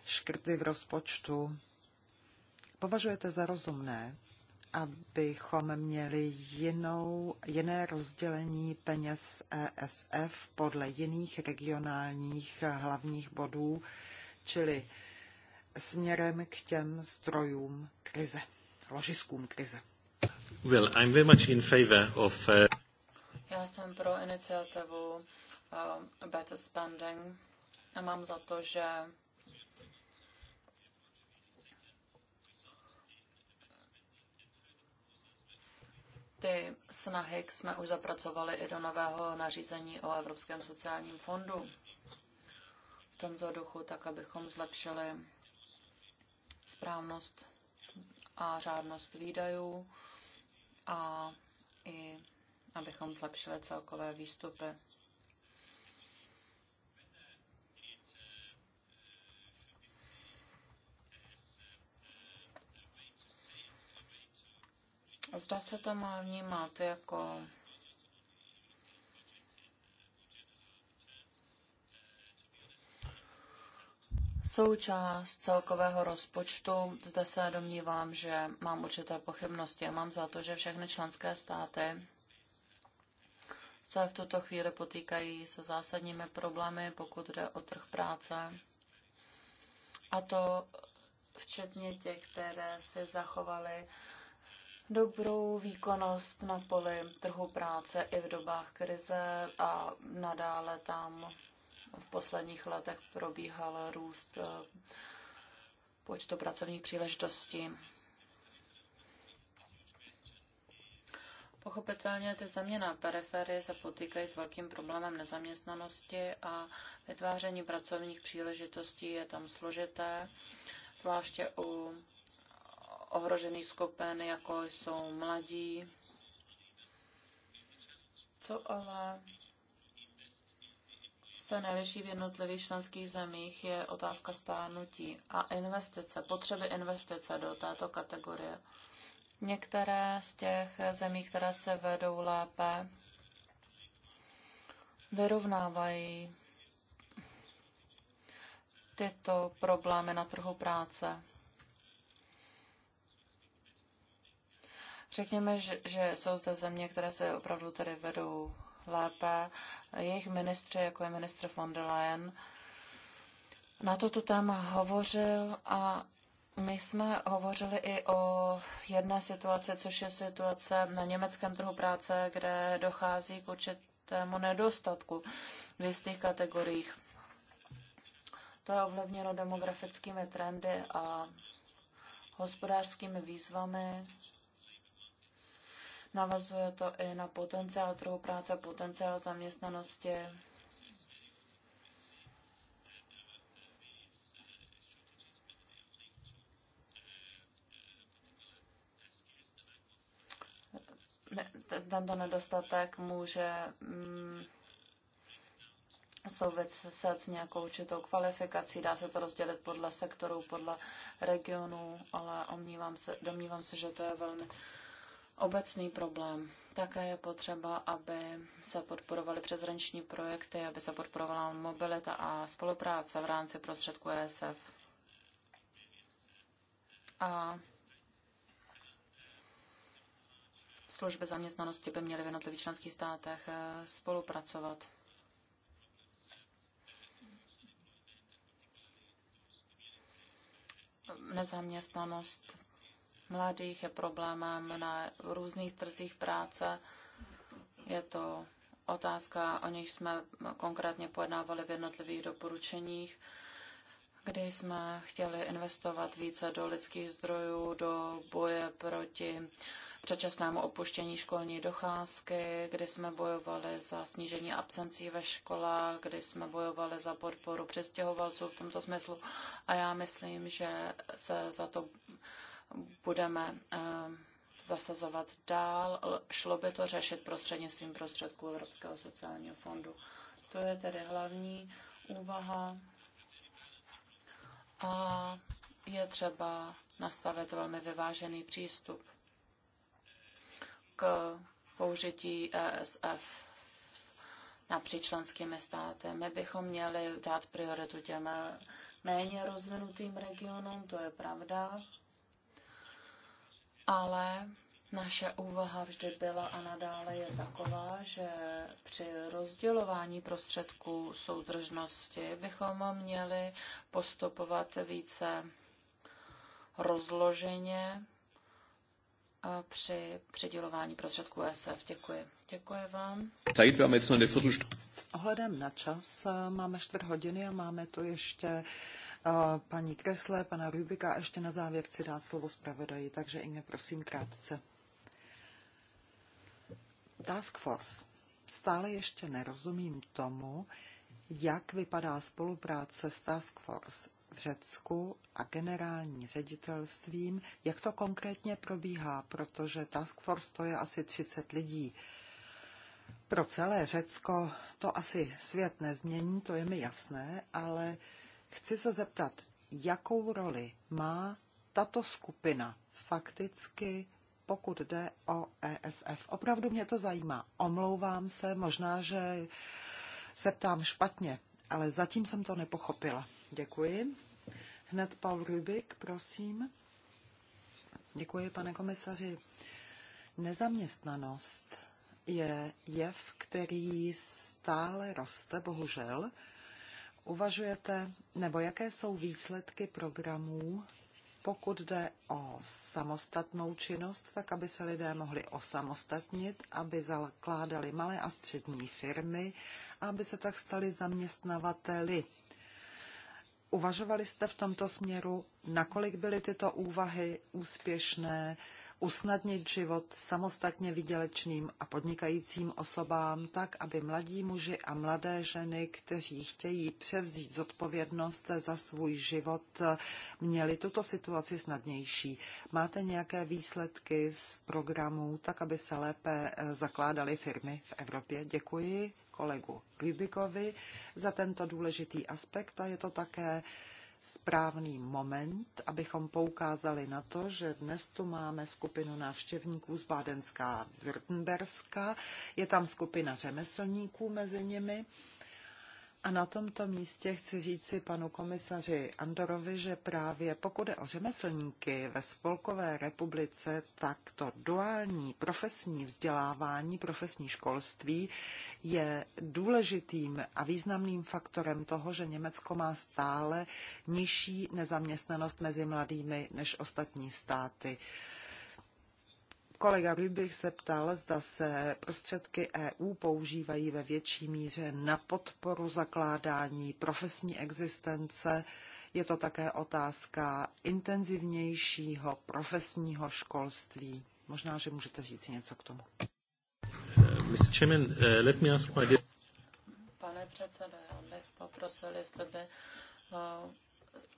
škrty v rozpočtu. Považujete za rozumné, abychom měli jinou, jiné rozdělení peněz ESF podle jiných regionálních hlavních bodů, čili směrem k těm zdrojům krize, ložiskům krize. Well, I'm very much in favor of, uh... Já jsem pro iniciativu uh, Better Spending a mám za to, že ty snahy jsme už zapracovali i do nového nařízení o Evropském sociálním fondu. V tomto duchu tak, abychom zlepšili správnost a řádnost výdajů a i abychom zlepšili celkové výstupy. Zda se to má vnímat jako součást celkového rozpočtu. Zde se domnívám, že mám určité pochybnosti a mám za to, že všechny členské státy se v tuto chvíli potýkají se zásadními problémy, pokud jde o trh práce. A to včetně těch, které si zachovaly dobrou výkonnost na poli trhu práce i v dobách krize a nadále tam v posledních letech probíhal růst eh, počtu pracovních příležitostí. Pochopitelně ty země na periferii se potýkají s velkým problémem nezaměstnanosti a vytváření pracovních příležitostí je tam složité, zvláště u ohrožených skupin, jako jsou mladí. Co ale se neliší v jednotlivých členských zemích, je otázka stárnutí a investice, potřeby investice do této kategorie. Některé z těch zemí, které se vedou lépe, vyrovnávají tyto problémy na trhu práce. Řekněme, že, že jsou zde země, které se opravdu tady vedou lépe. Jejich ministři, jako je ministr von der Leyen, na toto téma hovořil a my jsme hovořili i o jedné situaci, což je situace na německém trhu práce, kde dochází k určitému nedostatku v jistých kategoriích. To je ovlivněno demografickými trendy a hospodářskými výzvami, Navazuje to i na potenciál trhu práce, potenciál zaměstnanosti. Tento nedostatek může mm, souviset s nějakou určitou kvalifikací, dá se to rozdělit podle sektorů, podle regionů, ale omnívám se, domnívám se, že to je velmi obecný problém. Také je potřeba, aby se podporovaly přezranční projekty, aby se podporovala mobilita a spolupráce v rámci prostředků ESF. A služby zaměstnanosti by měly v jednotlivých členských státech eh, spolupracovat. Nezaměstnanost mladých, je problémem na různých trzích práce. Je to otázka, o níž jsme konkrétně pojednávali v jednotlivých doporučeních, kdy jsme chtěli investovat více do lidských zdrojů, do boje proti předčasnému opuštění školní docházky, kdy jsme bojovali za snížení absencí ve školách, kdy jsme bojovali za podporu přestěhovalců v tomto smyslu. A já myslím, že se za to budeme eh, zasazovat dál. Šlo by to řešit prostřednictvím prostředků Evropského sociálního fondu. To je tedy hlavní úvaha. A je třeba nastavit velmi vyvážený přístup k použití ESF napříč členskými státy. My bychom měli dát prioritu těm méně rozvinutým regionům, to je pravda ale naše úvaha vždy byla a nadále je taková, že při rozdělování prostředků soudržnosti bychom měli postupovat více rozloženě při přidělování prostředků SF. Děkuji. Děkuji vám. S ohledem na čas e, máme čtvrt hodiny a máme tu ještě paní Kresle, pana Rubika a ještě na závěr chci dát slovo zpravodaji, takže Inge, prosím krátce. Task Force. Stále ještě nerozumím tomu, jak vypadá spolupráce s Task Force v Řecku a generální ředitelstvím, jak to konkrétně probíhá, protože Task Force to je asi 30 lidí. Pro celé Řecko to asi svět nezmění, to je mi jasné, ale Chci se zeptat, jakou roli má tato skupina fakticky, pokud jde o ESF. Opravdu mě to zajímá. Omlouvám se, možná, že se ptám špatně, ale zatím jsem to nepochopila. Děkuji. Hned Paul Rubik, prosím. Děkuji, pane komisaři. Nezaměstnanost je jev, který stále roste, bohužel uvažujete, nebo jaké jsou výsledky programů, pokud jde o samostatnou činnost, tak aby se lidé mohli osamostatnit, aby zakládali malé a střední firmy, aby se tak stali zaměstnavateli. Uvažovali jste v tomto směru, nakolik byly tyto úvahy úspěšné, usnadnit život samostatně vydělečným a podnikajícím osobám tak, aby mladí muži a mladé ženy, kteří chtějí převzít zodpovědnost za svůj život, měli tuto situaci snadnější. Máte nějaké výsledky z programů, tak aby se lépe eh, zakládaly firmy v Evropě? Děkuji kolegu Rybikovi za tento důležitý aspekt a je to také správný moment, abychom poukázali na to, že dnes tu máme skupinu návštěvníků z Bádenská Württemberska, je tam skupina řemeslníků mezi nimi a na tomto místě chci říci panu komisaři Andorovi, že právě pokud je o řemeslníky ve Spolkové republice, tak to duální profesní vzdělávání, profesní školství je důležitým a významným faktorem toho, že Německo má stále nižší nezaměstnanost mezi mladými než ostatní státy kolega bych se ptal, zda se prostředky EU používají ve větší míře na podporu zakládání profesní existence. Je to také otázka intenzivnějšího profesního školství. Možná, že můžete říct něco k tomu. Mr. Chairman, eh, let me ask my... Pane předsedo, já bych poprosil, jestli by eh,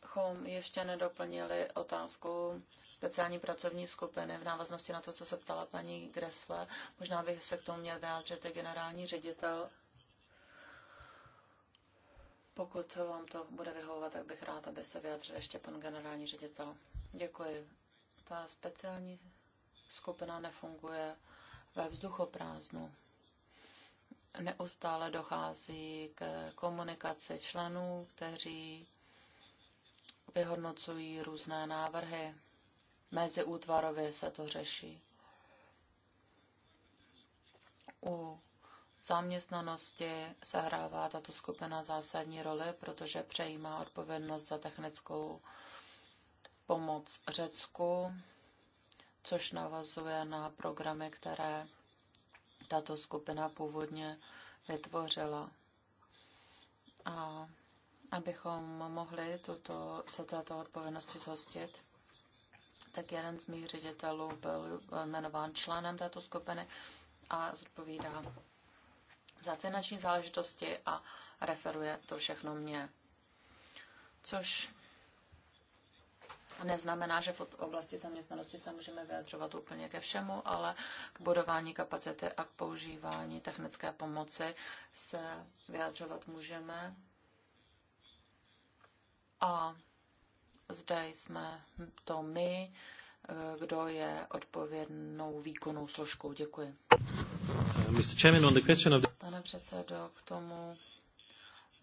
bychom ještě nedoplnili otázku speciální pracovní skupiny v návaznosti na to, co se ptala paní Gresle. Možná bych se k tomu měl vyjádřit i generální ředitel. Pokud vám to bude vyhovovat, tak bych rád, aby se vyjádřil ještě pan generální ředitel. Děkuji. Ta speciální skupina nefunguje ve vzduchoprázdnu. Neustále dochází k komunikaci členů, kteří vyhodnocují různé návrhy. Mezi útvarově se to řeší. U zaměstnanosti sehrává tato skupina zásadní roli, protože přejímá odpovědnost za technickou pomoc Řecku, což navazuje na programy, které tato skupina původně vytvořila. A abychom mohli tuto, se této odpovědnosti zhostit, tak jeden z mých ředitelů byl eh, jmenován členem této skupiny a zodpovídá za finanční záležitosti a referuje to všechno mě. Což neznamená, že v oblasti zaměstnanosti se můžeme vyjadřovat úplně ke všemu, ale k budování kapacity a k používání technické pomoci se vyjadřovat můžeme a zde jsme to my, eh, kdo je odpovědnou výkonnou složkou. Děkuji. Uh, Pane předsedo, k tomu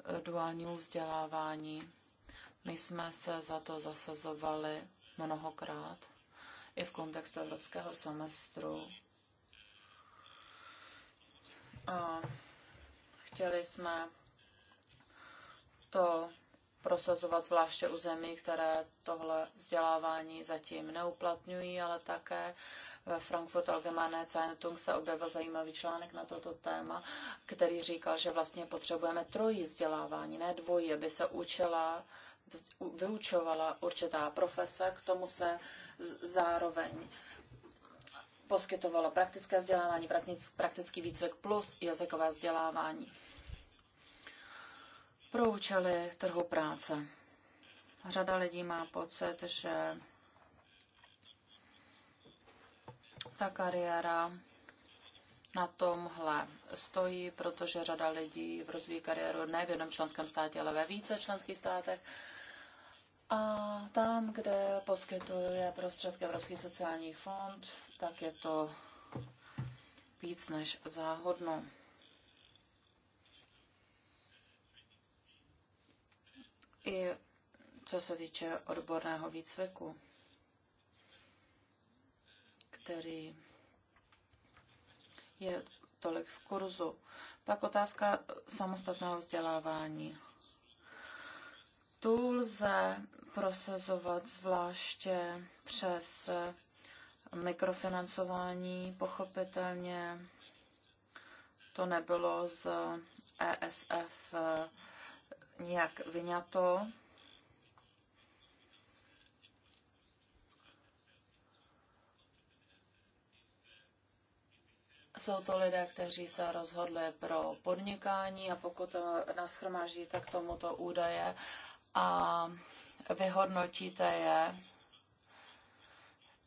eh, duálnímu vzdělávání. My jsme se za to zasazovali mnohokrát i v kontextu evropského semestru. A chtěli jsme to prosazovat zvláště u zemí, které tohle vzdělávání zatím neuplatňují, ale také ve Frankfurt Allgemeine Zeitung se objevil zajímavý článek na toto téma, který říkal, že vlastně potřebujeme trojí vzdělávání, ne dvojí, aby se učila vyučovala určitá profese, k tomu se zároveň poskytovalo praktické vzdělávání, praktický výcvik plus jazykové vzdělávání pro účely trhu práce. Řada lidí má pocit, že ta kariéra na tomhle stojí, protože řada lidí v rozvíjí kariéru ne v jednom členském státě, ale ve více členských státech. A tam, kde poskytuje prostředky Evropský sociální fond, tak je to víc než záhodno. i co se týče odborného výcviku, který je tolik v kurzu. Pak otázka samostatného vzdělávání. Tu lze prosazovat zvláště přes mikrofinancování, pochopitelně to nebylo z ESF nějak vyňato. Jsou to lidé, kteří se rozhodli pro podnikání a pokud naschromáždíte k tomuto údaje a vyhodnotíte je,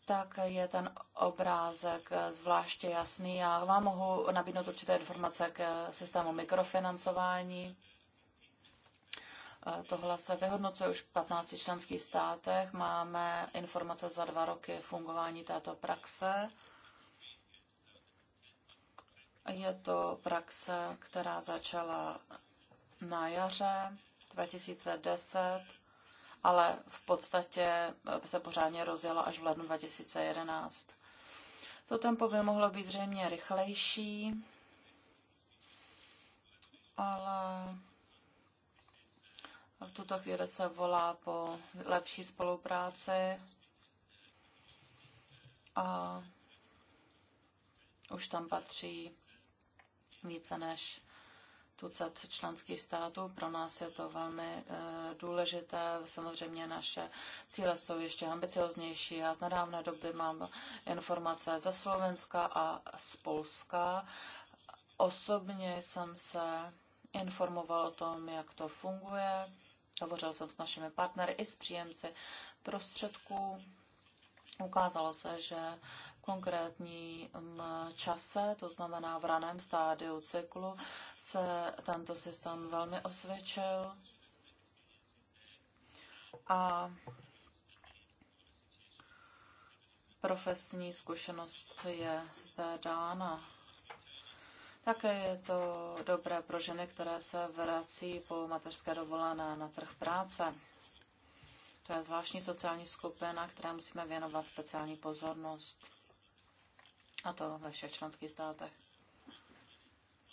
tak je ten obrázek zvláště jasný. Já vám mohu nabídnout určité informace k systému mikrofinancování. Tohle se vyhodnocuje už v 15 členských státech. Máme informace za dva roky fungování této praxe. Je to praxe, která začala na jaře 2010, ale v podstatě se pořádně rozjela až v lednu 2011. To tempo by mohlo být zřejmě rychlejší, ale v tuto chvíli se volá po lepší spolupráci a už tam patří více než tucet členských států. Pro nás je to velmi e, důležité. Samozřejmě naše cíle jsou ještě ambicioznější. Já z nedávné doby mám informace ze Slovenska a z Polska. Osobně jsem se informoval o tom, jak to funguje Hovořil jsem s našimi partnery i s příjemci prostředků. Ukázalo se, že v konkrétním čase, to znamená v raném stádiu cyklu, se tento systém velmi osvědčil. A profesní zkušenost je zde dána. Také je to dobré pro ženy, které se vrací po mateřské dovolené na trh práce. To je zvláštní sociální skupina, které musíme věnovat speciální pozornost. A to ve všech členských státech.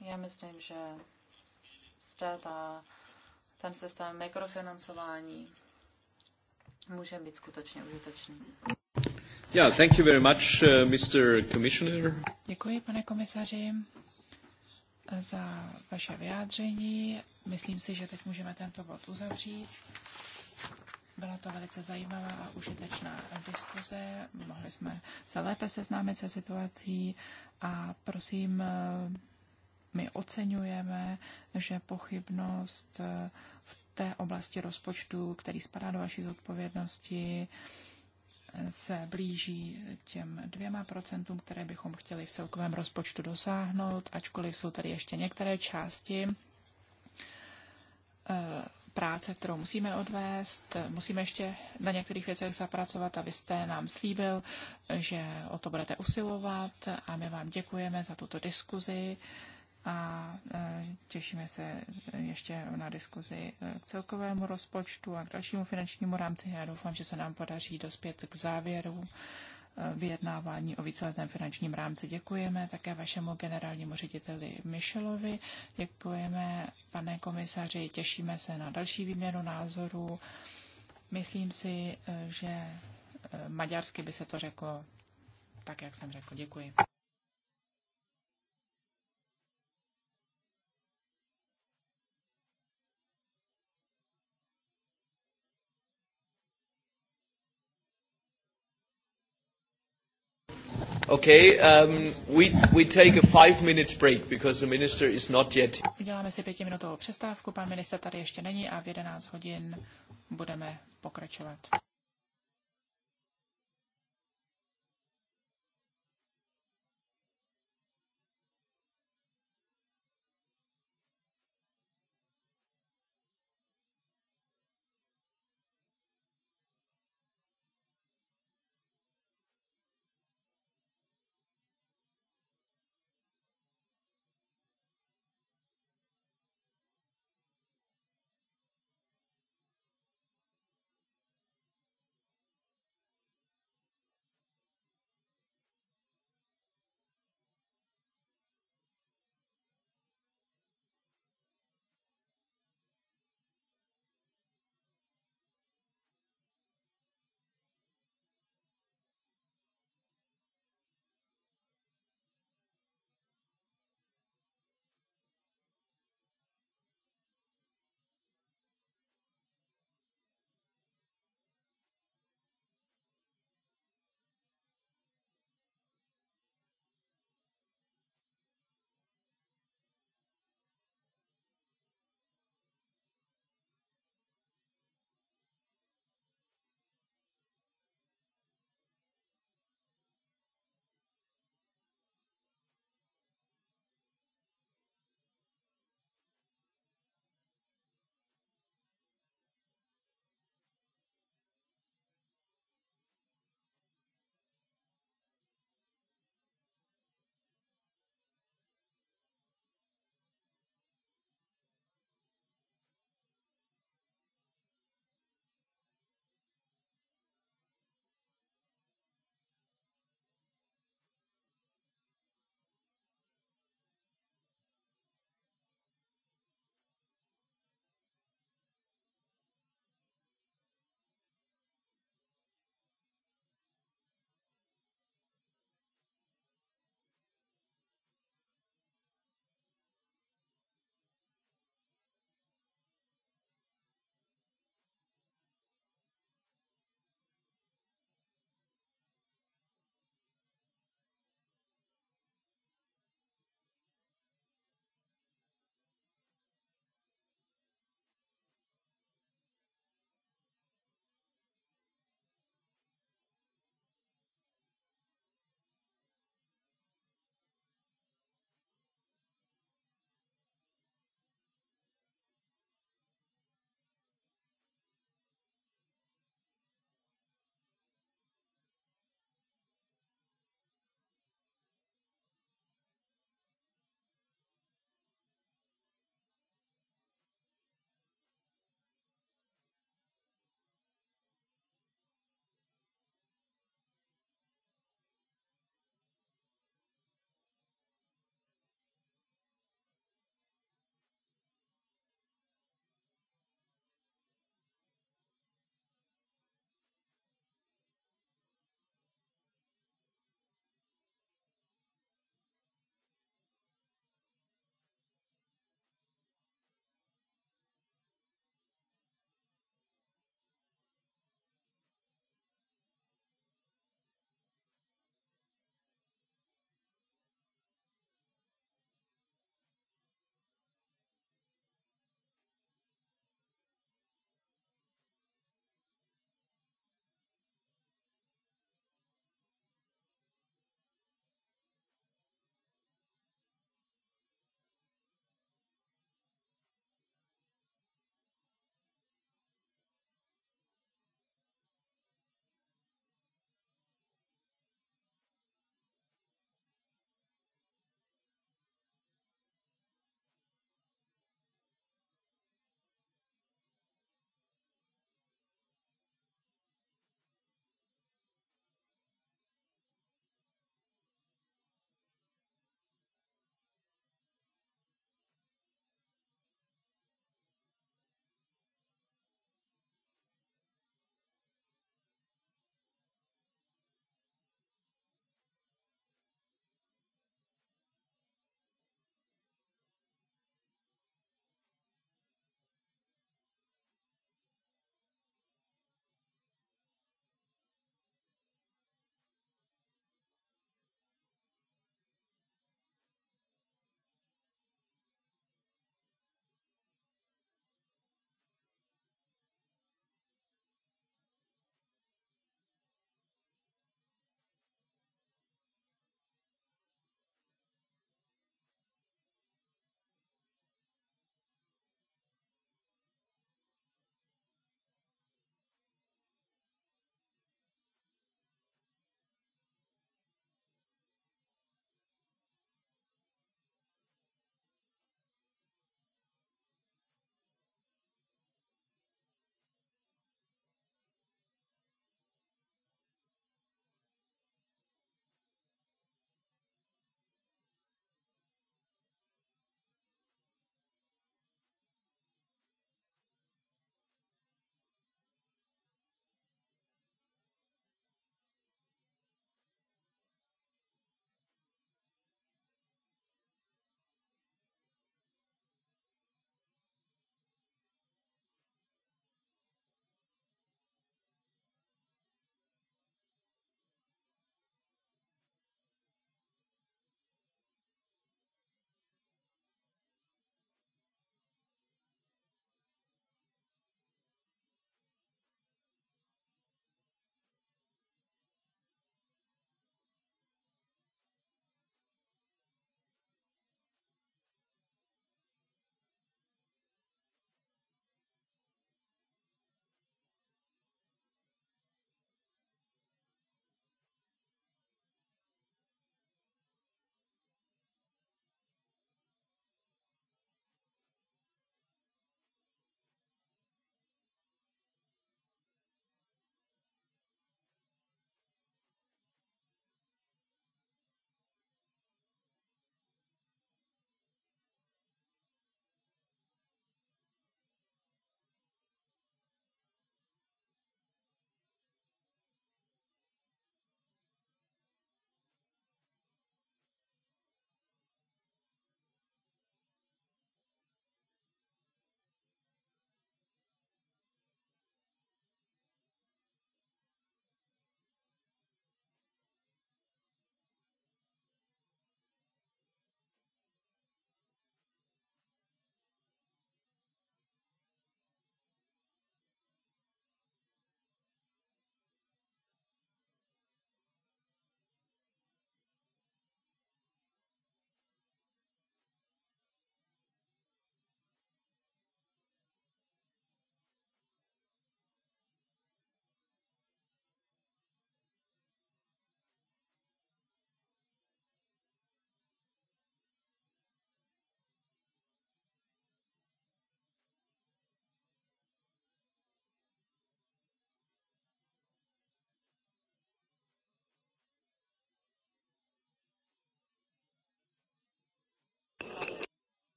Já myslím, že zde ta, ten systém mikrofinancování může být skutečně užitečný. Yeah, thank you very much, uh, Mr. Commissioner. Děkuji, pane komisaři za vaše vyjádření. Myslím si, že teď můžeme tento bod uzavřít. Byla to velice zajímavá a užitečná diskuze. Mohli jsme se lépe seznámit se situací a prosím, my oceňujeme, že pochybnost v té oblasti rozpočtu, který spadá do vaší zodpovědnosti, se blíží těm dvěma procentům, které bychom chtěli v celkovém rozpočtu dosáhnout, ačkoliv jsou tady ještě některé části eh, práce, kterou musíme odvést. Musíme ještě na některých věcech zapracovat a vy jste nám slíbil, že o to budete usilovat a my vám děkujeme za tuto diskuzi a e, těšíme se ještě na diskuzi e, k celkovému rozpočtu a k dalšímu finančnímu rámci. Já doufám, že se nám podaří dospět k závěru e, vyjednávání o víceletém finančním rámci. Děkujeme také vašemu generálnímu řediteli Michelovi, děkujeme pane komisaři, těšíme se na další výměnu názorů. Myslím si, že maďarsky by se to řeklo tak, jak jsem řekl. Děkuji. Okay, um, we, we take a five minutes break because the minister is not yet. Uděláme si pětiminutovou přestávku, pan minister tady ještě není a v 11 hodin budeme pokračovat.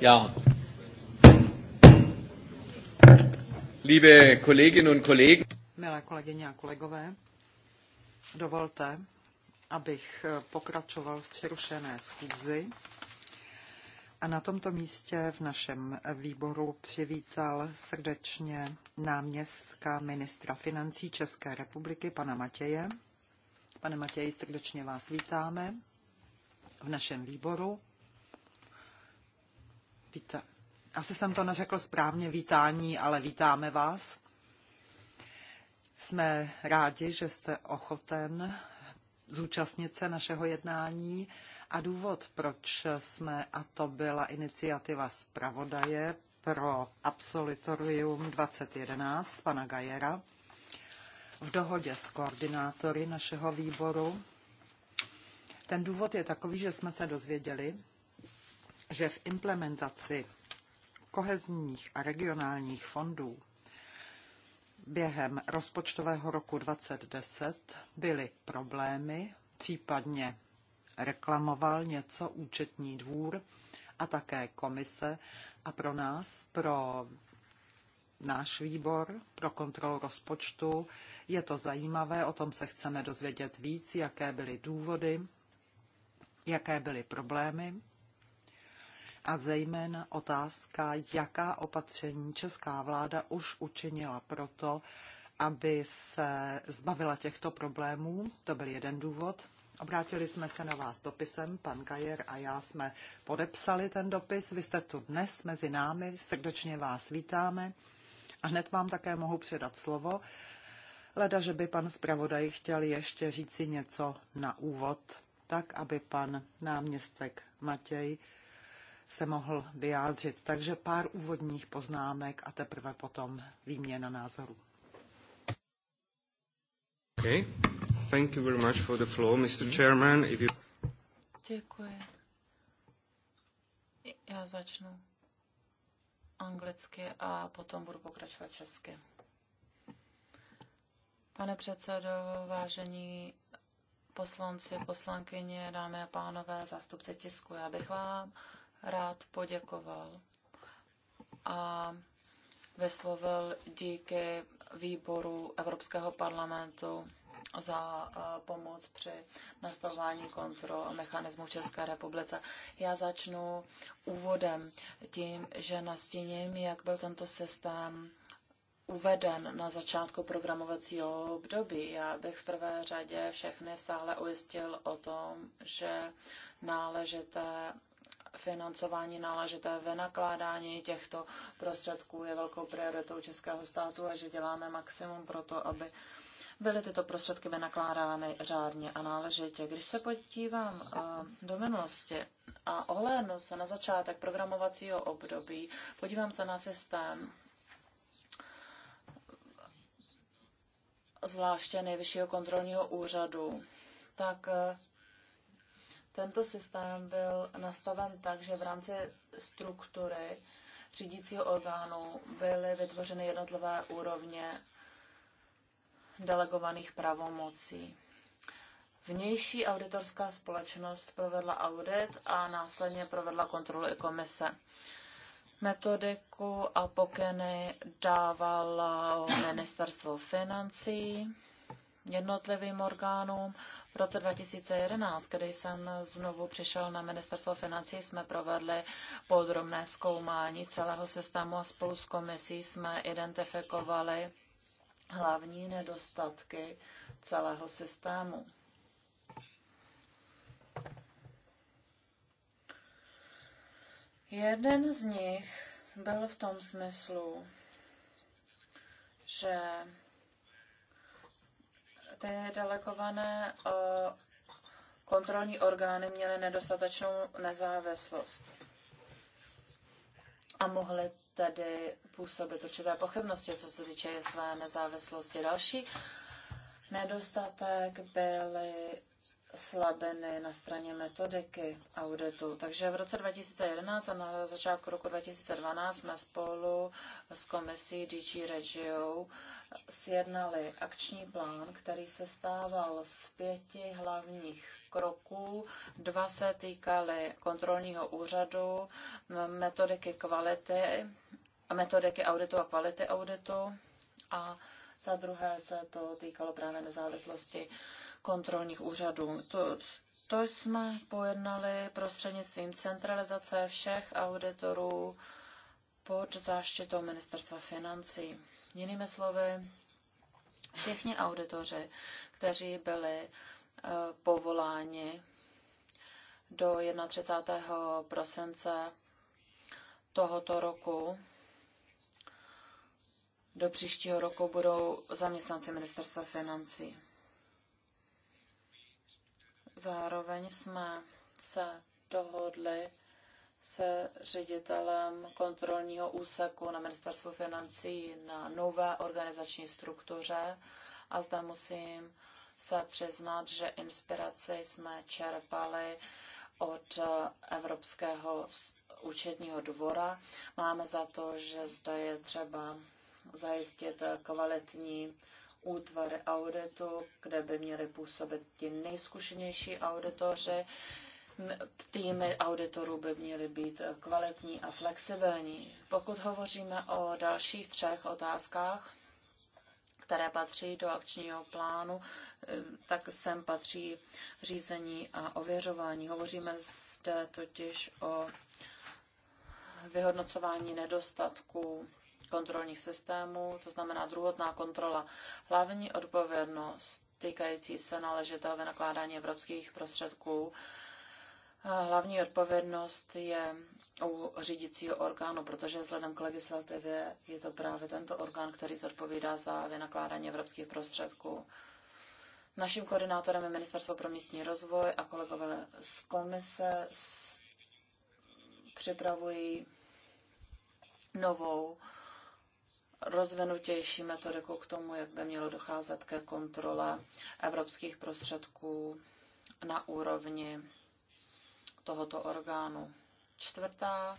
Ja. Liebe Kolleginnen und Kollegen. Milé kolegyně a kolegové, dovolte, abych eh, pokračoval v přerušené schůzi. A na tomto místě v našem výboru přivítal srdečně náměstka ministra financí České republiky, pana Matěje. Pane Matěji, srdečně vás vítáme v našem výboru. Víte, asi jsem to neřekl správně vítání, ale vítáme vás. Jsme rádi, že jste ochoten zúčastnit se našeho jednání a důvod, proč jsme, a to byla iniciativa zpravodaje pro absolutorium 2011 pana Gajera, v dohodě s koordinátory našeho výboru. Ten důvod je takový, že jsme se dozvěděli, že v implementaci kohezních a regionálních fondů během rozpočtového roku 2010 byly problémy, případně reklamoval něco účetní dvůr a také komise a pro nás, pro náš výbor pro kontrolu rozpočtu. Je to zajímavé, o tom se chceme dozvědět víc, jaké byly důvody, jaké byly problémy a zejména otázka, jaká opatření česká vláda už učinila proto, aby se zbavila těchto problémů. To byl jeden důvod. Obrátili jsme se na vás dopisem, pan Kajer a já jsme podepsali ten dopis. Vy jste tu dnes mezi námi, srdečně vás vítáme a hned vám také mohu předat slovo. Leda, že by pan zpravodaj chtěl ještě říci něco na úvod, tak aby pan náměstek Matěj se mohl vyjádřit. Takže pár úvodních poznámek a teprve potom výměna názorů. Okay. Thank you very much for the floor, Mr. Chairman. If you... Děkuji. Já začnu anglicky a potom budu pokračovat česky. Pane předsedo, vážení poslanci, poslankyně, dámy a pánové, zástupce tisku, já bych vám rád poděkoval a vyslovil díky výboru Evropského parlamentu za eh, pomoc při nastavování kontrol a mechanismu v České republice. Já začnu úvodem tím, že nastíním, jak byl tento systém uveden na začátku programovacího období. Já bych v prvé řadě všechny v sále ujistil o tom, že náležité financování, náležité vynakládání těchto prostředků je velkou prioritou českého státu a že děláme maximum pro to, aby byly tyto prostředky vynakládány řádně a náležitě. Když se podívám eh, do minulosti a ohlédnu se na začátek programovacího období, podívám se na systém zvláště nejvyššího kontrolního úřadu, tak eh, tento systém byl nastaven tak, že v rámci struktury řídícího orgánu byly vytvořeny jednotlivé úrovně delegovaných pravomocí. Vnější auditorská společnost provedla audit a následně provedla kontrolu i komise. Metodiku a pokyny dávalo ministerstvo financí jednotlivým orgánům. V roce 2011, kdy jsem znovu přišel na ministerstvo financí, jsme provedli podrobné zkoumání celého systému a spolu s komisí jsme identifikovali hlavní nedostatky celého systému. Jeden z nich byl v tom smyslu, že ty delegované eh, kontrolní orgány měly nedostatečnou nezávislost a mohly tedy působit určité pochybnosti, co se týče své nezávislosti. Další nedostatek byly slabiny na straně metodiky auditu. Takže v roce 2011 a na začátku roku 2012 jsme spolu s komisí DG Regio sjednali akční plán, který se stával z pěti hlavních kroků. Dva se týkaly kontrolního úřadu, metodiky kvality, metodiky auditu a kvality auditu a za druhé se to týkalo právě nezávislosti kontrolních úřadů. To, to jsme pojednali prostřednictvím centralizace všech auditorů pod záštitou ministerstva financí. Jinými slovy, všichni auditoři, kteří byli eh, povoláni do 31. prosince tohoto roku, do příštího roku budou zaměstnanci ministerstva financí. Zároveň jsme se dohodli se ředitelem kontrolního úseku na ministerstvu financí na nové organizační struktuře a zde musím se přiznat, že inspiraci jsme čerpali od Evropského účetního dvora. Máme za to, že zde je třeba zajistit kvalitní útvary auditu, kde by měli působit ti nejzkušenější auditoři. Týmy auditorů by měly být kvalitní a flexibilní. Pokud hovoříme o dalších třech otázkách, které patří do akčního plánu, tak sem patří řízení a ověřování. Hovoříme zde totiž o vyhodnocování nedostatků kontrolních systémů, to znamená druhotná kontrola. Hlavní odpovědnost týkající se náležitého vynakládání evropských prostředků Hlavní odpovědnost je u řídícího orgánu, protože vzhledem k legislativě je to právě tento orgán, který zodpovídá za vynakládání evropských prostředků. Naším koordinátorem je Ministerstvo pro místní rozvoj a kolegové z komise připravují novou rozvinutější metodiku k tomu, jak by mělo docházet ke kontrole evropských prostředků na úrovni tohoto orgánu. Čtvrtá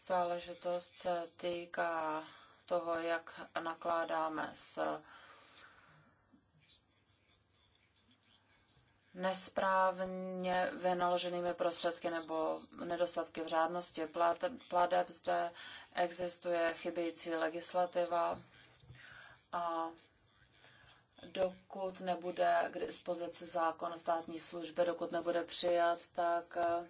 záležitost se týká toho, jak nakládáme s nesprávně vynaloženými prostředky nebo nedostatky v řádnosti pladeb. Zde existuje chybějící legislativa a dokud nebude k dispozici zákon o státní službě, dokud nebude přijat, tak eh,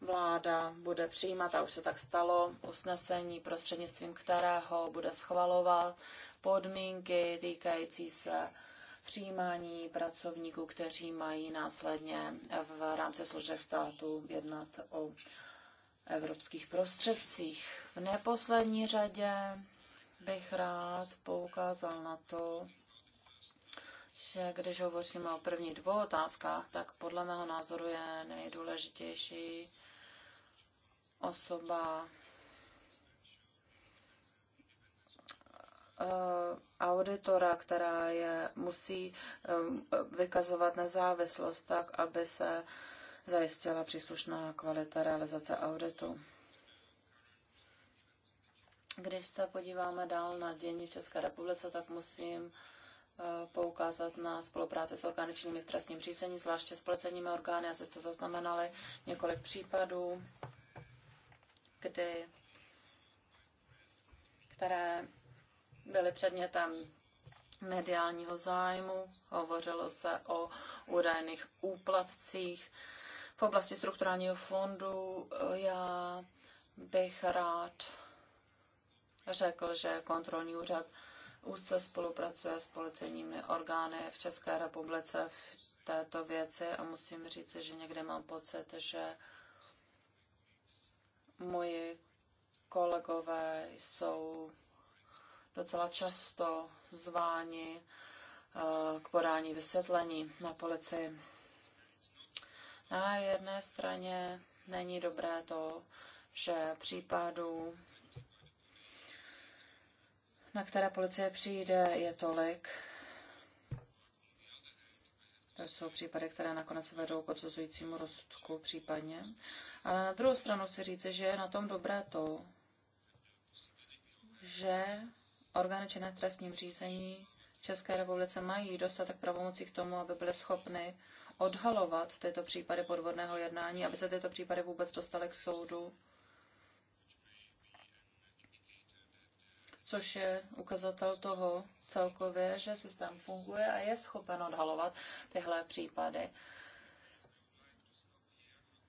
vláda bude přijímat, a už se tak stalo, usnesení, prostřednictvím kterého bude schvalovat podmínky týkající se přijímání pracovníků, kteří mají následně v rámci služeb státu jednat o evropských prostředcích. V neposlední řadě bych rád poukázal na to, že když hovoříme o prvních dvou otázkách, tak podle mého názoru je nejdůležitější osoba auditora, která je musí um, vykazovat nezávislost tak, aby se zajistila příslušná kvalita realizace auditu. Když se podíváme dál na dění v České republice, tak musím uh, poukázat na spolupráci s orgány činnými v trestním řízení, zvláště s policejními orgány. Asi jste zaznamenali několik případů, kdy, které byly předmětem mediálního zájmu, hovořilo se o údajných úplatcích. V oblasti strukturálního fondu já bych rád řekl, že kontrolní úřad úzce spolupracuje s policejními orgány v České republice v této věci a musím říct, že někde mám pocit, že moji kolegové jsou docela často zváni eh, k podání vysvětlení na policii. Na jedné straně není dobré to, že případů, na které policie přijde, je tolik. To jsou případy, které nakonec vedou k odsuzujícímu rozsudku případně. Ale na druhou stranu chci říct, že je na tom dobré to, že Orgány činné v trestním řízení v České republice mají dostatek pravomocí k tomu, aby byly schopny odhalovat tyto případy podvodného jednání, aby se tyto případy vůbec dostaly k soudu. což je ukazatel toho celkově, že systém funguje a je schopen odhalovat tyhle případy.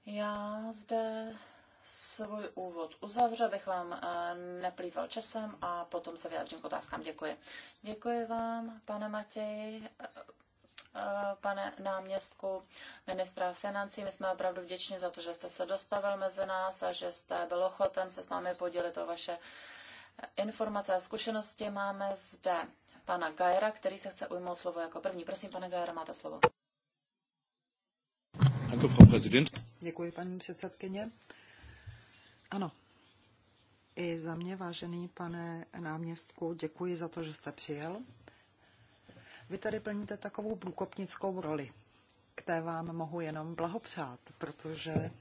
Já zde svůj úvod uzavřu, abych vám eh, neplýval časem a potom se vyjádřím k otázkám. Děkuji. Děkuji vám, pane Matěj, eh, eh, pane náměstku ministra financí. My jsme opravdu vděční za to, že jste se dostavil mezi nás a že jste byl ochoten se s námi podělit o vaše informace a zkušenosti. Máme zde pana Gajera, který se chce ujmout slovo jako první. Prosím, pane Gajera, máte slovo. Děkuji, paní předsedkyně. Ano. I za mě, vážený pane náměstku, děkuji za to, že jste přijel. Vy tady plníte takovou průkopnickou roli, které vám mohu jenom blahopřát, protože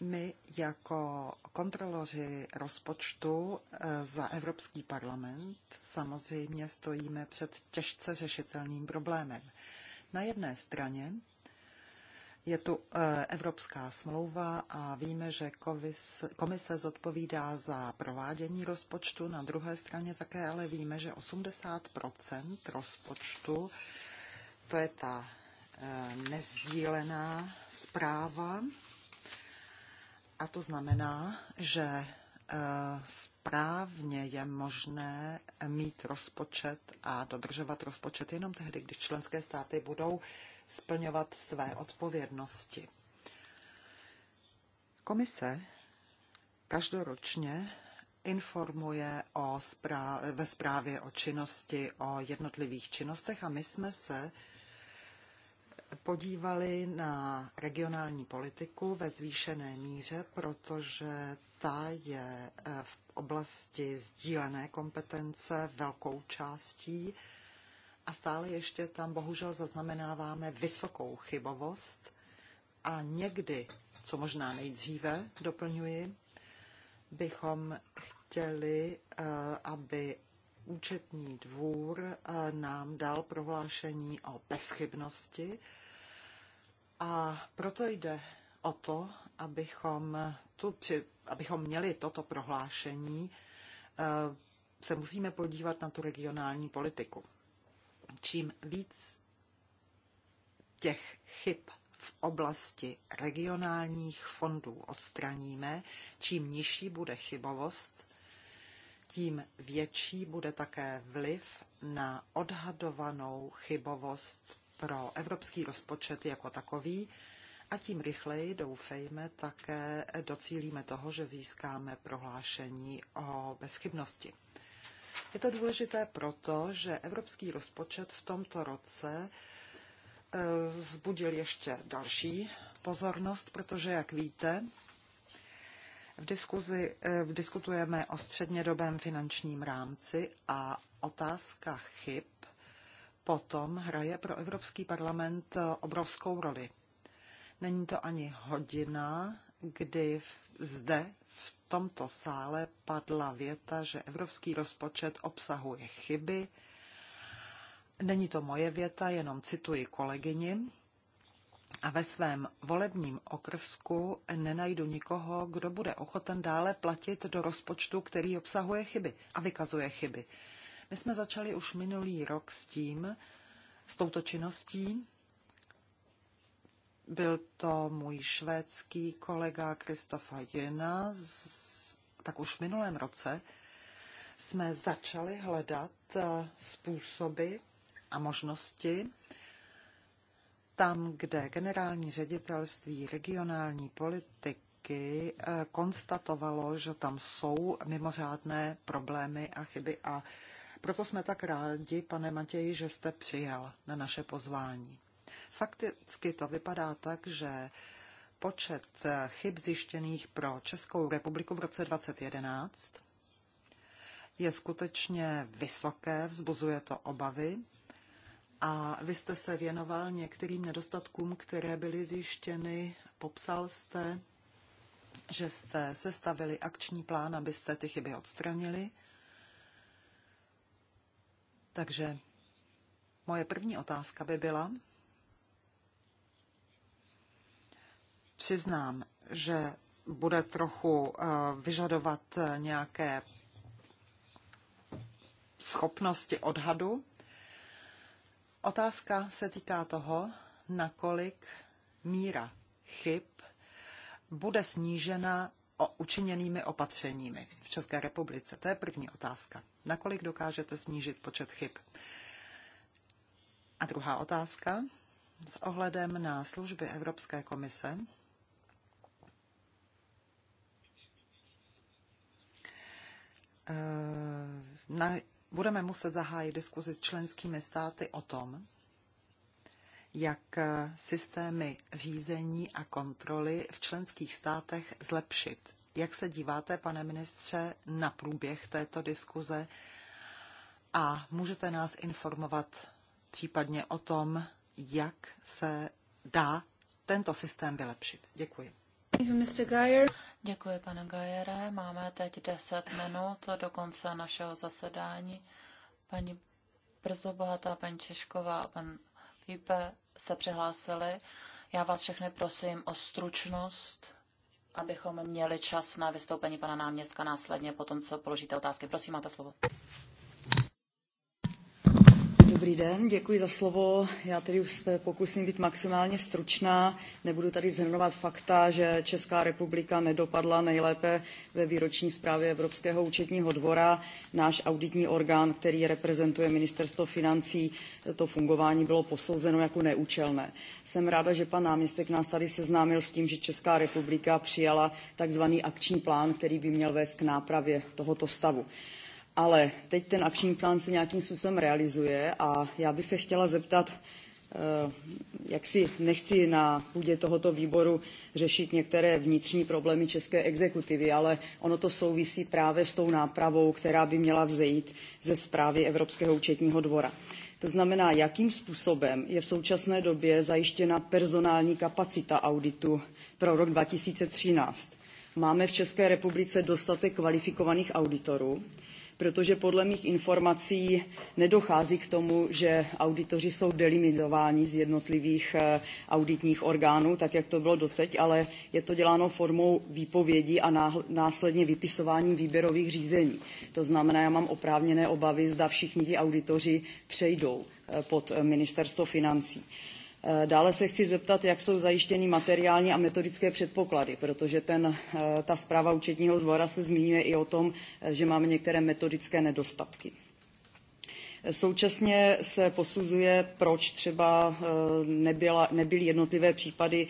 my jako kontroloři rozpočtu eh, za Evropský parlament samozřejmě stojíme před těžce řešitelným problémem. Na jedné straně je tu e, Evropská smlouva a víme, že komise zodpovídá za provádění rozpočtu. Na druhé straně také ale víme, že 80 rozpočtu, to je ta e, nezdílená zpráva. A to znamená, že e, správně je možné mít rozpočet a dodržovat rozpočet jenom tehdy, když členské státy budou splňovat své odpovědnosti. Komise každoročně informuje o zpráv- ve zprávě o činnosti, o jednotlivých činnostech a my jsme se podívali na regionální politiku ve zvýšené míře, protože ta je eh, v oblasti sdílené kompetence velkou částí a stále ještě tam bohužel zaznamenáváme vysokou chybovost a někdy, co možná nejdříve, doplňuji, bychom chtěli, eh, aby účetní dvůr eh, nám dal prohlášení o bezchybnosti a proto jde o to, abychom, tu, abychom měli toto prohlášení, eh, se musíme podívat na tu regionální politiku čím víc těch chyb v oblasti regionálních fondů odstraníme, čím nižší bude chybovost, tím větší bude také vliv na odhadovanou chybovost pro evropský rozpočet jako takový a tím rychleji, doufejme, také docílíme toho, že získáme prohlášení o bezchybnosti. Je to důležité proto, že evropský rozpočet v tomto roce eh, vzbudil ještě další pozornost, protože, jak víte, v diskuzi eh, diskutujeme o střednědobém finančním rámci a otázka chyb potom hraje pro Evropský parlament eh, obrovskou roli. Není to ani hodina, kdy zde v tomto sále padla věta, že evropský rozpočet obsahuje chyby. Není to moje věta, jenom cituji kolegyni. A ve svém volebním okrsku nenajdu nikoho, kdo bude ochoten dále platit do rozpočtu, který obsahuje chyby a vykazuje chyby. My jsme začali už minulý rok s tím, s touto činností byl to můj švédský kolega Kristofa Jena, tak už v minulém roce jsme začali hledat eh, způsoby a možnosti tam, kde generální ředitelství regionální politiky eh, konstatovalo, že tam jsou mimořádné problémy a chyby a proto jsme tak rádi, pane Matěji, že jste přijal na naše pozvání. Fakticky to vypadá tak, že počet chyb zjištěných pro Českou republiku v roce 2011 je skutečně vysoké, vzbuzuje to obavy. A vy jste se věnoval některým nedostatkům, které byly zjištěny. Popsal jste, že jste sestavili akční plán, abyste ty chyby odstranili. Takže moje první otázka by byla, přiznám, že bude trochu eh, vyžadovat nějaké schopnosti odhadu. Otázka se týká toho, nakolik míra chyb bude snížena o učiněnými opatřeními v České republice. To je první otázka. Nakolik dokážete snížit počet chyb? A druhá otázka s ohledem na služby Evropské komise Eh, na, budeme muset zahájit diskuzi s členskými státy o tom, jak eh, systémy řízení a kontroly v členských státech zlepšit. Jak se díváte, pane ministře, na průběh této diskuze a můžete nás informovat případně o tom, jak se dá tento systém vylepšit? Děkuji. Mr. Geyer. Děkuji, pane Gajere. Máme teď 10 minut do konce našeho zasedání. Paní Brzo Bohatá, paní Češková a pan Pípe se přihlásili. Já vás všechny prosím o stručnost, abychom měli čas na vystoupení pana náměstka následně po tom, co položíte otázky. Prosím, máte slovo. Dobrý den, děkuji za slovo. Já tedy už se pokusím být maximálně stručná. Nebudu tady zhrnovat fakta, že Česká republika nedopadla nejlépe ve výroční zprávě Evropského účetního dvora. Náš auditní orgán, který reprezentuje ministerstvo financí, to fungování bylo posouzeno jako neúčelné. Jsem ráda, že pan náměstek nás tady seznámil s tím, že Česká republika přijala takzvaný akční plán, který by měl vést k nápravě tohoto stavu. Ale teď ten akční plán se nějakým způsobem realizuje a já bych se chtěla zeptat, eh, jak si nechci na půdě tohoto výboru řešit některé vnitřní problémy české exekutivy, ale ono to souvisí právě s tou nápravou, která by měla vzejít ze zprávy Evropského účetního dvora. To znamená, jakým způsobem je v současné době zajištěna personální kapacita auditu pro rok 2013. Máme v České republice dostatek kvalifikovaných auditorů protože podle mých informací nedochází k tomu, že auditoři jsou delimitováni z jednotlivých eh, auditních orgánů, tak jak to bylo doceď, ale je to děláno formou výpovědí a následně vypisováním výběrových řízení. To znamená, já mám oprávněné obavy, zda všichni ti auditoři přejdou eh, pod eh, ministerstvo financí. Eh, dále se chci zeptat, jak jsou zajištěny materiální a metodické předpoklady, protože ten, eh, ta zpráva účetního dvora se zmiňuje i o tom, eh, že máme některé metodické nedostatky. Současně se posuzuje, proč třeba nebyla, nebyly jednotlivé případy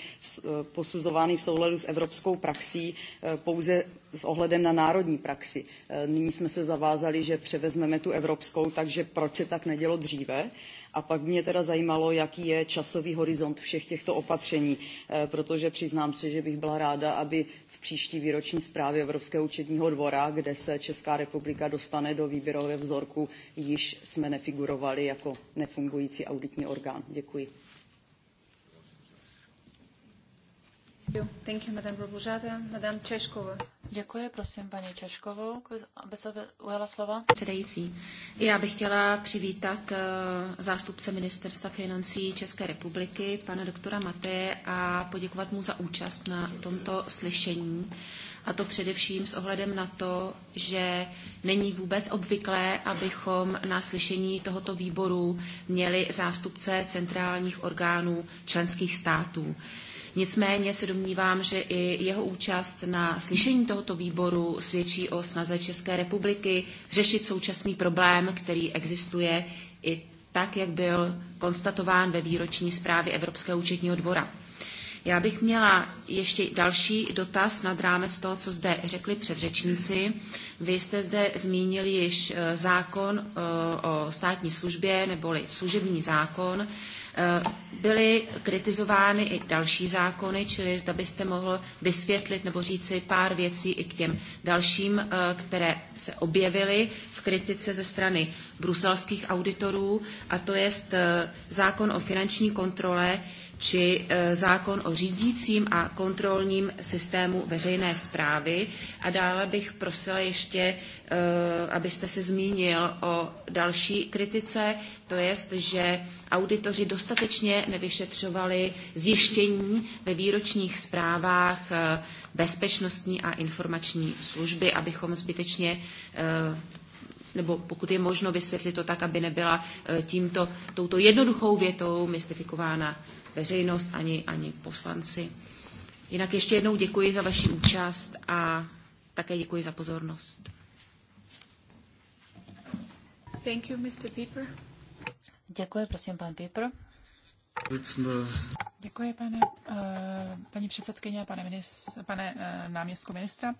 posuzovány v souladu s evropskou praxí. Pouze s ohledem na národní praxi. E, nyní jsme se zavázali, že převezmeme tu evropskou, takže proč se tak nedělo dříve? A pak mě teda zajímalo, jaký je časový horizont všech těchto opatření, e, protože přiznám se, že bych byla ráda, aby v příští výroční zprávě Evropského účetního dvora, kde se Česká republika dostane do výběrového vzorku, již jsme nefigurovali jako nefungující auditní orgán. Děkuji. Thank you, Madame Robužáda. Madame Češkova. Děkuji, prosím paní Češkovou, aby se ujela slova. Předající, já bych chtěla přivítat eh, zástupce Ministerstva financí České republiky, pana doktora Maté, a poděkovat mu za účast na tomto slyšení. A to především s ohledem na to, že není vůbec obvyklé, abychom na slyšení tohoto výboru měli zástupce centrálních orgánů členských států. Nicméně se domnívám, že i jeho účast na slyšení tohoto výboru svědčí o snaze České republiky řešit současný problém, který existuje i tak, jak byl konstatován ve výroční zprávě Evropského účetního dvora. Já bych měla ještě další dotaz nad rámec toho, co zde řekli předřečníci. Vy jste zde zmínili již eh, zákon eh, o státní službě neboli služební zákon. Eh, byly kritizovány i další zákony, čili zda byste mohl vysvětlit nebo říci pár věcí i k těm dalším, které se objevily v kritice ze strany bruselských auditorů, a to je zákon o finanční kontrole, či e, zákon o řídícím a kontrolním systému veřejné zprávy. A dále bych prosila ještě, e, abyste se zmínil o další kritice, to je, že auditoři dostatečně nevyšetřovali zjištění ve výročních zprávách e, bezpečnostní a informační služby, abychom zbytečně nebo pokud je možno vysvětlit to tak, aby nebyla tímto, touto jednoduchou větou mystifikována veřejnost, ani, ani poslanci. Jinak ještě jednou děkuji za vaši účast a také děkuji za pozornost. Thank you, Mr. Pieper. Děkuji, prosím, pan Pieper. Děkuji, pane, eh, paní předsedkyně a pane, minis, pane eh, náměstku ministra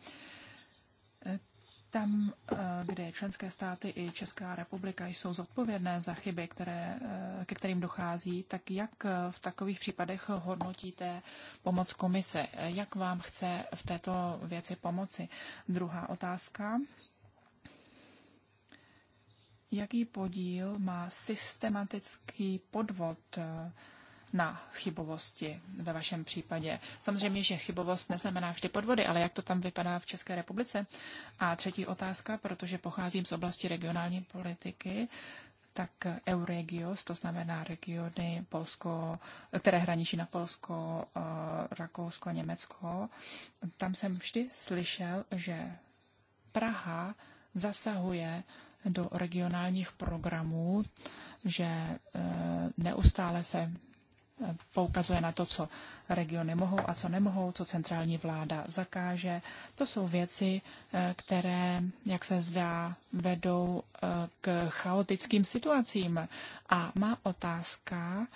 tam, eh, kde členské státy i Česká republika jsou zodpovědné za chyby, které, eh, ke kterým dochází, tak jak eh, v takových případech hodnotíte pomoc komise? Jak vám chce v této věci pomoci? Druhá otázka. Jaký podíl má systematický podvod na chybovosti ve vašem případě. Samozřejmě, že chybovost neznamená vždy podvody, ale jak to tam vypadá v České republice? A třetí otázka, protože pocházím z oblasti regionální politiky, tak Euregios, to znamená regiony Polsko, které hraničí na Polsko, eh, Rakousko, Německo. Tam jsem vždy slyšel, že Praha zasahuje do regionálních programů, že eh, neustále se poukazuje na to, co regiony mohou a co nemohou, co centrální vláda zakáže. To jsou věci, eh, které, jak se zdá, vedou eh, k chaotickým situacím. A má otázka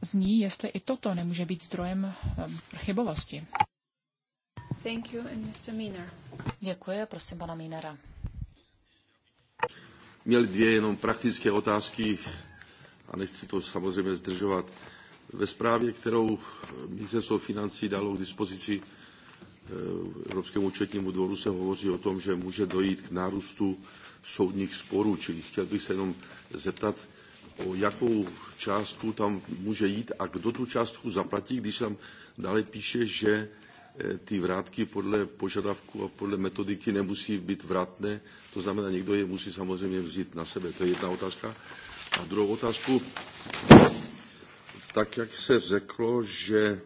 zní, jestli i toto nemůže být zdrojem eh, chybovosti. Thank you and Mr. Miner. Děkuji, prosím pana Mínera. Měl dvě jenom praktické otázky a nechci to samozřejmě zdržovat. Ve zprávě, kterou ministerstvo financí dalo k dispozici eh, Evropskému účetnímu dvoru, se hovoří o tom, že může dojít k nárůstu soudních sporů. Čili chtěl bych se jenom zeptat, o jakou částku tam může jít a kdo tu částku zaplatí, když tam dále píše, že eh, ty vrátky podle požadavku a podle metodiky nemusí být vratné. To znamená, někdo je musí samozřejmě vzít na sebe. To je jedna otázka. A druhou otázku, tak jak se řeklo, že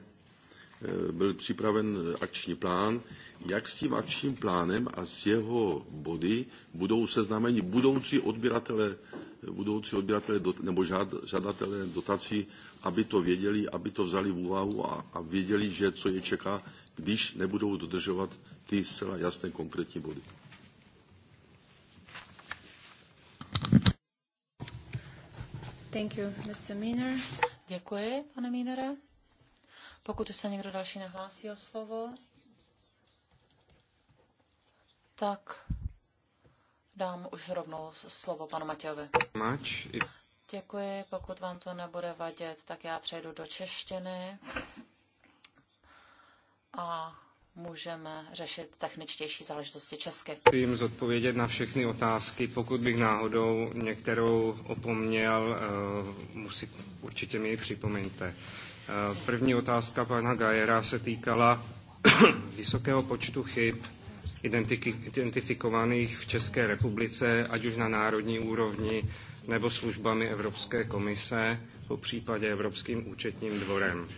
eh, byl připraven akční plán, jak s tím akčním plánem a s jeho body budou seznámeni budoucí odběratele, budoucí odběratele dot, nebo žád, žadatelé dotací, aby to věděli, aby to vzali v úvahu a, a věděli, že co je čeká, když nebudou dodržovat ty zcela jasné konkrétní body. Thank you, Mr. Miner. Děkuji, pane Mínere. Pokud se někdo další nehlásí o slovo, tak dám už rovnou slovo panu Matějovi. Děkuji, pokud vám to nebude vadit, tak já přejdu do češtiny. A můžeme řešit techničtější záležitosti česky. Vím zodpovědět na všechny otázky. Pokud bych náhodou některou opomněl, eh, musí, určitě mi ji připomeňte. Eh, první otázka pana Gajera se týkala *clears throat* vysokého počtu chyb identifikovaných v České republice, ať už na národní úrovni nebo službami Evropské komise, po případě Evropským účetním dvorem.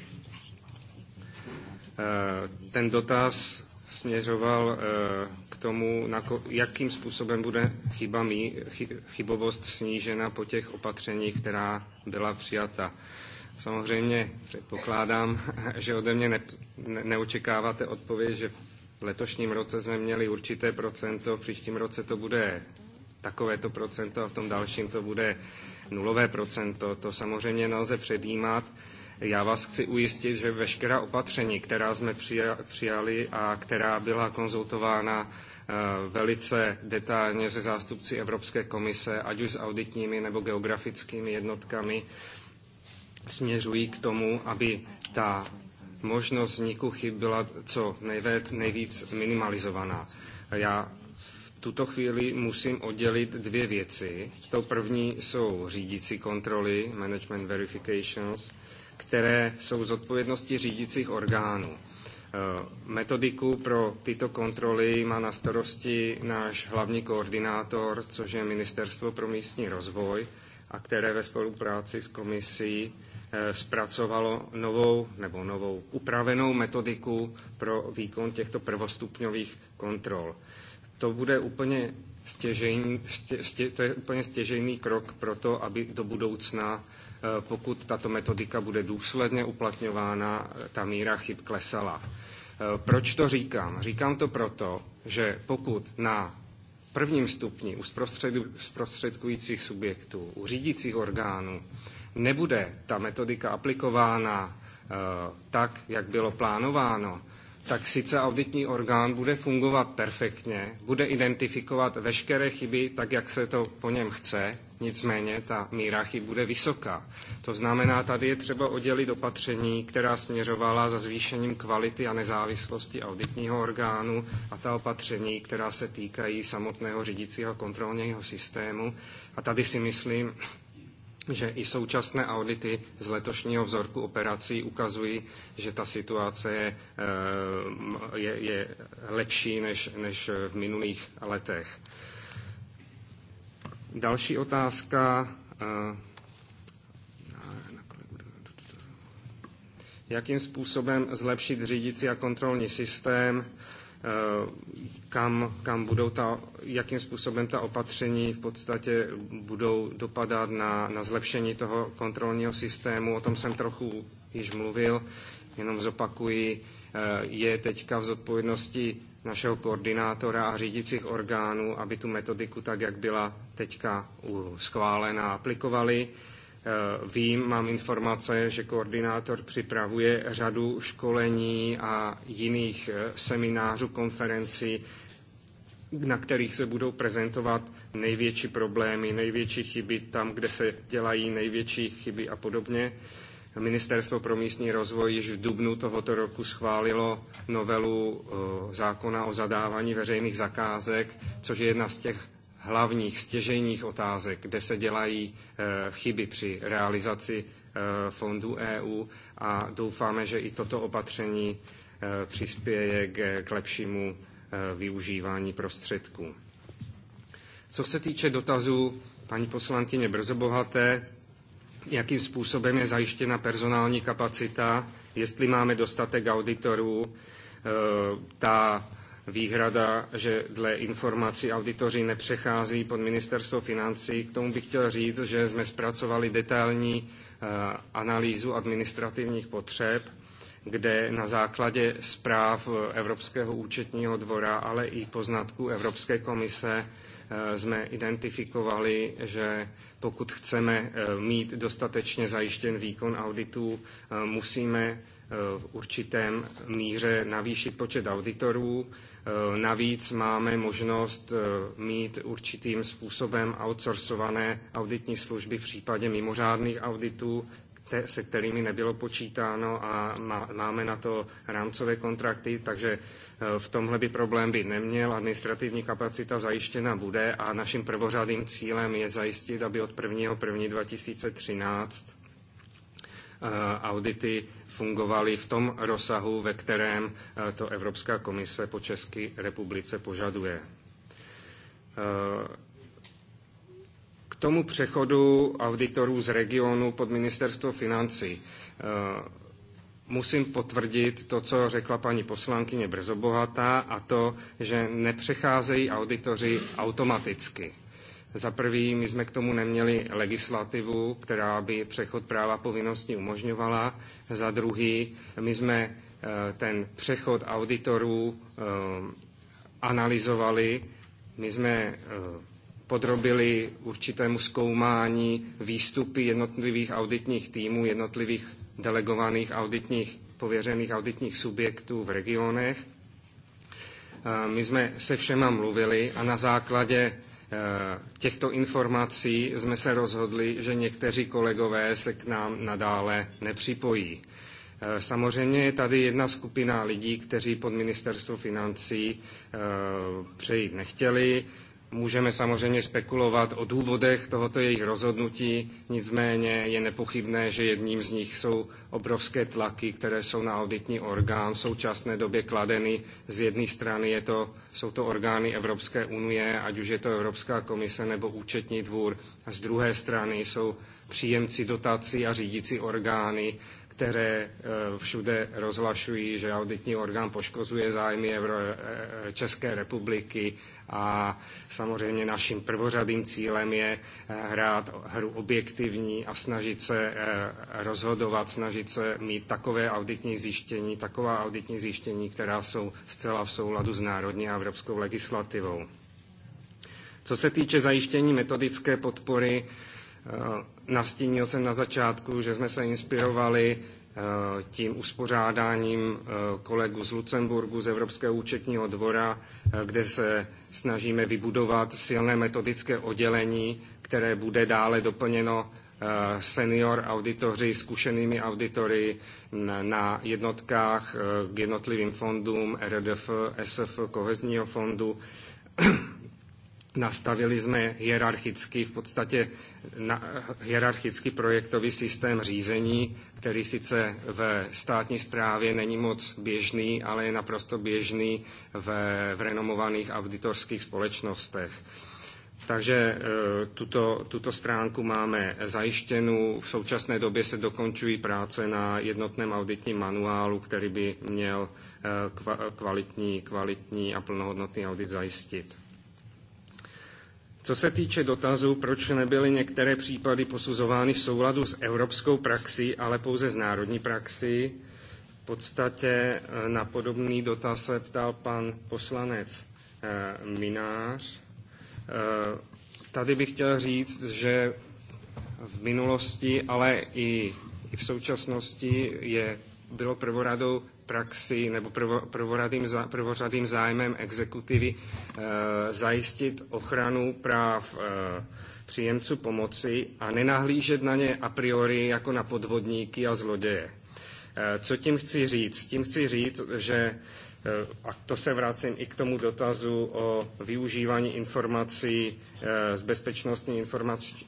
Eh, ten dotaz směřoval eh, k tomu, jakým způsobem bude chybami, chybovost snížena po těch opatřeních, která byla přijata. Samozřejmě předpokládám, *laughs* že ode mě ne, neočekáváte odpověď, že v letošním roce jsme měli určité procento, v příštím roce to bude takovéto procento a v tom dalším to bude nulové procento. To samozřejmě nelze předjímat. Já vás chci ujistit, že veškerá opatření, která jsme přijali a která byla konzultována eh, velice detailně se zástupci Evropské komise, ať už s auditními nebo geografickými jednotkami, směřují k tomu, aby ta možnost vzniku chyb byla co nejvíc minimalizovaná. Já tuto chvíli musím oddělit dvě věci. To první jsou řídící kontroly, management verifications, které jsou z odpovědnosti řídících orgánů. Eh, metodiku pro tyto kontroly má na starosti náš hlavní koordinátor, což je Ministerstvo pro místní rozvoj, a které ve spolupráci s komisí eh, zpracovalo novou nebo novou upravenou metodiku pro výkon těchto prvostupňových kontrol. To bude úplně stěžejný, stě, stě, to je úplně stěžejný krok pro to, aby do budoucna Eh, pokud tato metodika bude důsledně uplatňována, eh, ta míra chyb klesala. Eh, proč to říkám? Říkám to proto, že pokud na prvním stupni u zprostředkujících subjektů, u řídících orgánů nebude ta metodika aplikována tak, jak bylo plánováno, tak sice auditní orgán bude fungovat perfektně, bude identifikovat veškeré chyby tak, jak se to po něm chce, nicméně ta míra chyb bude vysoká. To znamená, tady je třeba oddělit opatření, která směřovala za zvýšením kvality a nezávislosti auditního orgánu a ta opatření, která se týkají samotného řídícího kontrolního systému. A tady si myslím, že i současné audity z letošního vzorku operací ukazují, že ta situace je, eh, je, je lepší než, než v minulých letech. Další otázka. Eh, jakým způsobem zlepšit řídící a kontrolní systém? Eh, kam, kam budou ta, jakým způsobem ta opatření v podstatě budou dopadat na, na zlepšení toho kontrolního systému. O tom jsem trochu již mluvil, jenom zopakuji. Eh, je teďka v zodpovědnosti našeho koordinátora a řídicích orgánů, aby tu metodiku tak, jak byla teďka schválena, aplikovali. E, vím, mám informace, že koordinátor připravuje řadu školení a jiných e, seminářů, konferencí, na kterých se budou prezentovat největší problémy, největší chyby tam, kde se dělají největší chyby a podobně. Ministerstvo pro místní rozvoj již v dubnu tohoto roku schválilo novelu eh, zákona o zadávání veřejných zakázek, což je jedna z těch hlavních stěžejních otázek, kde se dělají eh, chyby při realizaci eh, fondů EU a doufáme, že i toto opatření přispěje k lepšímu využívání prostředků. Co se týče dotazů paní poslankyně Brzobohaté, jakým způsobem je zajištěna personální kapacita, jestli máme dostatek auditorů. E, ta výhrada, že dle informací auditoři nepřechází pod ministerstvo financí, k tomu bych chtěl říct, že jsme zpracovali detailní e, analýzu administrativních potřeb, kde na základě zpráv Evropského účetního dvora, ale i poznatků Evropské komise Eh, jsme identifikovali, že pokud chceme eh, mít dostatečně zajištěn výkon auditů, eh, musíme v určitém míře navýšit počet auditorů. Navíc máme možnost mít určitým způsobem outsourcované auditní služby v případě mimořádných auditů, se kterými nebylo počítáno a máme na to rámcové kontrakty, takže eh, v tomhle by problém být neměl. Administrativní kapacita zajištěna bude a naším prvořadým cílem je zajistit, aby od 1. 1. 2013 audity fungovaly v tom rozsahu, ve kterém eh, to Evropská komise po České republice požaduje. Eh, tomu přechodu auditorů z regionu pod ministerstvo financí. Eh, musím potvrdit to, co řekla paní poslankyně Brzobohatá, a to, že nepřecházejí auditoři automaticky. Za prvý, my jsme k tomu neměli legislativu, která by přechod práva povinnosti umožňovala. Za druhý, my jsme eh, ten přechod auditorů eh, analyzovali. My jsme podrobili určitému zkoumání výstupy jednotlivých auditních týmů, jednotlivých delegovaných auditních, pověřených auditních subjektů v regionech. Eh, my jsme se všema mluvili a na základě eh, těchto informací jsme se rozhodli, že někteří kolegové se k nám nadále nepřipojí. Eh, samozřejmě je tady jedna skupina lidí, kteří pod ministerstvo financí přejít nechtěli. Můžeme samozřejmě spekulovat o důvodech tohoto jejich rozhodnutí, nicméně je nepochybné, že jedním z nich jsou obrovské tlaky, které jsou na auditní orgán v současné době kladeny. Z jedné strany je to, jsou to orgány Evropské unie, ať už je to Evropská komise nebo účetní dvůr, a z druhé strany jsou příjemci dotací a řídící orgány které eh, všude rozhlašují, že auditní orgán poškozuje zájmy Evro- eh, České republiky a samozřejmě naším prvořadým cílem je eh, hrát hru objektivní a snažit se rozhodovat, snažit se mít takové auditní zjištění, taková auditní zjištění, která jsou zcela v souladu s národní a evropskou legislativou. Co se týče zajištění metodické podpory, Eh, nastínil jsem na začátku, že jsme se inspirovali eh, tím uspořádáním eh, kolegů z Lucemburgu, z Evropského účetního dvora, kde se snažíme vybudovat silné metodické oddělení, které bude dále doplněno senior auditoři, zkušenými auditory na jednotkách k jednotlivým fondům RDF, SF, kohezního fondu nastavili jsme hierarchicky, v podstatě na, hierarchicky projektový systém řízení, který sice ve státní správě není moc běžný, ale je naprosto běžný v, v renomovaných auditorských společnostech. Takže e, tuto, tuto stránku máme zajištěnou. V současné době se dokončují práce na jednotném auditním manuálu, který by měl e, kvalitní, kvalitní a plnohodnotný audit zajistit. Co se týče dotazu, proč nebyly některé případy posuzovány v souladu s evropskou praxí, ale pouze s národní praxí, v podstatě eh, na podobný dotaz se ptal pan poslanec eh, Minář. Eh, tady bych chtěl říct, že v minulosti, ale i, v současnosti je, bylo prvoradou praxi nebo prvoradým, prvořadým zájmem exekutivy eh, zajistit ochranu práv eh, příjemců pomoci a nenahlížet na ně a priori jako na podvodníky a zloděje. Eh, co tím chci říct? Tím chci říct, že a to se vracím i k tomu dotazu o využívání informací z bezpečnostní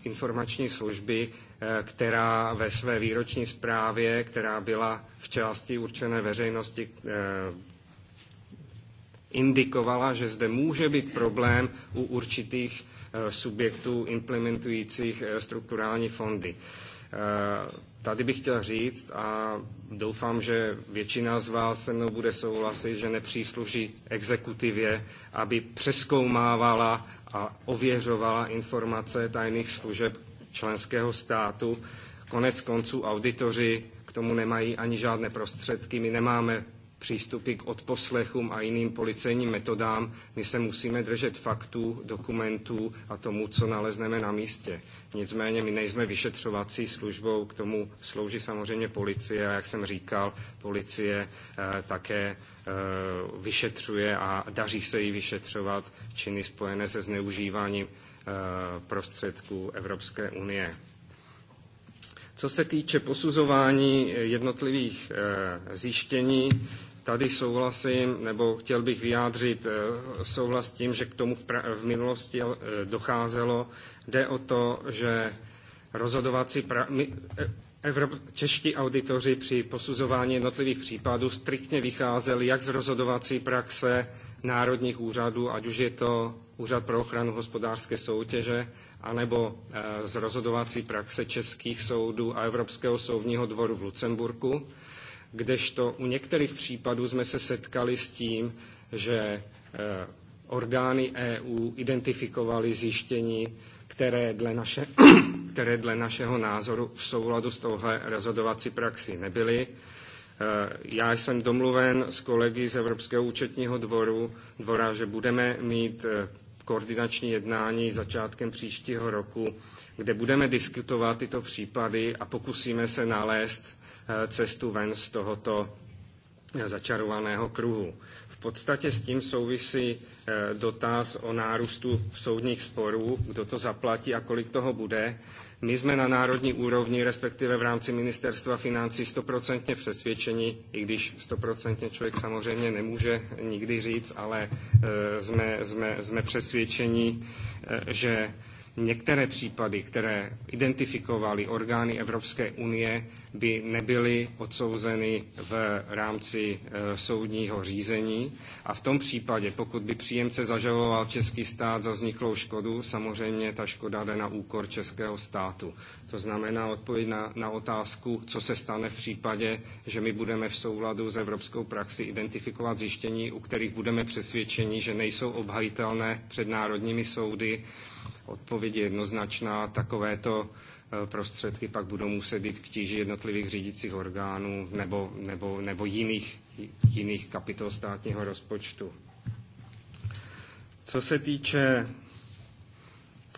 informační služby Eh, která ve své výroční zprávě, která byla v části určené veřejnosti, eh, indikovala, že zde může být problém u určitých eh, subjektů implementujících strukturální fondy. Tady bych chtěl říct a doufám, že většina z vás se mnou bude souhlasit, že nepřísluší exekutivě, aby přeskoumávala a ověřovala informace tajných služeb, členského státu. Konec konců auditoři k tomu nemají ani žádné prostředky. My nemáme přístupy k odposlechům a jiným policejním metodám. My se musíme držet faktů, dokumentů a tomu, co nalezneme na místě. Nicméně my nejsme vyšetřovací službou, k tomu slouží samozřejmě policie a jak jsem říkal, policie eh, také eh, vyšetřuje a daří se jí vyšetřovat činy spojené se zneužíváním Eh, prostředků Evropské unie. Co se týče posuzování jednotlivých eh, zjištění, tady souhlasím, nebo chtěl bych vyjádřit eh, souhlas s tím, že k tomu v, minulosti docházelo. Jde o to, že rozhodovací pra- Evrop- čeští auditoři při posuzování jednotlivých případů striktně vycházeli jak z rozhodovací praxe, národních úřadů, ať už je to Úřad pro ochranu hospodářské soutěže, anebo eh, z rozhodovací praxe českých soudů a Evropského soudního dvoru v Lucemburku, kdežto u některých případů jsme se setkali s tím, že eh, orgány EU identifikovaly zjištění, které dle, naše, *clears throat* které dle našeho názoru v souladu s touhle rozhodovací praxi nebyly Eh, já jsem domluven s kolegy z Evropského účetního dvoru, dvora, že budeme mít eh, koordinační jednání začátkem příštího roku, kde budeme diskutovat tyto případy a pokusíme se nalézt eh, cestu ven z tohoto začarovaného kruhu podstatě s tím souvisí eh, dotaz o nárůstu soudních sporů, kdo to zaplatí a kolik toho bude. My jsme na národní úrovni, respektive v rámci ministerstva financí, stoprocentně přesvědčeni, i když stoprocentně člověk samozřejmě nemůže nikdy říct, ale eh, jsme, jsme, jsme přesvědčeni, eh, že některé případy, které identifikovaly orgány Evropské unie, by nebyly odsouzeny v rámci e, soudního řízení. A v tom případě, pokud by příjemce zažaloval český stát za vzniklou škodu, samozřejmě ta škoda jde na úkor českého státu. To znamená odpověď na, na otázku, co se stane v případě, že my budeme v souladu s evropskou praxi identifikovat zjištění, u kterých budeme přesvědčeni, že nejsou obhajitelné před národními soudy, odpověď je jednoznačná. Takovéto e, prostředky pak budou muset být k tíži jednotlivých řídících orgánů nebo, nebo, nebo jiných, jiných kapitol státního rozpočtu. Co se týče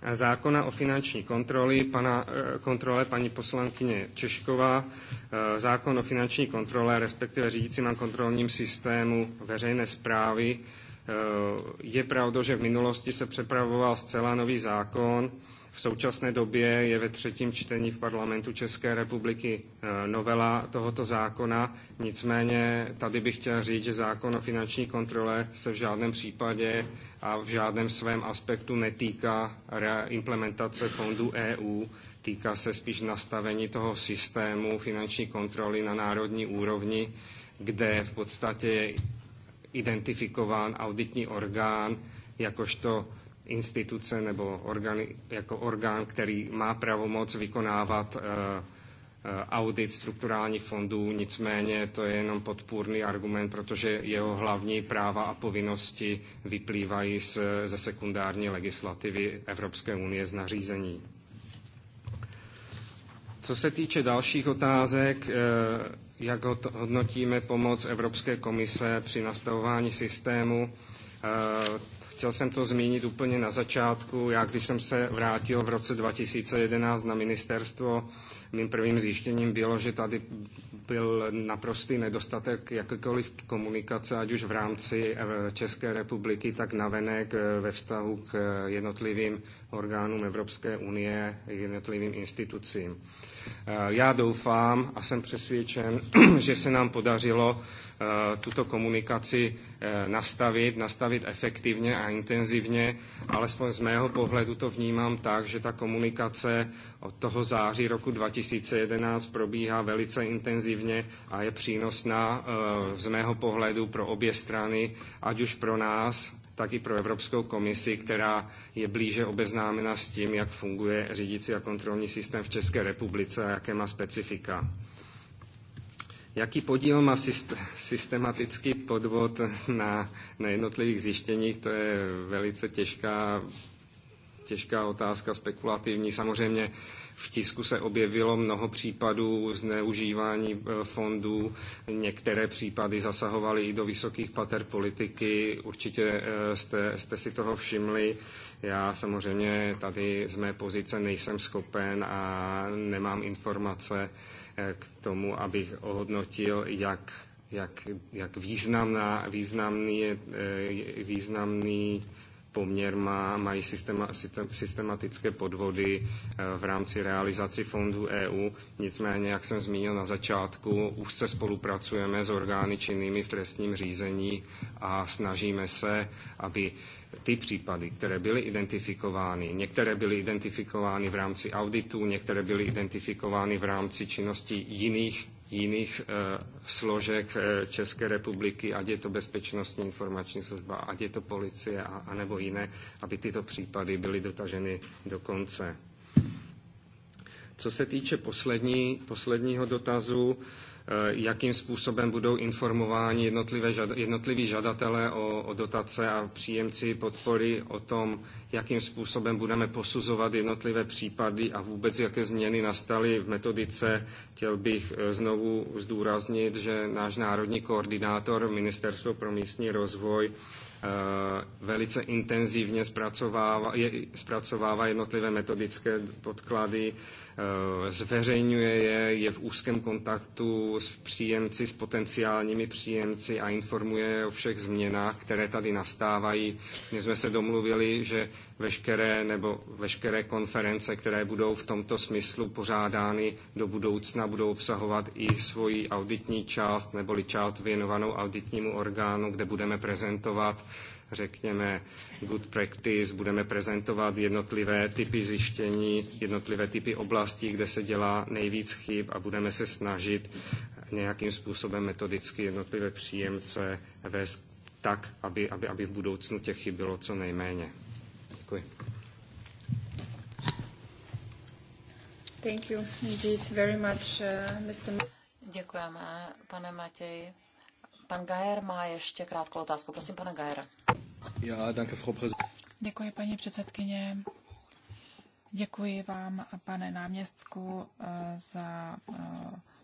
e, zákona o finanční kontroli, pana, e, kontrole paní poslankyně Češková, zákon o finanční kontrole, respektive řídícím a kontrolním systému veřejné zprávy, Eh, je pravda, že v minulosti se přepravoval zcela nový zákon. V současné době je ve třetím čtení v parlamentu České republiky eh, novela tohoto zákona. Nicméně tady bych chtěl říct, že zákon o finanční kontrole se v žádném případě a v žádném svém aspektu netýká implementace fondů EU. Týká se spíš nastavení toho systému finanční kontroly na národní úrovni, kde v podstatě identifikován auditní orgán jakožto instituce nebo orgán, jako orgán, který má pravomoc vykonávat eh, eh, audit strukturálních fondů, nicméně to je jenom podpůrný argument, protože jeho hlavní práva a povinnosti vyplývají z, ze sekundární legislativy Evropské unie z nařízení. Co se týče dalších otázek, eh, jak hodnotíme pomoc Evropské komise při nastavování systému. Eh, chtěl jsem to zmínit úplně na začátku. Já, když jsem se vrátil v roce 2011 na ministerstvo, mým prvním zjištěním bylo, že tady byl naprostý nedostatek jakékoliv komunikace, ať už v rámci eh, České republiky, tak navenek eh, ve vztahu k eh, jednotlivým orgánům Evropské unie, jednotlivým institucím. Já doufám a jsem přesvědčen, *clears throat* že se nám podařilo Eh, tuto komunikaci eh, nastavit, nastavit efektivně a intenzivně. Alespoň z mého pohledu to vnímám tak, že ta komunikace od toho září roku 2011 probíhá velice intenzivně a je přínosná eh, z mého pohledu pro obě strany, ať už pro nás, tak i pro Evropskou komisi, která je blíže obeznámena s tím, jak funguje řídící a kontrolní systém v České republice a jaké má specifika. Jaký podíl má systematický podvod na, na jednotlivých zjištěních, to je velice těžká těžká otázka, spekulativní. Samozřejmě v tisku se objevilo mnoho případů zneužívání eh, fondů. Některé případy zasahovaly i do vysokých pater politiky. Určitě eh, jste, jste si toho všimli. Já samozřejmě tady z mé pozice nejsem schopen a nemám informace eh, k tomu, abych ohodnotil, jak jak, jak významná, významný, je, významný poměr má, mají systema, systematické podvody eh, v rámci realizaci fondů EU. Nicméně, jak jsem zmínil na začátku, už se spolupracujeme s orgány činnými v trestním řízení a snažíme se, aby ty případy, které byly identifikovány, některé byly identifikovány v rámci auditu, některé byly identifikovány v rámci činnosti jiných jiných eh, složek eh, České republiky, ať je to bezpečnostní informační služba, ať je to policie a, a nebo jiné, aby tyto případy byly dotaženy do konce. Co se týče poslední, posledního dotazu, Eh, jakým způsobem budou informováni jednotlivé žada, jednotliví žadatelé o, o dotace a příjemci podpory o tom, jakým způsobem budeme posuzovat jednotlivé případy a vůbec jaké změny nastaly v metodice. Chtěl bych eh, znovu zdůraznit, že náš národní koordinátor Ministerstvo pro místní rozvoj eh, velice intenzivně zpracovává, je, zpracovává jednotlivé metodické podklady Eh, zveřejňuje je, je v úzkém kontaktu s příjemci, s potenciálními příjemci a informuje o všech změnách, které tady nastávají. My jsme se domluvili, že veškeré nebo veškeré konference, které budou v tomto smyslu pořádány do budoucna, budou obsahovat i svoji auditní část neboli část věnovanou auditnímu orgánu, kde budeme prezentovat řekněme, good practice, budeme prezentovat jednotlivé typy zjištění, jednotlivé typy oblastí, kde se dělá nejvíc chyb a budeme se snažit nějakým způsobem metodicky jednotlivé příjemce vést tak, aby, aby, aby v budoucnu těch chyb bylo co nejméně. Děkuji. Thank you indeed very much, uh, Mr. Děkujeme, pane Matěji. Pan Gajer má ještě krátkou otázku. Prosím, pana Gajera. Já, danke, Frau Děkuji, paní předsedkyně. Děkuji vám, pane náměstku, eh, za eh,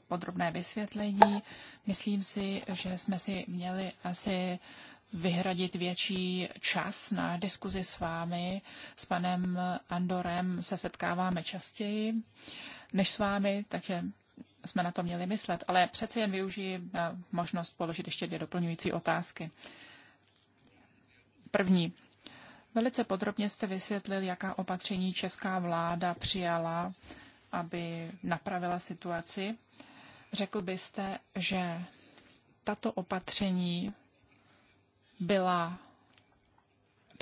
podrobné vysvětlení. Myslím si, že jsme si měli asi vyhradit větší čas na diskuzi s vámi. S panem Andorem se setkáváme častěji než s vámi, takže jsme na to měli myslet, ale přece jen využiji eh, možnost položit ještě dvě doplňující otázky. První. Velice podrobně jste vysvětlil, jaká opatření česká vláda přijala, aby napravila situaci. Řekl byste, že tato opatření byla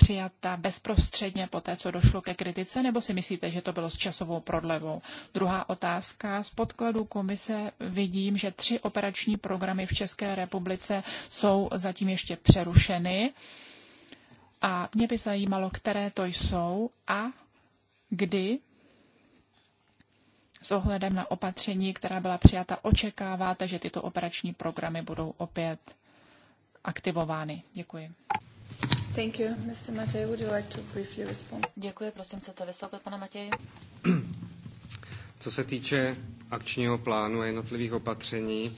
přijata bezprostředně po té, co došlo ke kritice, nebo si myslíte, že to bylo s časovou prodlevou? Druhá otázka. Z podkladů komise vidím, že tři operační programy v České republice jsou zatím ještě přerušeny. A mě by zajímalo, které to jsou a kdy s ohledem na opatření, která byla přijata, očekáváte, že tyto operační programy budou opět aktivovány. Děkuji. Thank you, Mr. Matěj. Would you like to briefly respond? Děkuji, prosím, chcete vystoupit, pane Matěj? Co se týče akčního plánu a jednotlivých opatření,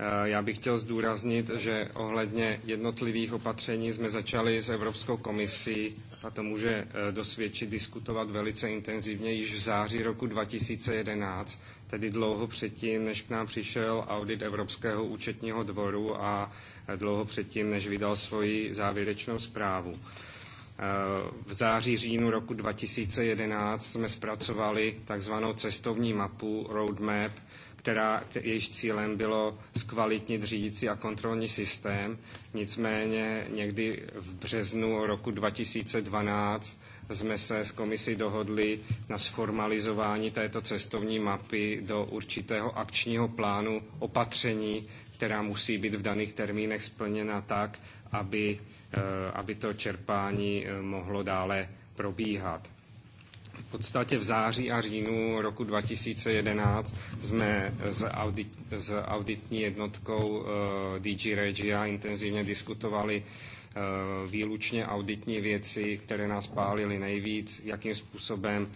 eh, já bych chtěl zdůraznit, že ohledně jednotlivých opatření jsme začali s Evropskou komisí a to může eh, dosvědčit diskutovat velice intenzivně již v září roku 2011, tedy dlouho předtím, než k nám přišel audit Evropského účetního dvoru a dlouho předtím, než vydal svoji závěrečnou zprávu. Eh, v září říjnu roku 2011 jsme zpracovali takzvanou cestovní mapu roadmap, která, jejíž cílem bylo zkvalitnit řídící a kontrolní systém. Nicméně někdy v březnu roku 2012 jsme se s komisí dohodli na sformalizování této cestovní mapy do určitého akčního plánu opatření, která musí být v daných termínech splněna tak, aby, eh, aby to čerpání eh, mohlo dále probíhat. V podstatě v září a říjnu roku 2011 jsme s, audit, s auditní jednotkou eh, DG Regia intenzivně diskutovali výlučně auditní věci, které nás pálily nejvíc, jakým způsobem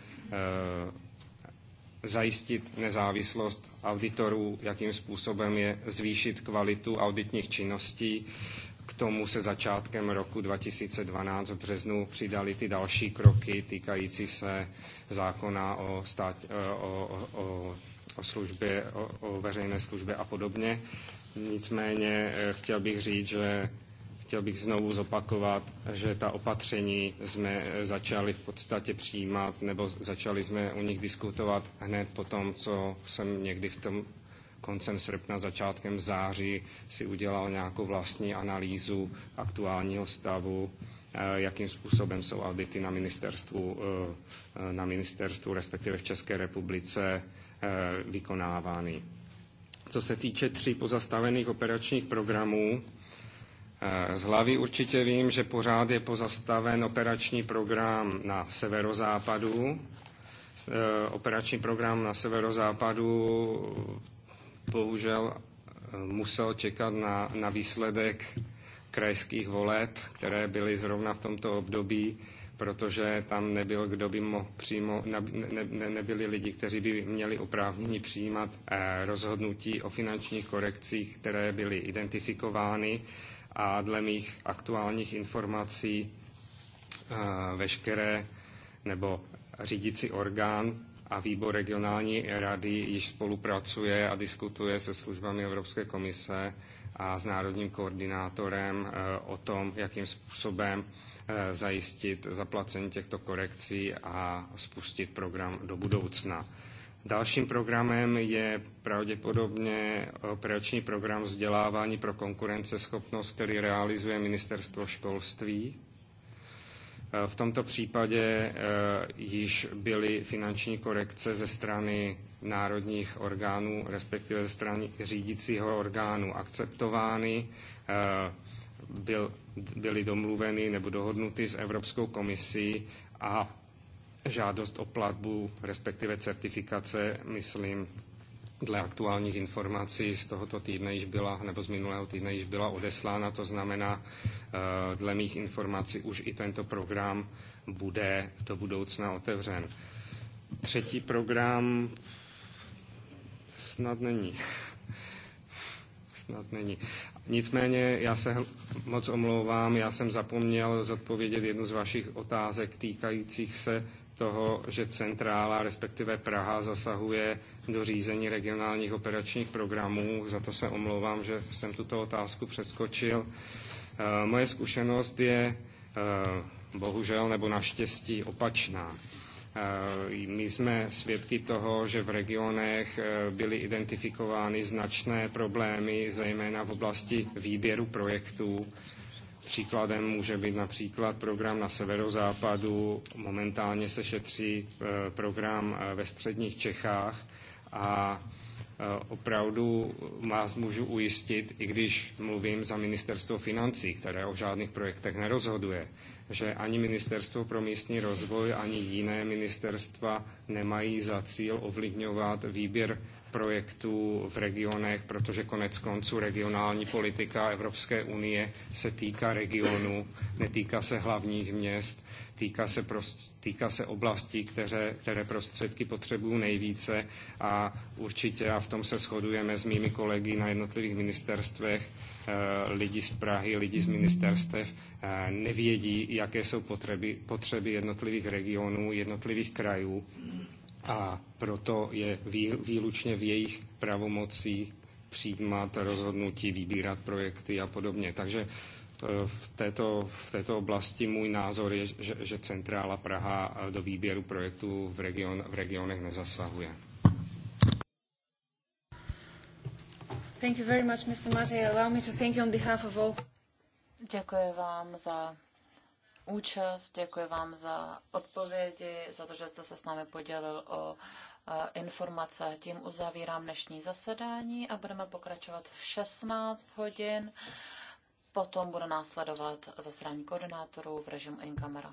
zajistit nezávislost auditorů, jakým způsobem je zvýšit kvalitu auditních činností. K tomu se začátkem roku 2012 v březnu přidali ty další kroky týkající se zákona o, stát, eh, o, o, o, službě, o, o veřejné službě a podobně. Nicméně eh, chtěl bych říct, že chtěl bych znovu zopakovat, že ta opatření jsme eh, začali v podstatě přijímat, nebo začali jsme o nich diskutovat hned po tom, co jsem někdy v tom koncem srpna, začátkem září si udělal nějakou vlastní analýzu aktuálního stavu, eh, jakým způsobem jsou audity na ministerstvu, eh, na ministerstvu respektive v České republice vykonávány. Co se týče tří pozastavených operačních programů, Eh, z hlavy určitě vím, že pořád je pozastaven operační program na severozápadu. Eh, operační program na severozápadu bohužel eh, musel čekat na, na výsledek krajských voleb, které byly zrovna v tomto období, protože tam nebyl, kdo by mohl přímo, ne, ne, nebyli lidi, kteří by měli oprávnění přijímat rozhodnutí o finančních korekcích, které byly identifikovány a dle mých aktuálních informací eh, veškeré nebo řídící orgán a výbor regionální rady již spolupracuje a diskutuje se službami Evropské komise a s národním koordinátorem eh, o tom, jakým způsobem eh, zajistit zaplacení těchto korekcí a spustit program do budoucna. Dalším programem je pravděpodobně operační program vzdělávání pro konkurenceschopnost, který realizuje Ministerstvo školství. V tomto případě eh, již byly finanční korekce ze strany národních orgánů, respektive ze strany řídícího orgánu akceptovány, eh, byl, byly domluveny nebo dohodnuty s Evropskou komisí a žádost o platbu, respektive certifikace, myslím, dle aktuálních informací z tohoto týdne již byla, nebo z minulého týdne již byla odeslána, to znamená, eh, dle mých informací už i tento program bude do budoucna otevřen. Třetí program snad není. *laughs* snad není. Nicméně já se moc omlouvám, já jsem zapomněl zodpovědět jednu z vašich otázek týkajících se toho, že centrála, respektive Praha, zasahuje do řízení regionálních operačních programů. Za to se omlouvám, že jsem tuto otázku přeskočil. Eh, moje zkušenost je eh, bohužel nebo naštěstí opačná. Eh, my jsme svědky toho, že v regionech byly identifikovány značné problémy, zejména v oblasti výběru projektů Příkladem může být například program na severozápadu, momentálně se šetří e, program e, ve středních Čechách a e, opravdu vás můžu ujistit, i když mluvím za ministerstvo financí, které o žádných projektech nerozhoduje, že ani ministerstvo pro místní rozvoj, ani jiné ministerstva nemají za cíl ovlivňovat výběr projektů v regionech, protože konec konců regionální politika Evropské unie se týká regionu, netýká se hlavních měst, týká se, prost, týká se oblastí, které, které prostředky potřebují nejvíce a určitě, a v tom se shodujeme s mými kolegy na jednotlivých ministerstvech, eh, lidi z Prahy, lidi z ministerstev eh, nevědí, jaké jsou potřeby, potřeby jednotlivých regionů, jednotlivých krajů a proto je výlučně v jejich pravomocí přijímat rozhodnutí, vybírat projekty a podobně. Takže e, v této, v této oblasti můj názor je, že, že centrála Praha do výběru projektů v, region, v regionech nezasahuje. Thank you very much, Mr. Mate. Allow me to thank you on behalf of all. Děkuji vám za účast, děkuji vám za odpovědi, za to, že jste se s námi podělil o e, informace. Tím uzavírám dnešní zasedání a budeme pokračovat v 16 hodin. Potom bude následovat zasedání koordinátorů v režimu in camera.